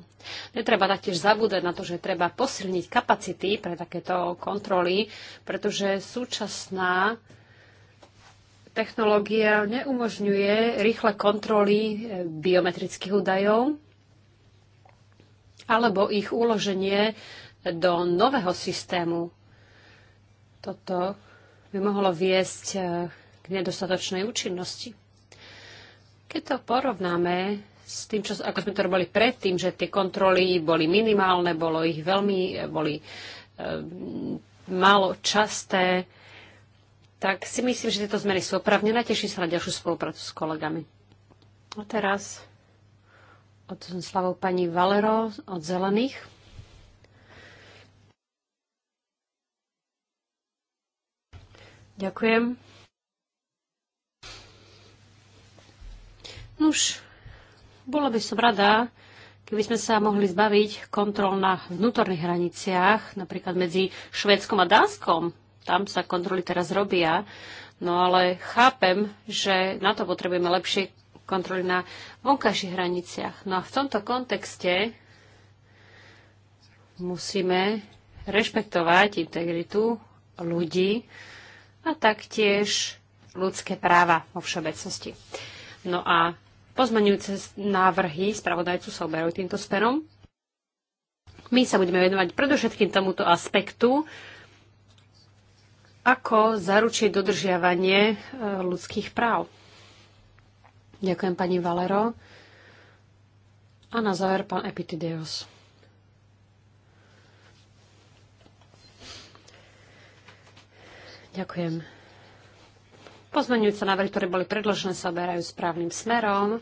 Speaker 3: Netreba taktiež zabúdať na to, že treba posilniť kapacity pre takéto kontroly, pretože súčasná technológia neumožňuje rýchle kontroly e, biometrických údajov alebo ich uloženie do nového systému. Toto by mohlo viesť e, k nedostatočnej účinnosti. Keď to porovnáme s tým, čo, ako sme to robili predtým, že tie kontroly boli minimálne, bolo ich veľmi, boli e, málo časté, tak si myslím, že tieto zmeny sú opravnené. Teším sa na ďalšiu spoluprácu s kolegami. A teraz od slavou pani Valero od Zelených. Ďakujem. Nuž, bola by som rada, keby sme sa mohli zbaviť kontrol na vnútorných hraniciach, napríklad medzi Švédskom a Dánskom. Tam sa kontroly teraz robia. No ale chápem, že na to potrebujeme lepšie kontroly na vonkajších hraniciach. No a v tomto kontexte musíme rešpektovať integritu ľudí a taktiež ľudské práva vo všeobecnosti. No a pozmenujúce návrhy spravodajcu sa oberajú týmto smerom. My sa budeme venovať predovšetkým tomuto aspektu, ako zaručiť dodržiavanie e, ľudských práv. Ďakujem pani Valero. A na záver pán Epitideos. Ďakujem. Pozmeňujúce návrhy, ktoré boli predložené, sa oberajú správnym smerom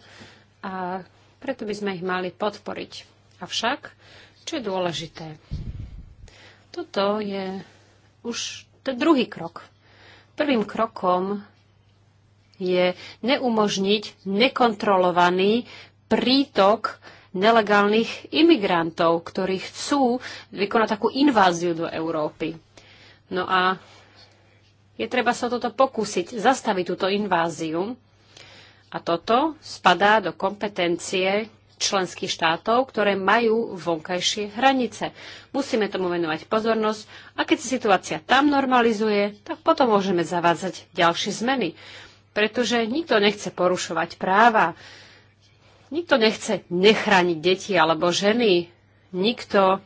Speaker 3: a preto by sme ich mali podporiť. Avšak, čo je dôležité? Toto je už ten druhý krok. Prvým krokom je neumožniť nekontrolovaný prítok nelegálnych imigrantov, ktorí chcú vykonať takú inváziu do Európy. No a je treba sa toto pokúsiť, zastaviť túto inváziu. A toto spadá do kompetencie členských štátov, ktoré majú vonkajšie hranice. Musíme tomu venovať pozornosť a keď sa situácia tam normalizuje, tak potom môžeme zavádzať ďalšie zmeny. Pretože nikto nechce porušovať práva, nikto nechce nechrániť deti alebo ženy, nikto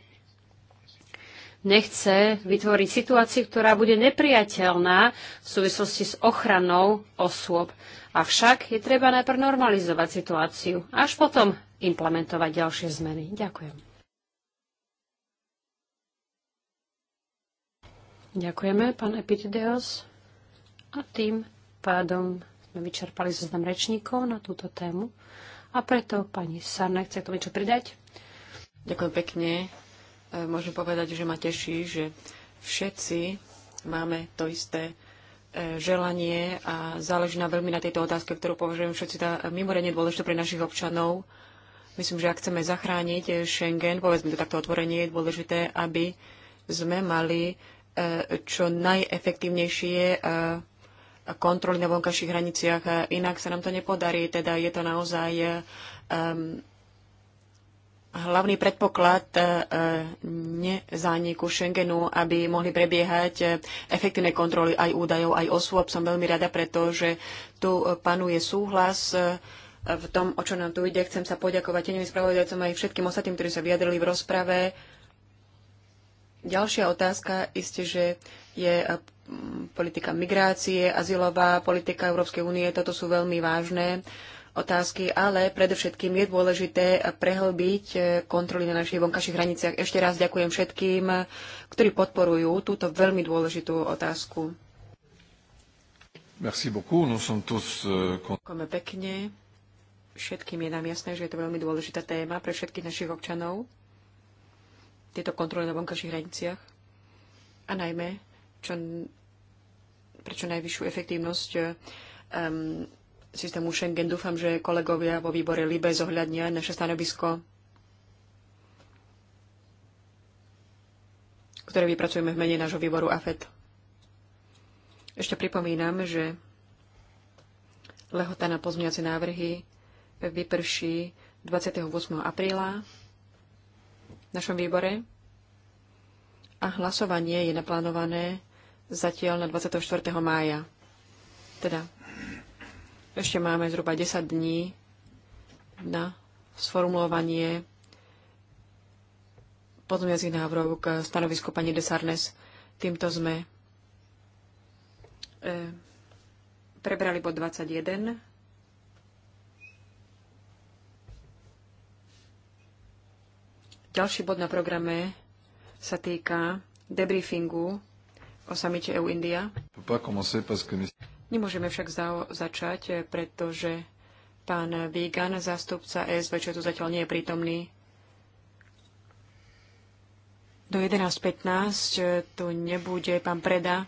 Speaker 3: nechce vytvoriť situáciu, ktorá bude nepriateľná v súvislosti s ochranou osôb. Avšak je treba najprv normalizovať situáciu, až potom implementovať ďalšie zmeny. Ďakujem. Ďakujeme, pán Epitideos. A tým pádom sme vyčerpali zoznam rečníkov na túto tému. A preto pani Sarna chce k tomu niečo pridať.
Speaker 2: Ďakujem pekne môžem povedať, že ma teší, že všetci máme to isté e, želanie a záleží nám veľmi na tejto otázke, ktorú považujem všetci za mimoriadne dôležité pre našich občanov. Myslím, že ak chceme zachrániť Schengen, povedzme to takto otvorenie, je dôležité, aby sme mali e, čo najefektívnejšie e, kontroly na vonkajších hraniciach. Inak sa nám to nepodarí, teda je to naozaj hlavný predpoklad e, e, nezániku Schengenu, aby mohli prebiehať e, efektívne kontroly aj údajov, aj osôb. Som veľmi rada, pretože tu panuje súhlas v tom, o čo nám tu ide. Chcem sa poďakovať teným spravodajcom aj všetkým ostatným, ktorí sa vyjadrili v rozprave. Ďalšia otázka isté, že je politika migrácie, azylová politika Európskej únie. Toto sú veľmi vážne otázky, ale predovšetkým je dôležité prehlbiť eh, kontroly na našich vonkajších hraniciach. Ešte raz ďakujem všetkým, eh, ktorí podporujú túto veľmi dôležitú otázku.
Speaker 3: Merci beaucoup. Nous sommes tous... Eh,
Speaker 2: Ďakujeme pekne. Všetkým je nám jasné, že je to veľmi dôležitá téma pre všetkých našich občanov. Tieto kontroly na vonkajších hraniciach. A najmä, čo, pre čo najvyššiu efektívnosť um, systému Schengen. Dúfam, že kolegovia vo výbore Libe zohľadnia naše stanovisko, ktoré vypracujeme v mene nášho výboru AFET. Ešte pripomínam, že lehota na pozmeňovacie návrhy vyprší 28. apríla v našom výbore a hlasovanie je naplánované zatiaľ na 24. mája. Teda ešte máme zhruba 10 dní na sformulovanie pozmeňacích návrhov k stanovisku pani Desarnes. Týmto sme e, prebrali bod 21. Ďalší bod na programe sa týka debriefingu o samite EU-India. Nemôžeme však za- začať, eh, pretože pán Vigan, zástupca ESV, čo tu zatiaľ nie je prítomný, do 11.15 eh, tu nebude pán Preda.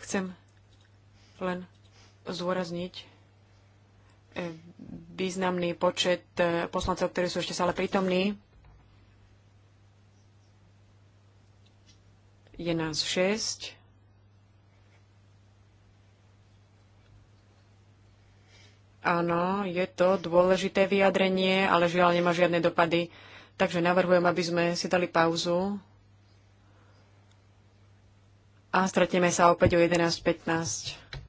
Speaker 2: Chcem len zôrazniť eh, významný počet poslancov, ktorí sú ešte stále prítomní. Je nás 6. Áno, je to dôležité vyjadrenie, ale žiaľ nemá žiadne dopady. Takže navrhujem, aby sme si dali pauzu a stretneme sa opäť o 11.15.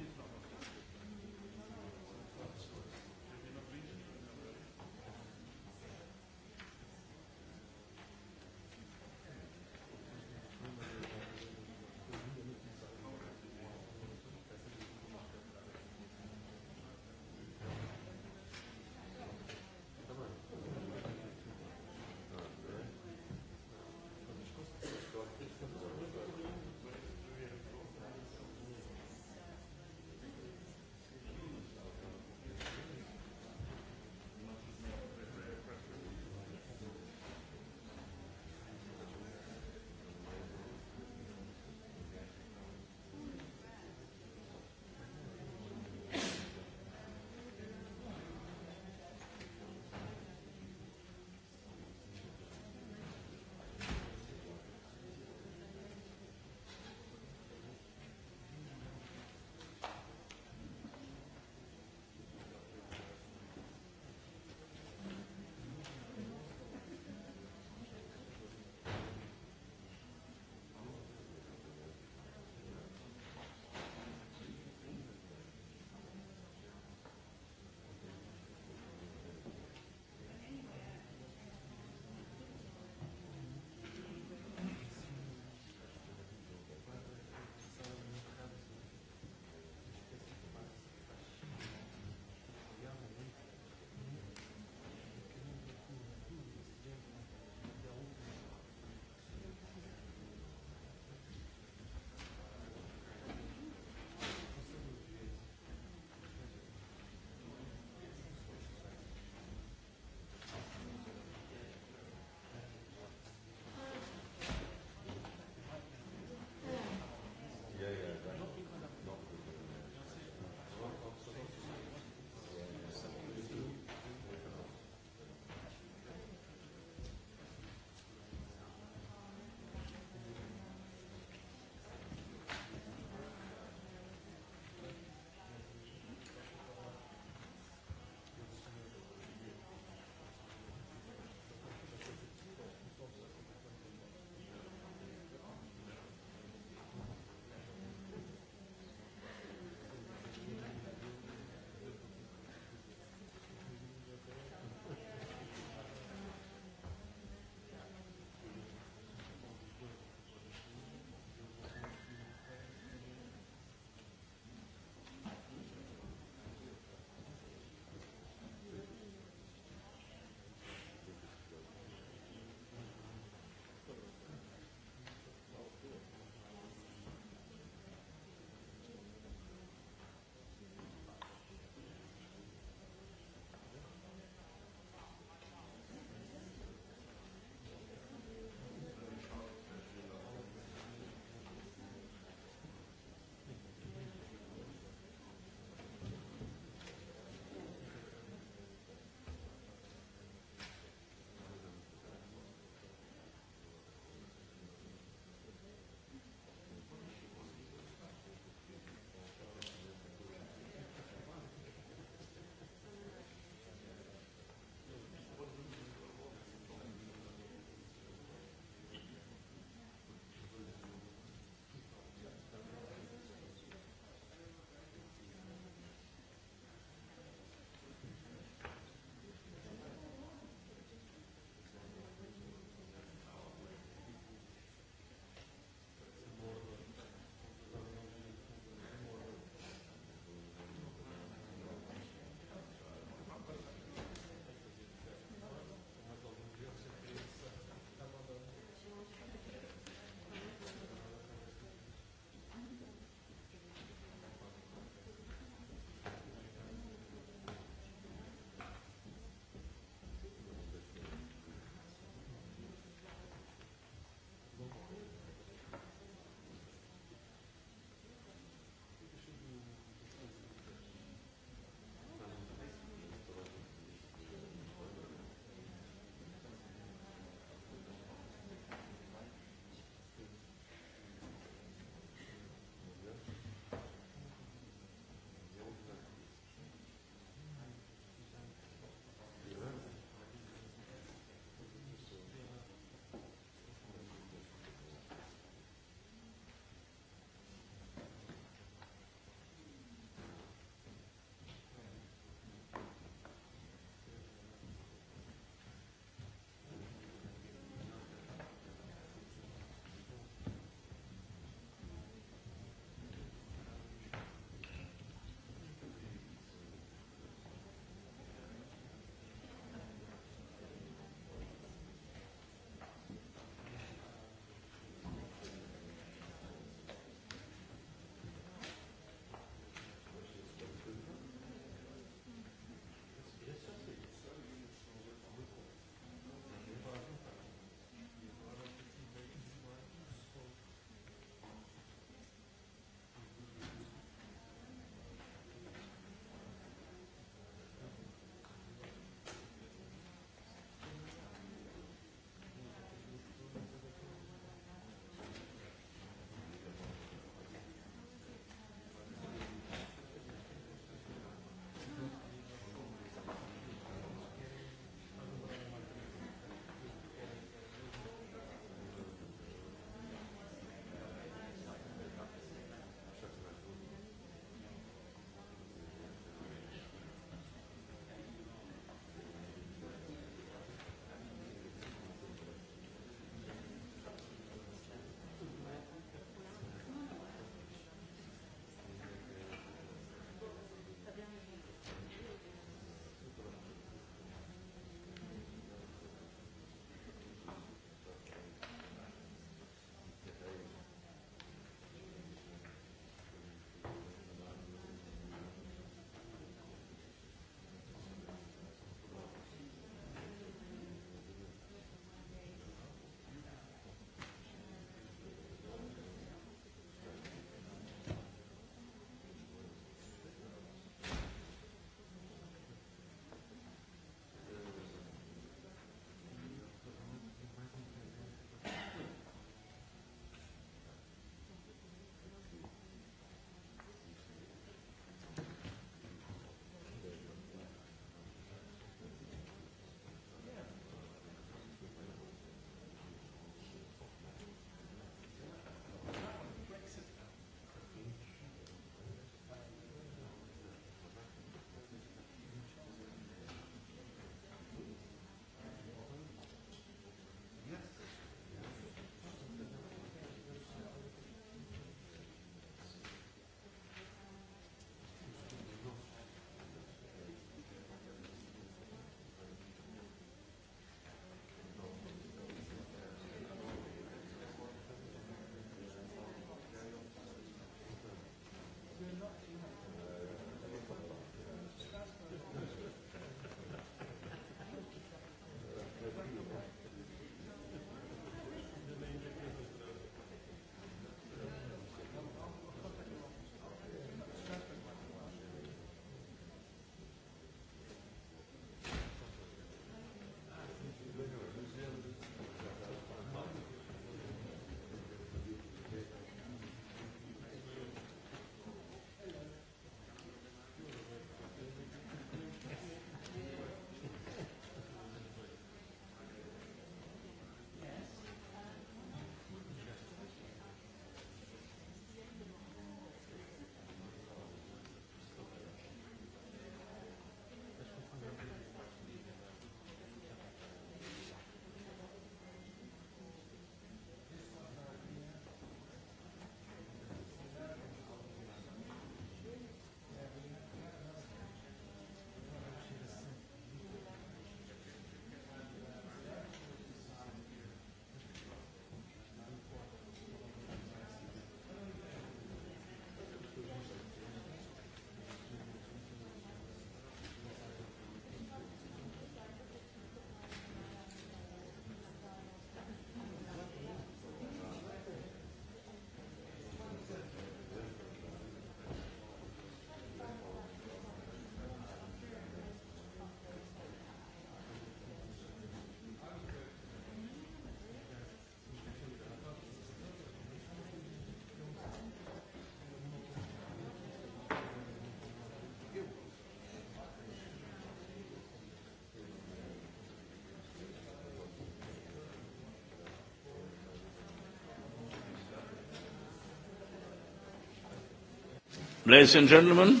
Speaker 1: Ladies and gentlemen.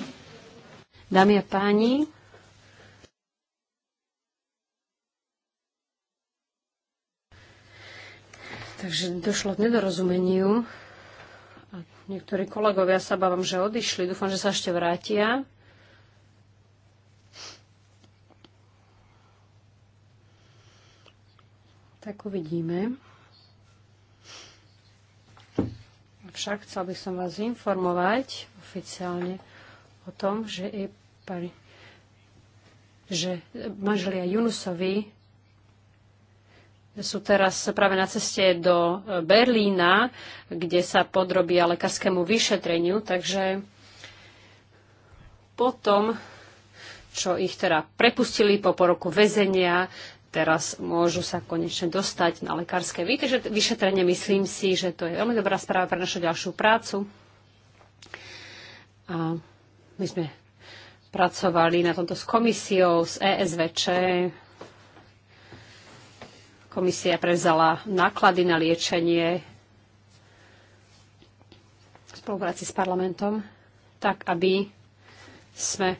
Speaker 3: Dámy a páni, Takže došlo k nedorozumeniu. A niektorí kolegovia sa bávam, že odišli. Dúfam, že sa ešte vrátia. Tak uvidíme. Avšak chcel by som vás informovať oficiálne o tom, že, i pani, že manželia Junusovi sú teraz práve na ceste do Berlína, kde sa podrobia lekárskému vyšetreniu, takže potom, čo ich teda prepustili po poroku väzenia, teraz môžu sa konečne dostať na lekárske vyšetrenie. Myslím si, že to je veľmi dobrá správa pre našu ďalšiu prácu. A my sme pracovali na tomto s komisiou, s ESVČ. Komisia prevzala náklady na liečenie v spolupráci s parlamentom, tak aby sme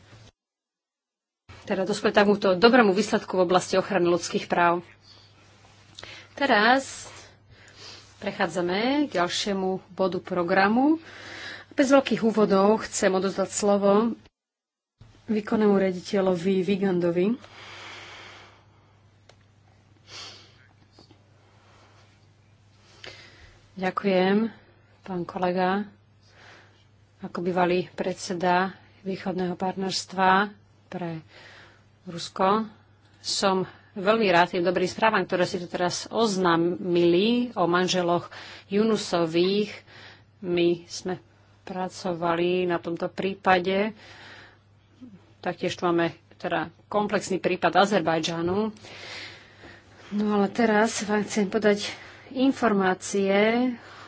Speaker 3: teda dospeli takúto dobrému výsledku v oblasti ochrany ľudských práv. Teraz prechádzame k ďalšiemu bodu programu. Bez veľkých úvodov chcem odozdať slovo výkonnému rediteľovi Vigandovi. Ďakujem, pán kolega, ako bývalý predseda východného partnerstva pre Rusko. Som veľmi rád tým dobrým správam, ktoré si tu teraz oznámili o manželoch Junusových. My sme pracovali na tomto prípade. Taktiež tu máme teda komplexný prípad Azerbajdžanu. No ale teraz vám chcem podať informácie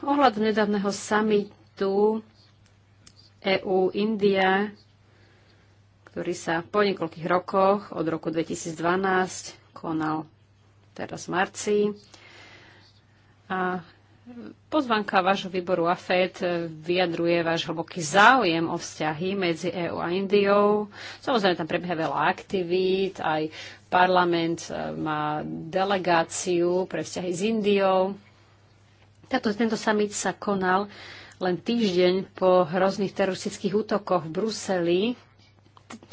Speaker 3: ohľadom nedávneho samitu EU-India, ktorý sa po niekoľkých rokoch od roku 2012 konal teraz v marci. A pozvanka vášho výboru AFED vyjadruje váš hlboký záujem o vzťahy medzi EÚ a Indiou. Samozrejme, tam prebieha veľa aktivít, aj parlament e, má delegáciu pre vzťahy s Indiou. Tato, tento summit sa konal len týždeň po hrozných teroristických útokoch v Bruseli,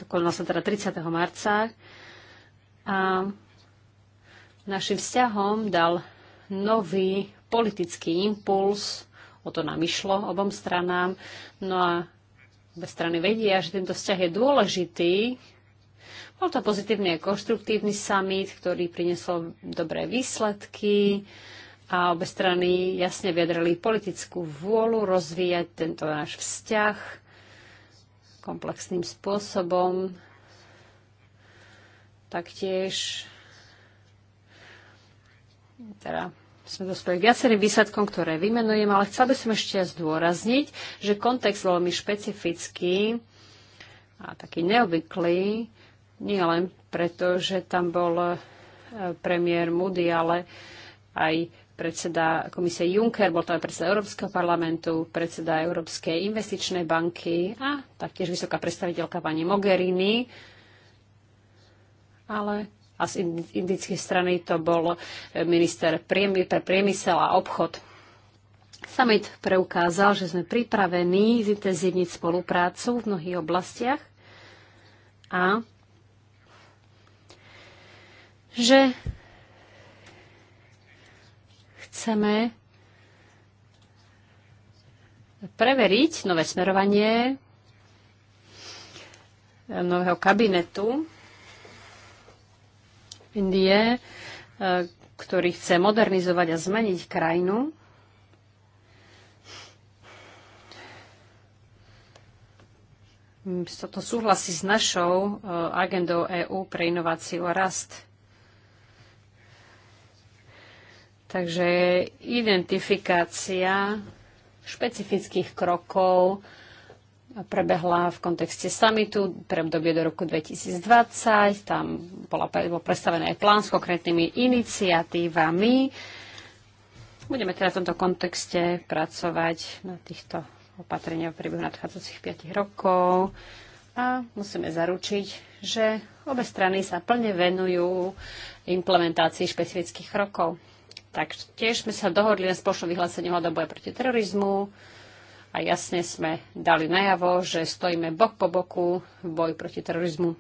Speaker 3: konala sa teda 30. marca a našim vzťahom dal nový politický impuls, o to nám išlo obom stranám. No a obe strany vedia, že tento vzťah je dôležitý. Bol to pozitívny a konštruktívny summit, ktorý priniesol dobré výsledky a obe strany jasne vyjadrali politickú vôľu rozvíjať tento náš vzťah komplexným spôsobom. Taktiež teda sme dospeli k viacerým výsledkom, ktoré vymenujem, ale chcel by som ešte zdôrazniť, že kontext veľmi špecifický a taký neobvyklý, nie len preto, že tam bol eh, premiér Moody, ale aj predseda komisie Juncker, bol tam aj predseda Európskeho parlamentu, predseda Európskej investičnej banky a taktiež vysoká predstaviteľka pani Mogherini. Ale a z indickej strany to bol eh, minister pre priemysel a obchod. Summit preukázal, že sme pripravení zintenzívniť spoluprácu v mnohých oblastiach a že chceme preveriť nové smerovanie nového kabinetu Indie, e, ktorý chce modernizovať a zmeniť krajinu. Mm, toto súhlasí s našou e, agendou EÚ pre inováciu a rast. Takže identifikácia špecifických krokov prebehla v kontexte samitu pre obdobie do roku 2020. Tam bola, bol predstavený aj plán s konkrétnymi iniciatívami. Budeme teda v tomto kontexte pracovať na týchto opatreniach v priebehu nadchádzajúcich 5 rokov a musíme zaručiť, že obe strany sa plne venujú implementácii špecifických krokov tak tiež sme sa dohodli na spoločnom vyhlásení hľadom boja proti terorizmu a jasne sme dali najavo, že stojíme bok po boku v boji proti terorizmu.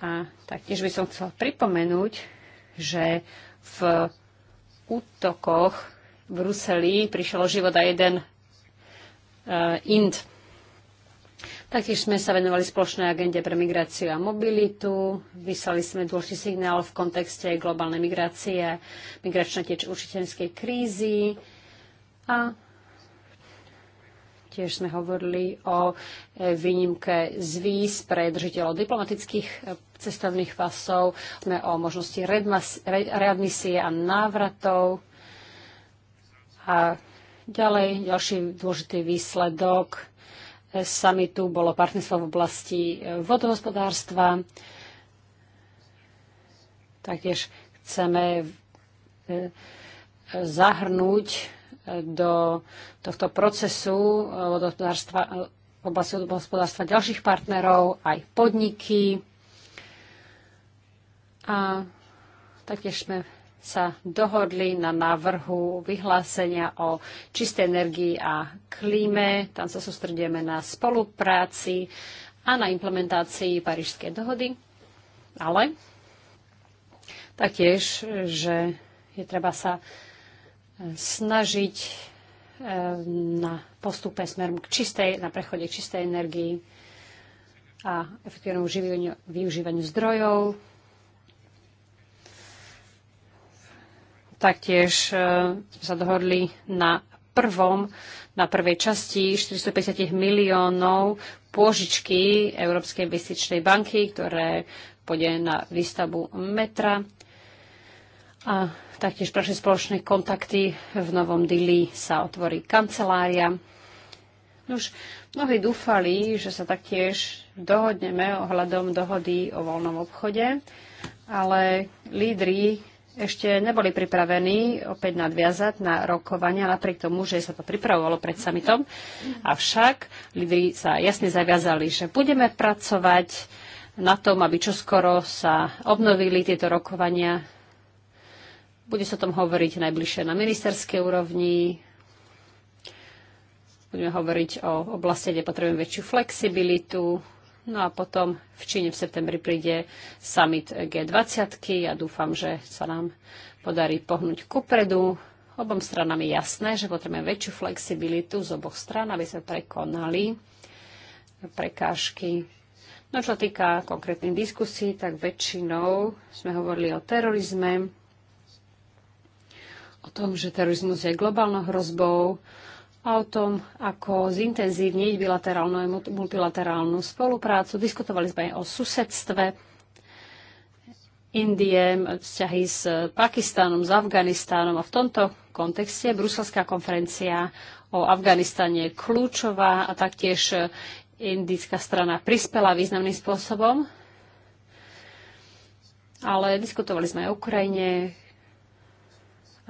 Speaker 3: A taktiež by som chcel pripomenúť, že v útokoch v Bruseli prišiel život aj jeden uh, Ind, Taktiež sme sa venovali spoločnej agende pre migráciu a mobilitu. Vyslali sme dôležitý signál v kontexte globálnej migrácie, migračnej tiež učiteľskej krízy. A tiež sme hovorili o e, výnimke z víz pre držiteľov diplomatických e, cestovných pasov, sme o možnosti readmisie a návratov. A ďalej, ďalší dôležitý výsledok samitu bolo partnerstvo v oblasti e, vodohospodárstva. Taktiež chceme e, zahrnúť e, do tohto procesu vodohospodárstva v oblasti vodohospodárstva ďalších partnerov, aj podniky. A taktiež sme sa dohodli na návrhu vyhlásenia o čistej energii a klíme. Tam sa sústredíme na spolupráci a na implementácii Parížskej dohody. Ale taktiež, že je treba sa e, snažiť e, na postupe smerom k čistej, na prechode k čistej energii a efektívnemu využívaniu zdrojov, Taktiež e, sme sa dohodli na prvom, na prvej časti 450 miliónov pôžičky Európskej investičnej banky, ktoré pôjde na výstavbu metra. A taktiež pre spoločné kontakty v Novom Dili sa otvorí kancelária. Už mnohí dúfali, že sa taktiež dohodneme ohľadom dohody o voľnom obchode, ale lídry ešte neboli pripravení opäť nadviazať na rokovania, napriek tomu, že sa to pripravovalo pred summitom. Avšak lídry sa jasne zaviazali, že budeme pracovať na tom, aby čoskoro sa obnovili tieto rokovania. Bude sa o tom hovoriť najbližšie na ministerskej úrovni. Budeme hovoriť o oblasti, kde potrebujeme väčšiu flexibilitu, No a potom v Číne v septembri príde summit G20 a ja dúfam, že sa nám podarí pohnúť kupredu. Obom stranám je jasné, že potrebujeme väčšiu flexibilitu z oboch stran, aby sa prekonali prekážky. No čo týka konkrétnych diskusí, tak väčšinou sme hovorili o terorizme, o tom, že terorizmus je globálnou hrozbou, a o tom, ako zintenzívniť bilaterálnu a multilaterálnu spoluprácu. Diskutovali sme aj o susedstve Indie, vzťahy s Pakistanom, s Afganistánom a v tomto kontexte bruselská konferencia o Afganistane je kľúčová a taktiež indická strana prispela významným spôsobom. Ale diskutovali sme aj o Ukrajine,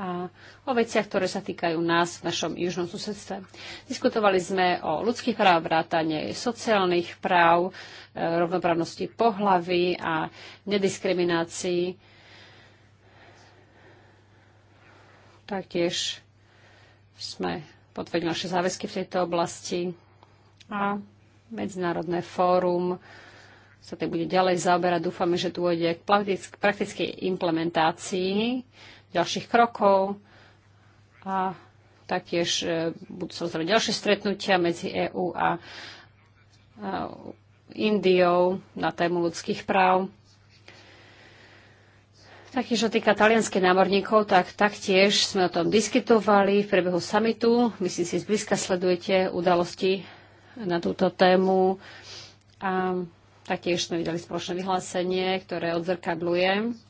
Speaker 3: a o veciach, ktoré sa týkajú nás v našom južnom susedstve. Diskutovali sme o ľudských práv, vrátane sociálnych práv, e, rovnoprávnosti pohlavy a nediskriminácii. Taktiež sme potvrdili naše záväzky v tejto oblasti a Medzinárodné fórum sa tým bude ďalej zaoberať. Dúfame, že tu dôjde k praktickej implementácii ďalších krokov a taktiež e, budú samozrejme ďalšie stretnutia medzi EÚ a, Indiou na tému ľudských práv. Taký, čo týka talianských námorníkov, tak taktiež sme o tom diskutovali v priebehu samitu. Myslím si, zblízka sledujete udalosti na túto tému. A taktiež sme videli spoločné vyhlásenie, ktoré odzrkadluje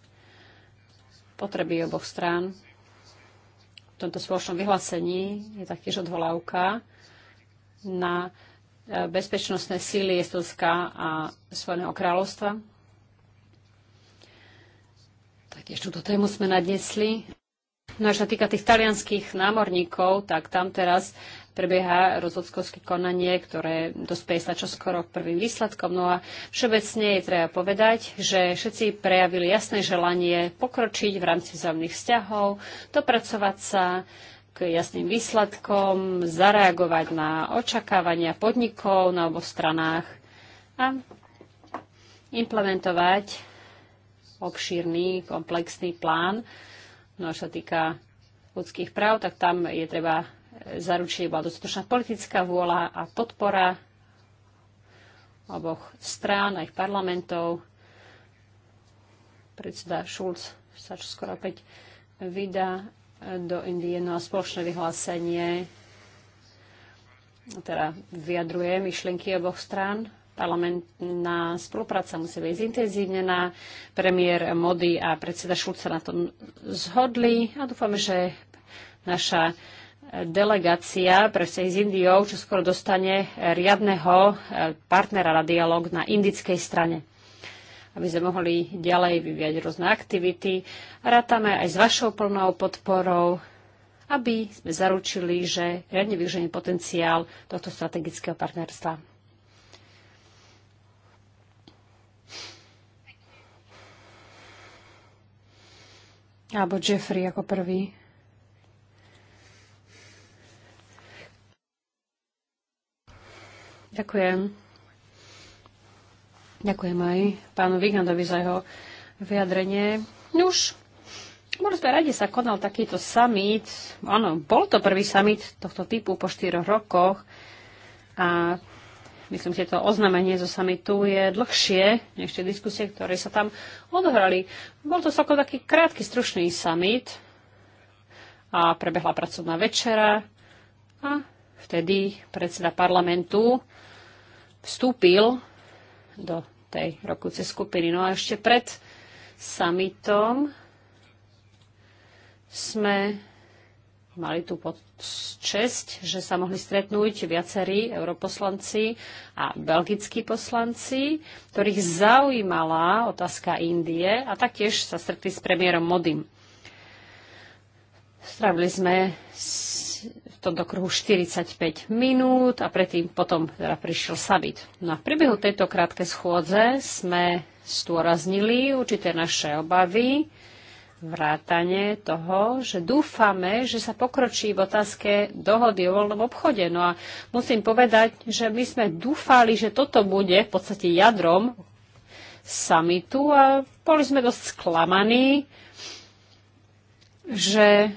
Speaker 3: potreby oboch strán. V tomto spoločnom vyhlásení je taktiež odvolávka na e, bezpečnostné síly Estonska a Spojeného kráľovstva. Taktiež túto tému sme nadnesli. No a čo týka tých talianských námorníkov, tak tam teraz prebieha rozhodcovské konanie, ktoré dospeje sa čoskoro k prvým výsledkom. No a všeobecne je treba povedať, že všetci prejavili jasné želanie pokročiť v rámci vzájomných vzťahov, dopracovať sa k jasným výsledkom, zareagovať na očakávania podnikov na oboch stranách a implementovať obšírny, komplexný plán. No a čo sa týka ľudských práv, tak tam je treba zaručí iba dostatočná politická vôľa a podpora oboch strán a ich parlamentov. Predseda Schulz sa čo skoro opäť vydá do Indie. No a spoločné vyhlásenie teda vyjadruje myšlienky oboch strán. Parlamentná spolupráca musí byť zintenzívnená. Premiér Modi a predseda Šulca na tom zhodli a dúfame, že naša delegácia pre vzťahy s Indiou čo skoro dostane eh, riadneho eh, partnera na dialog na indickej strane aby sme mohli ďalej vyvíjať rôzne aktivity. rátame aj s vašou plnou podporou, aby sme zaručili, že riadne využijeme potenciál tohto strategického partnerstva. Alebo Jeffrey ako prvý. Ďakujem. Ďakujem aj pánu Vigandovi za jeho vyjadrenie. No už boli sme radi, sa konal takýto summit. Áno, bol to prvý summit tohto typu po štyroch rokoch a myslím že to oznámenie zo summitu je dlhšie než tie diskusie, ktoré sa tam odohrali. Bol to celkom taký krátky, stručný summit a prebehla pracovná večera a vtedy predseda parlamentu vstúpil do tej rokúcej skupiny. No a ešte pred summitom sme mali tú čest, že sa mohli stretnúť viacerí europoslanci a belgickí poslanci, ktorých zaujímala otázka Indie a taktiež sa stretli s premiérom Modim. Strávili sme tomto kruhu 45 minút a predtým potom teda prišiel summit. No a v priebehu tejto krátkej schôdze sme stôraznili určité naše obavy, vrátane toho, že dúfame, že sa pokročí v otázke dohody o voľnom obchode. No a musím povedať, že my sme dúfali, že toto bude v podstate jadrom samitu a boli sme dosť sklamaní, že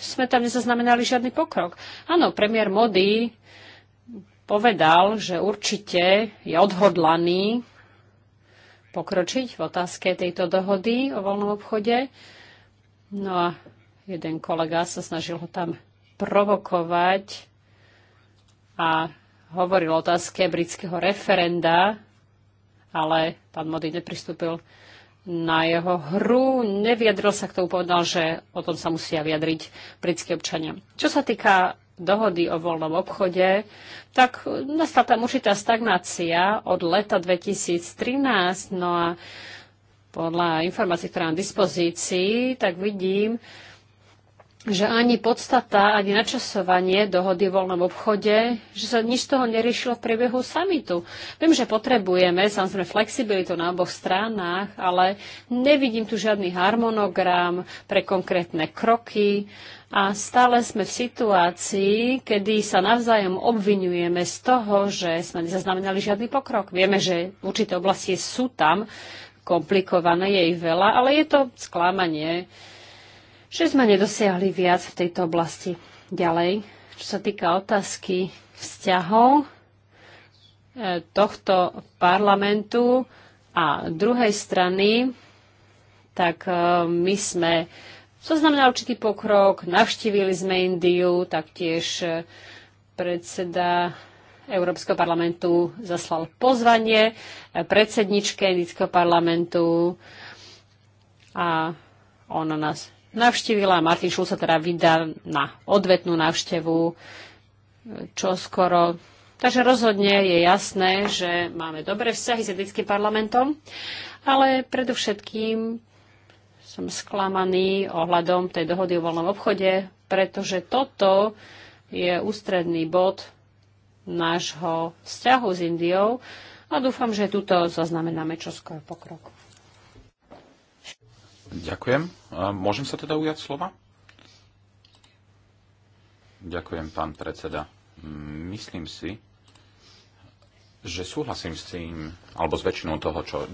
Speaker 3: sme tam nezaznamenali žiadny pokrok. Áno, premiér Modi povedal, že určite je odhodlaný pokročiť v otázke tejto dohody o voľnom obchode. No a jeden kolega sa snažil ho tam provokovať a hovoril o otázke britského referenda, ale pán Modi nepristúpil na jeho hru. Neviadril sa k tomu, povedal, že o tom sa musia vyjadriť britskí občania. Čo sa týka dohody o voľnom obchode, tak nastala tam určitá stagnácia od leta 2013. No a podľa informácií, ktoré mám v dispozícii, tak vidím, že ani podstata, ani načasovanie dohody v voľnom obchode, že sa nič z toho neriešilo v priebehu samitu. Viem, že potrebujeme samozrejme flexibilitu na oboch stranách, ale nevidím tu žiadny harmonogram pre konkrétne kroky a stále sme v situácii, kedy sa navzájom obvinujeme z toho, že sme nezaznamenali žiadny pokrok. Vieme, že určité oblasti sú tam komplikované, je ich veľa, ale je to sklamanie že sme nedosiahli viac v tejto oblasti. Ďalej, čo sa týka otázky vzťahov e, tohto parlamentu a druhej strany, tak e, my sme zaznamenali určitý pokrok, navštívili sme Indiu, taktiež e, predseda Európskeho parlamentu zaslal pozvanie predsedničke Indického parlamentu a ona nás navštívila. Martin Šul sa teda vydá na odvetnú návštevu čo skoro. Takže rozhodne je jasné, že máme dobré vzťahy s etickým parlamentom, ale predovšetkým som sklamaný ohľadom tej dohody o voľnom obchode, pretože toto je ústredný bod nášho vzťahu s Indiou a dúfam, že tuto zaznamenáme čoskoro pokrok.
Speaker 4: Ďakujem. Môžem sa teda ujať slova? Ďakujem, pán predseda. Myslím si, že súhlasím s tým, alebo s väčšinou toho, čo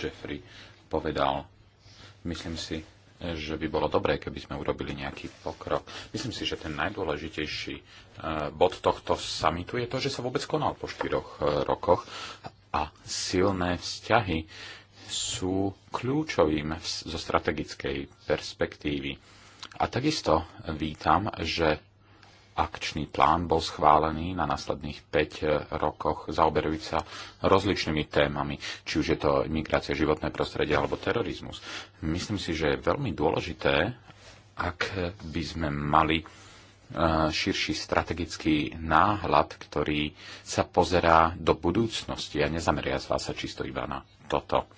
Speaker 4: Jeffrey povedal. Myslím si, že by bolo dobré, keby sme urobili nejaký pokrok. Myslím si, že ten najdôležitejší e, bod tohto samitu je to, že sa vôbec konal po štyroch e, rokoch a silné vzťahy sú kľúčovým zo strategickej perspektívy. A takisto vítam, že akčný plán bol schválený na nasledných 5 e, rokoch, zaoberujúc sa rozličnými témami, či už je to migrácia, životné prostredie alebo terorizmus. Myslím si, že je veľmi dôležité, ak by sme mali e, širší strategický náhľad, ktorý sa pozerá do budúcnosti a nezameria sa čisto iba na toto.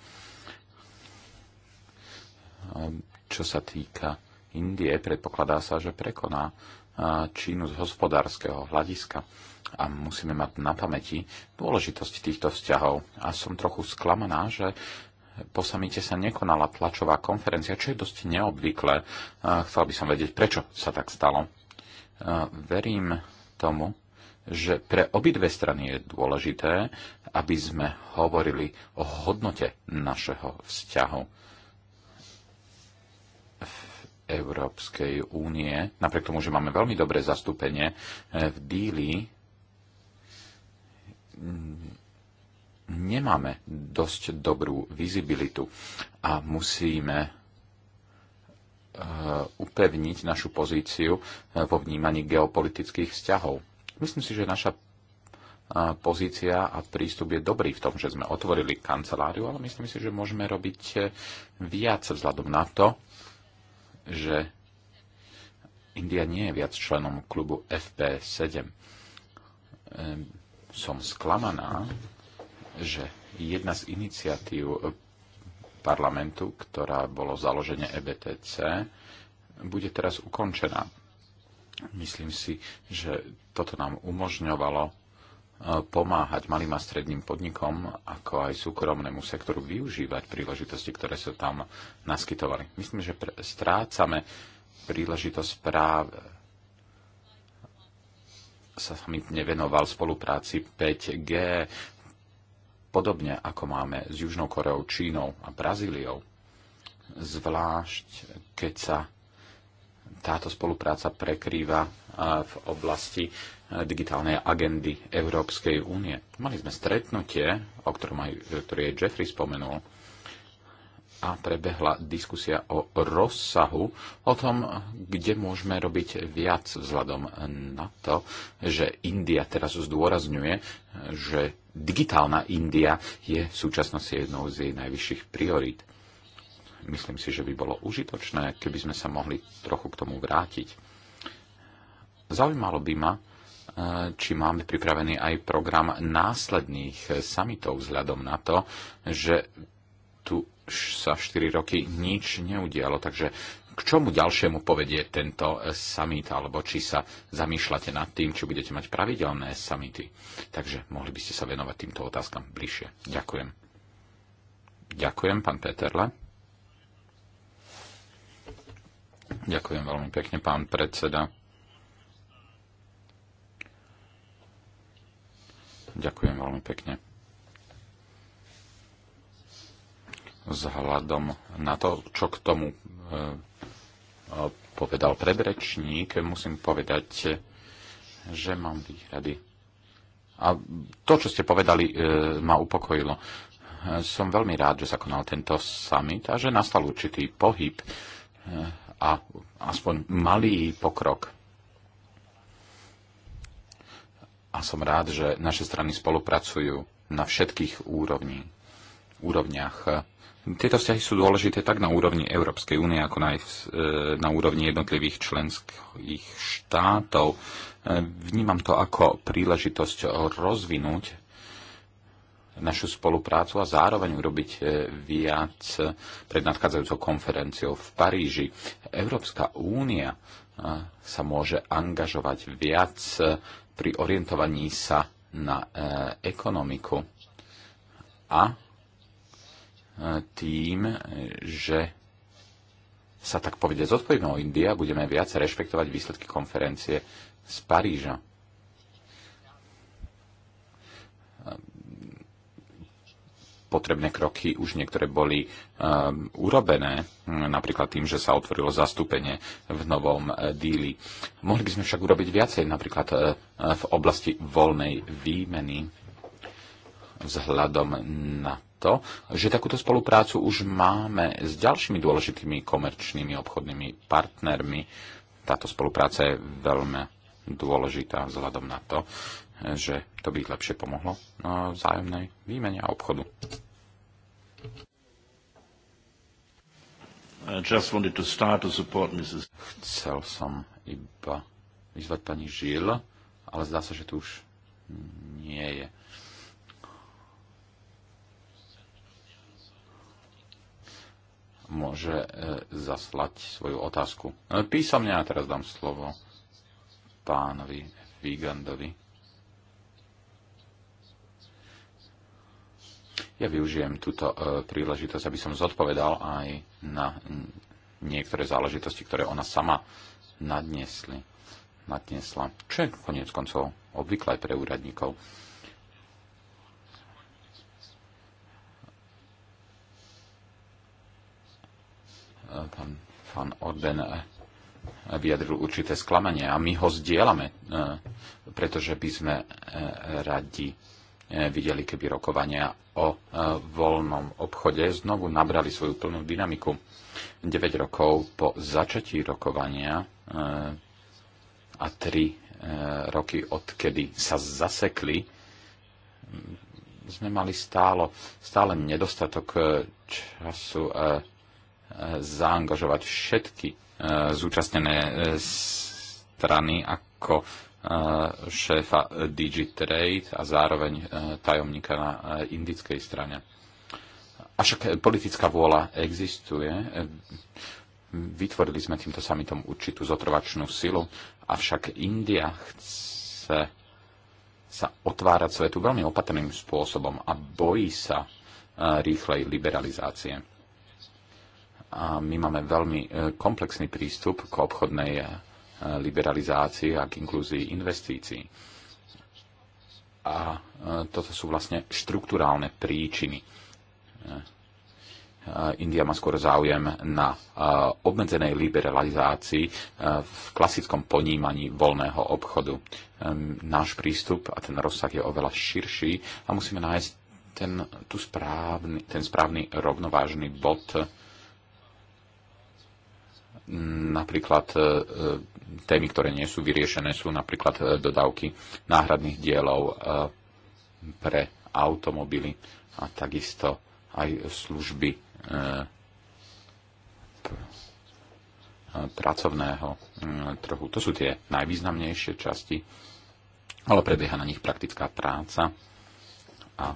Speaker 4: Ehm, čo sa týka Indie, predpokladá sa, že prekoná Čínu z hospodárskeho hľadiska a musíme mať na pamäti dôležitosť týchto vzťahov. A som trochu sklamaná, že po samite sa nekonala tlačová konferencia, čo je dosť neobvyklé. Chcel by som vedieť, prečo sa tak stalo. Verím tomu, že pre obidve strany je dôležité, aby sme hovorili o hodnote našeho vzťahu Európskej únie, napriek tomu, že máme veľmi dobré zastúpenie eh, v díli, mm, nemáme dosť dobrú vizibilitu a musíme eh, upevniť našu pozíciu eh, vo vnímaní geopolitických vzťahov. Myslím si, že naša pozícia a prístup je dobrý v tom, že sme otvorili kanceláriu, ale myslím si, že môžeme robiť viac vzhľadom na to, že India nie je viac členom klubu FP7. Som sklamaná, že jedna z iniciatív eh, parlamentu, ktorá bolo založenie EBTC, bude teraz ukončená. Myslím si, že toto nám umožňovalo E, pomáhať malým a stredným podnikom, ako aj súkromnému sektoru využívať príležitosti, ktoré sa tam naskytovali. Myslím, že strácame príležitosť práve sa mi nevenoval spolupráci 5G, podobne ako máme s Južnou Koreou, Čínou a Brazíliou. Zvlášť, keď sa táto spolupráca prekrýva v oblasti digitálnej agendy Európskej únie. Mali sme stretnutie, o ktorom aj, ktorý aj Jeffrey spomenul, a prebehla diskusia o rozsahu, o tom, kde môžeme robiť viac vzhľadom na to, že India teraz zdôrazňuje, že digitálna India je v súčasnosti jednou z jej najvyšších priorít. Myslím si, že by bolo užitočné, keby sme sa mohli trochu k tomu vrátiť. Zaujímalo by ma, e, či máme pripravený aj program následných samitov vzhľadom na to, že tu sa 4 roky nič neudialo. Takže k čomu ďalšiemu povedie tento summit, alebo či sa zamýšľate nad tým, či budete mať pravidelné summity. Takže mohli by ste sa venovať týmto otázkam bližšie. Ďakujem. Ďakujem, pán Peterle. Ďakujem veľmi pekne, pán predseda. Ďakujem veľmi pekne. Vzhľadom na to, čo k tomu e, povedal prebrečník, musím povedať, že mám výhrady. A to, čo ste povedali, e, ma upokojilo. Som veľmi rád, že sa konal tento summit a že nastal určitý pohyb. E, a aspoň malý pokrok. A som rád, že naše strany spolupracujú na všetkých úrovni, úrovniach. Tieto vzťahy sú dôležité tak na úrovni Európskej únie, ako aj e, na úrovni jednotlivých členských štátov. E, vnímam to ako príležitosť rozvinúť našu spoluprácu a zároveň urobiť e, viac pred nadchádzajúcou konferenciou v Paríži. Európska únia e, sa môže angažovať viac e, pri orientovaní sa na ekonomiku a tým, že sa tak povedať zodpovednou India, budeme viac rešpektovať výsledky konferencie z Paríža. potrebné kroky už niektoré boli ehm, urobené, hm, napríklad tým, že sa otvorilo zastúpenie v novom e, díli. Mohli by sme však urobiť viacej, napríklad e, v oblasti voľnej výmeny vzhľadom na to, že takúto spoluprácu už máme s ďalšími dôležitými komerčnými obchodnými partnermi. Táto spolupráca je veľmi dôležitá vzhľadom na to, že to by lepšie pomohlo no, vzájomnej výmene a obchodu. Chcel som iba vyzvať pani Žil, ale zdá sa, že tu už nie je. Môže e, zaslať svoju otázku. E, písomne a teraz dám slovo pánovi Vigandovi. Ja využijem túto e, príležitosť, aby som zodpovedal aj na niektoré záležitosti, ktoré ona sama nadnesli, nadnesla. Čo je konec koncov obvyklé pre úradníkov. E, pán, pán Orden e, vyjadril určité sklamanie a my ho zdieľame, pretože by sme radi E, videli, keby rokovania o e, voľnom obchode znovu nabrali svoju plnú dynamiku. 9 rokov po začatí rokovania e, a 3 roky odkedy sa zasekli, sme mali stále, stále nedostatok času zaangažovať všetky zúčastnené strany ako šéfa Digitrade a zároveň e, tajomníka na e, indickej strane. Avšak politická vôľa existuje. Vytvorili sme týmto samitom určitú zotrvačnú silu, avšak India chce sa otvárať svetu veľmi opatrným spôsobom a bojí sa e, rýchlej liberalizácie. A my máme veľmi komplexný prístup k obchodnej liberalizácii a k inklúzii investícií. A e, toto sú vlastne štruktúrálne príčiny. E, e, India má skôr záujem na obmedzenej liberalizácii v klasickom ponímaní voľného obchodu. Náš prístup a ten rozsah je oveľa širší a musíme nájsť ten, tu správny, ten správny rovnovážny bod, napríklad témy, ktoré nie sú vyriešené, sú napríklad e, dodávky náhradných dielov e, pre automobily a takisto aj služby e, pracovného trhu. To sú tie najvýznamnejšie časti, ale prebieha na nich praktická práca a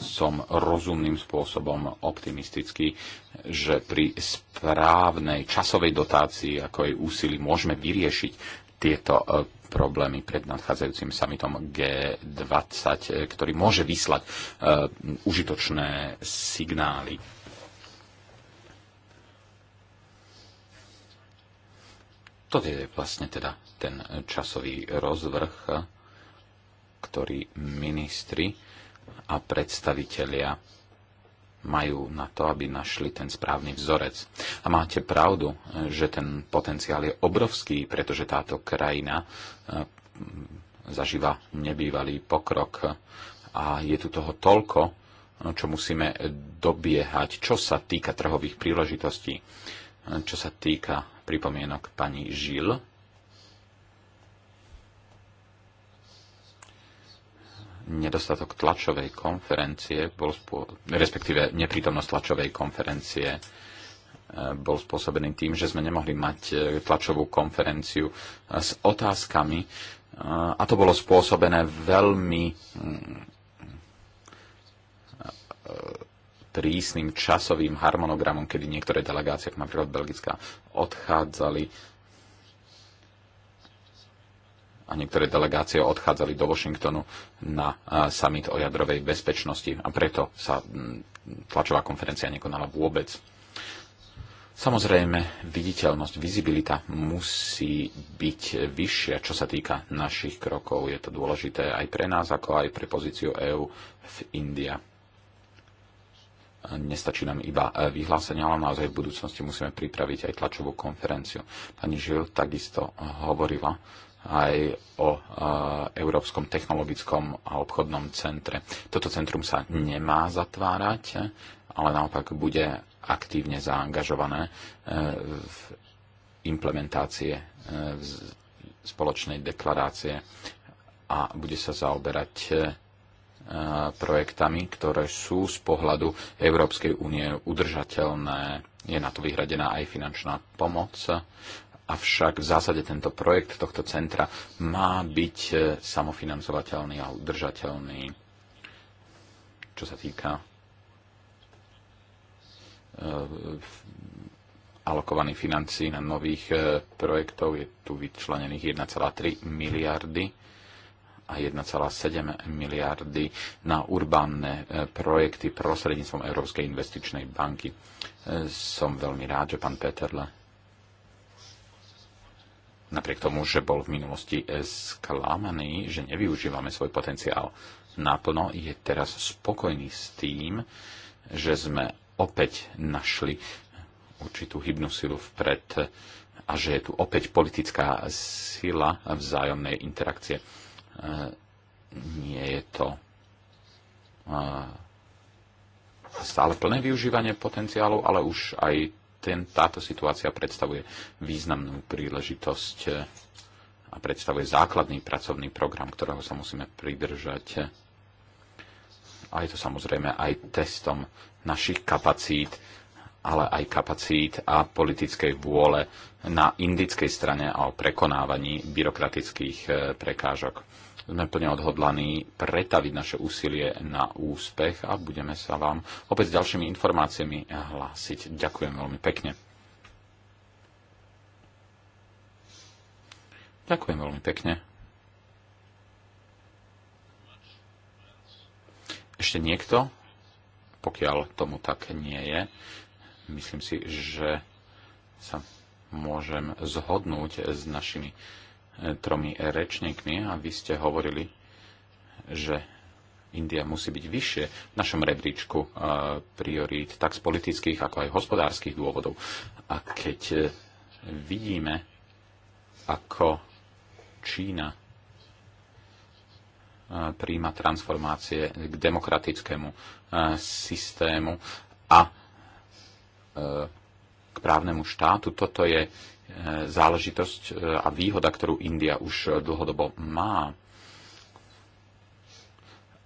Speaker 4: som rozumným spôsobom optimistický, že pri správnej časovej dotácii, ako jej úsilí, môžeme vyriešiť tieto e, problémy pred nadchádzajúcim samitom G20, e, ktorý môže vyslať e, užitočné signály. Toto je vlastne teda ten časový rozvrh, ktorý ministri a predstavitelia majú na to, aby našli ten správny vzorec. A máte pravdu, že ten potenciál je obrovský, pretože táto krajina e, zažíva nebývalý pokrok a je tu toho toľko, čo musíme dobiehať, čo sa týka trhových príležitostí, e, čo sa týka pripomienok pani Žil, nedostatok tlačovej konferencie, bol spô- respektíve neprítomnosť tlačovej konferencie e, bol spôsobený tým, že sme nemohli mať e, tlačovú konferenciu e, s otázkami a to bolo spôsobené veľmi mm, prísnym časovým harmonogramom, kedy niektoré delegácie, ako napríklad Belgická, odchádzali a niektoré delegácie odchádzali do Washingtonu na summit o jadrovej bezpečnosti a preto sa tlačová konferencia nekonala vôbec. Samozrejme, viditeľnosť, vizibilita musí byť vyššia, čo sa týka našich krokov. Je to dôležité aj pre nás, ako aj pre pozíciu EÚ v India. Nestačí nám iba e, vyhlásenie, ale naozaj v budúcnosti musíme pripraviť aj tlačovú konferenciu. Pani Žil takisto e, hovorila aj o Európskom technologickom a obchodnom centre. Toto centrum sa nemá zatvárať, ale naopak bude aktívne zaangažované e, v implementácie e, spoločnej deklarácie a bude sa zaoberať e, projektami, ktoré sú z pohľadu Európskej únie udržateľné. Je na to vyhradená aj finančná pomoc avšak v zásade tento projekt tohto centra má byť e, samofinancovateľný a udržateľný, čo sa týka e, alokovaných financí na nových e, projektov. Je tu vyčlenených 1,3 miliardy a 1,7 miliardy na urbánne projekty prostredníctvom Európskej investičnej banky. Som veľmi rád, že pán Peterle napriek tomu, že bol v minulosti e, sklamaný, že nevyužívame svoj potenciál naplno, je teraz spokojný s tým, že sme opäť našli určitú hybnú silu vpred a že je tu opäť politická sila vzájomnej interakcie. E, nie je to e, stále plné využívanie potenciálu, ale už aj ten, táto situácia predstavuje významnú príležitosť e, a predstavuje základný pracovný program, ktorého sa musíme pridržať. A je to samozrejme aj testom našich kapacít, ale aj kapacít a politickej vôle na indickej strane a o prekonávaní byrokratických e, prekážok sme plne odhodlaní pretaviť naše úsilie na úspech a budeme sa vám opäť s ďalšími informáciami hlásiť. Ďakujem veľmi pekne. Ďakujem veľmi pekne. Ešte niekto? Pokiaľ tomu tak nie je, myslím si, že sa môžem zhodnúť s našimi E, tromi e, rečníkmi a vy ste hovorili, že India musí byť vyššie v našom rebríčku e, priorít, tak z politických, ako aj hospodárskych dôvodov. A keď vidíme, ako Čína príjma transformácie k demokratickému systému a k právnemu štátu, toto je záležitosť e, a výhoda, ktorú India už e, dlhodobo má.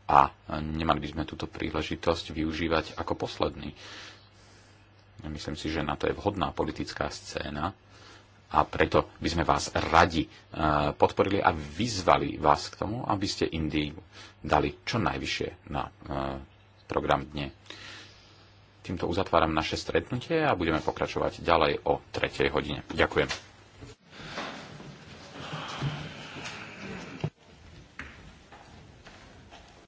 Speaker 4: A e, nemali by sme túto príležitosť využívať ako posledný. Myslím si, že na to je vhodná politická scéna a preto by sme vás radi podporili a vyzvali vás k tomu, aby ste Indii dali čo najvyššie na program dne. Týmto uzatváram naše stretnutie a budeme pokračovať ďalej o 3. hodine. Ďakujem.